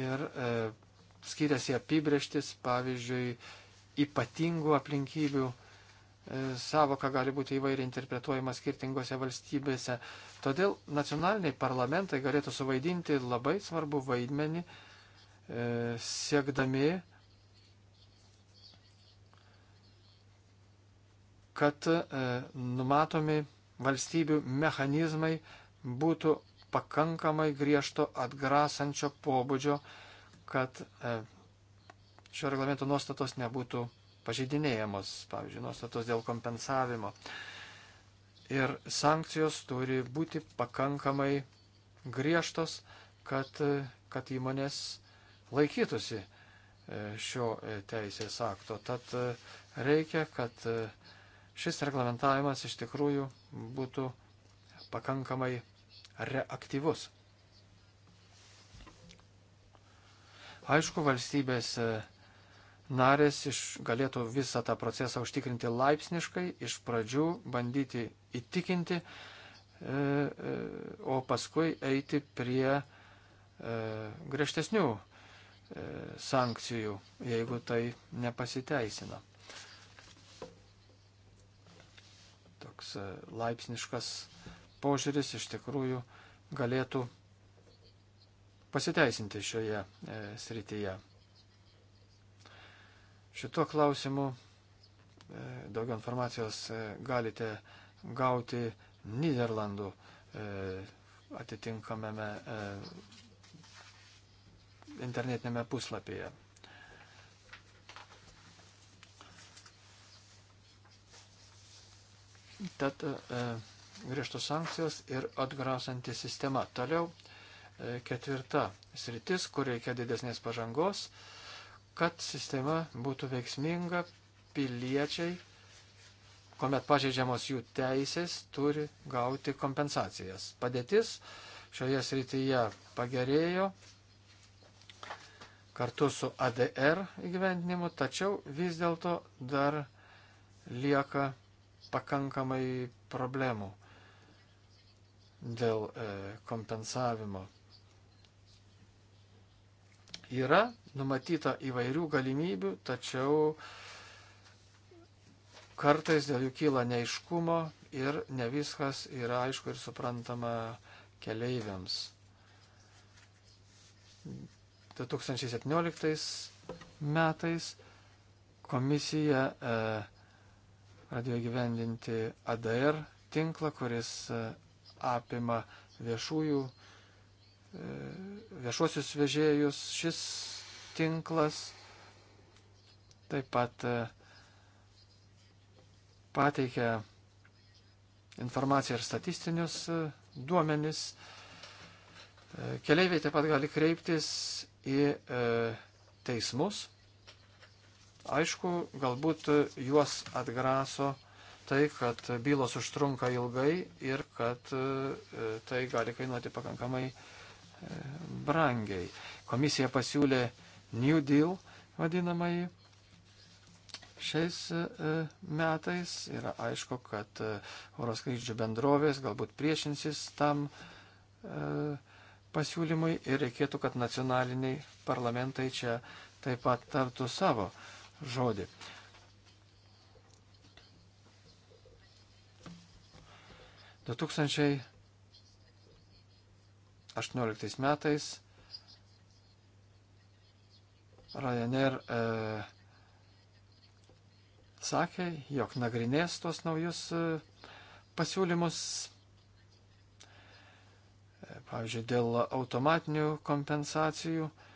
ir e, skiriasi apibrieštis, pavyzdžiui, ypatingų aplinkybių e, savoka gali būti įvairiai interpretuojama skirtingose valstybėse. Todėl nacionaliniai parlamentai galėtų suvaidinti labai svarbu vaidmenį, e, siekdami kad e, numatomi valstybių mechanizmai būtų pakankamai griežto atgrasančio pobūdžio, kad e, šio reglamento nuostatos nebūtų pažeidinėjamos, pavyzdžiui, nuostatos dėl kompensavimo. Ir sankcijos turi būti pakankamai griežtos, kad, e, kad įmonės laikytųsi šio teisės akto. Tad reikia, kad šis reglamentavimas iš tikrųjų būtų pakankamai reaktyvus. Aišku, valstybės e, narės iš, galėtų visą tą procesą užtikrinti laipsniškai, iš pradžių bandyti įtikinti, e, e, o paskui eiti prie griežtesnių sankcijų, jeigu tai nepasiteisina. toks e, laipsniškas požiūris iš tikrųjų galėtų pasiteisinti šioje e, srityje. Šituo klausimu e, daugiau informacijos galite gauti Niderlandų atitinkamame internetinėme puslapyje. Tad e, griežtos sankcijos ir atgrasanti sistema. Toliau e, ketvirta sritis, kur reikia didesnės pažangos, kad sistema būtų veiksminga, piliečiai, kuomet pažeidžiamos jų teisės, turi gauti kompensacijas. Padėtis šioje srityje pagerėjo kartu su ADR įgyvendinimu, tačiau vis dėlto dar lieka pakankamai problemų dėl e, kompensavimo. Yra numatyta įvairių galimybių, tačiau kartais dėl jų kyla neiškumo ir ne viskas yra aišku ir suprantama keleiviams. 2017 metais komisija e, pradėjo gyvendinti ADR tinklą, kuris e, apima viešųjų, e, viešuosius vežėjus. Šis tinklas taip pat e, pateikia informaciją ir statistinius duomenis. Keleiviai taip pat gali kreiptis į teismus Aišku, galbūt juos atgraso tai, kad bylos užtrunka ilgai ir kad e, tai gali kainuoti pakankamai e, brangiai. Komisija pasiūlė New Deal vadinamai šiais e, metais ir aišku, kad oro skrydžių bendrovės galbūt priešinsis tam pasiūlymui ir reikėtų, kad nacionaliniai parlamentai čia taip pat tartų savo žodį. Du tūkstančiai 18 metais Ryanair e, sakė, jog nagrinės tuos naujus e, pasiūlymus, e, pavyzdžiui, dėl automatinių kompensacijų. E,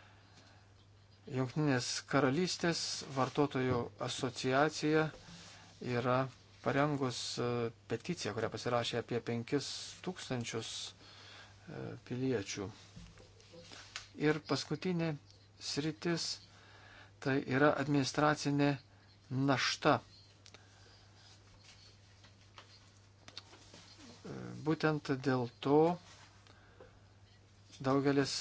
Junktinės karalystės vartotojų asociacija yra parengus e, peticiją, kurią pasirašė apie 5000 e, piliečių. Ir paskutinė sritis tai yra administracinė našta. E, būtent dėl to daugelis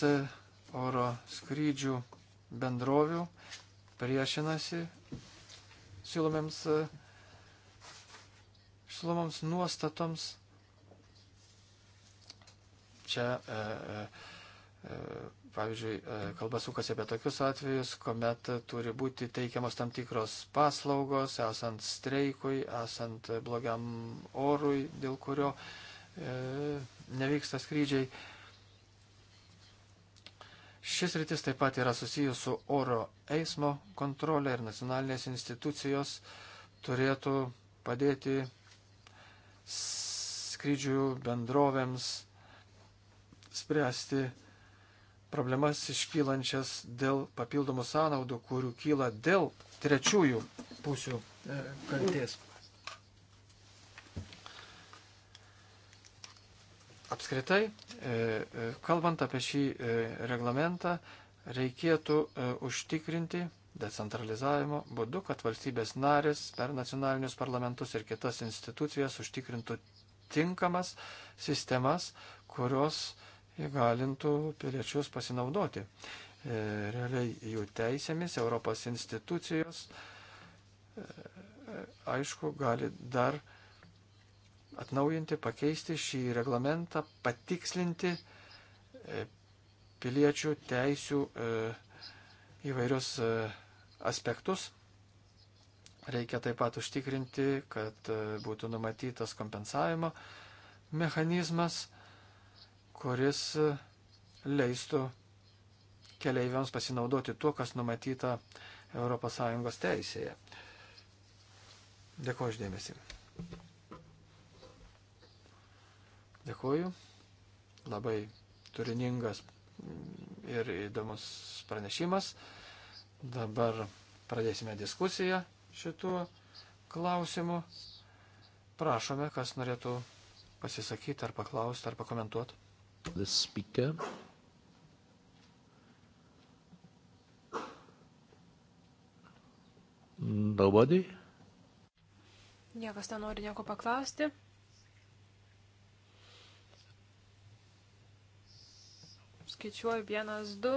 oro skrydžių bendrovių priešinasi siūlomiems e, siūlomoms nuostatoms. Čia, e, e, e, pavyzdžiui, e, kalba sukasi apie tokius atvejus, kuomet turi būti teikiamos tam tikros paslaugos, esant streikui, esant blogiam orui, dėl kurio e, nevyksta skrydžiai. E, Šis rytis taip pat yra susijęs su oro eismo kontrolė ir nacionalinės institucijos turėtų padėti skrydžių bendrovėms spręsti problemas iškylančias dėl papildomų sąnaudų, kurių kyla dėl trečiųjų pusių e, kalties. Apskritai, e, e, kalbant apie šį e, reglamentą, reikėtų užtikrinti decentralizavimo būdu, kad valstybės narės per nacionalinius parlamentus ir kitas institucijas užtikrintų tinkamas sistemas, kurios įgalintų piliečius pasinaudoti realiai jų teisėmis. Europos institucijos, aišku, gali dar atnaujinti, pakeisti šį reglamentą, patikslinti e, piliečių teisių e, įvairius e, aspektus. Reikia taip pat užtikrinti, kad būtų numatytas kompensavimo mechanizmas, kuris leistų keleiviams pasinaudoti tuo, kas numatyta ES teisėje. Dėkuoju uždėmesi. Dėkuoju. Labai turiningas ir įdomus pranešimas. Dabar pradėsime diskusiją šituo klausimu. Prašome, kas norėtų pasisakyti ar paklausti ar pakomentuoti. The speaker. Nobody? Niekas nenori nieko paklausti. skaičiuoju vienas, du.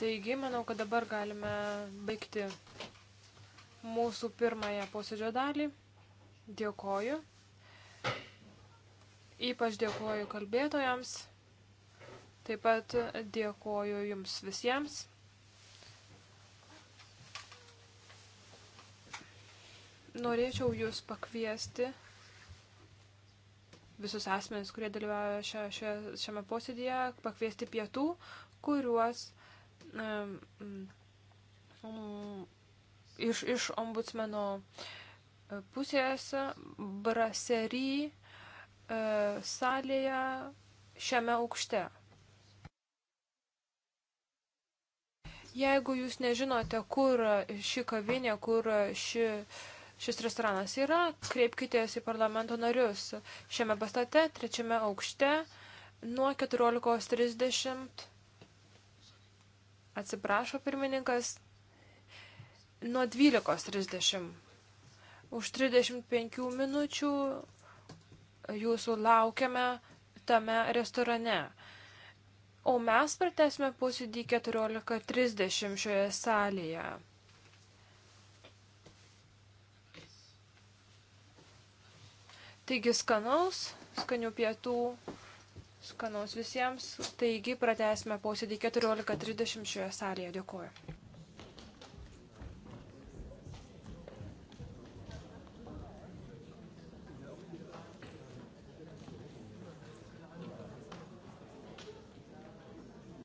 Taigi, manau, kad dabar galime baigti mūsų pirmąją posėdžio dalį. Dėkoju. Ypač dėkoju kalbėtojams. Taip pat dėkoju jums visiems. Norėčiau jūs pakviesti visus asmenys, kurie dalyvauja šia, šia, šiame posėdėje, pakviesti pietų, kuriuos um, um, iš, iš ombudsmeno e, pusės brasery uh, salėje šiame aukšte. Jeigu jūs nežinote, kur ši kavinė, kur ši uh, šis restoranas yra, kreipkitės į parlamento narius šiame pastate, trečiame aukšte, nuo 14.30. Atsiprašo pirmininkas, nuo 12.30. Už 35 minučių jūsų laukiame tame restorane. O mes pratesime posėdį 14.30 šioje salėje. Taigi skanaus, skanių pietų, skanaus visiems. Taigi pratęsime posėdį 14.30 šioje salėje. Dėkuoju.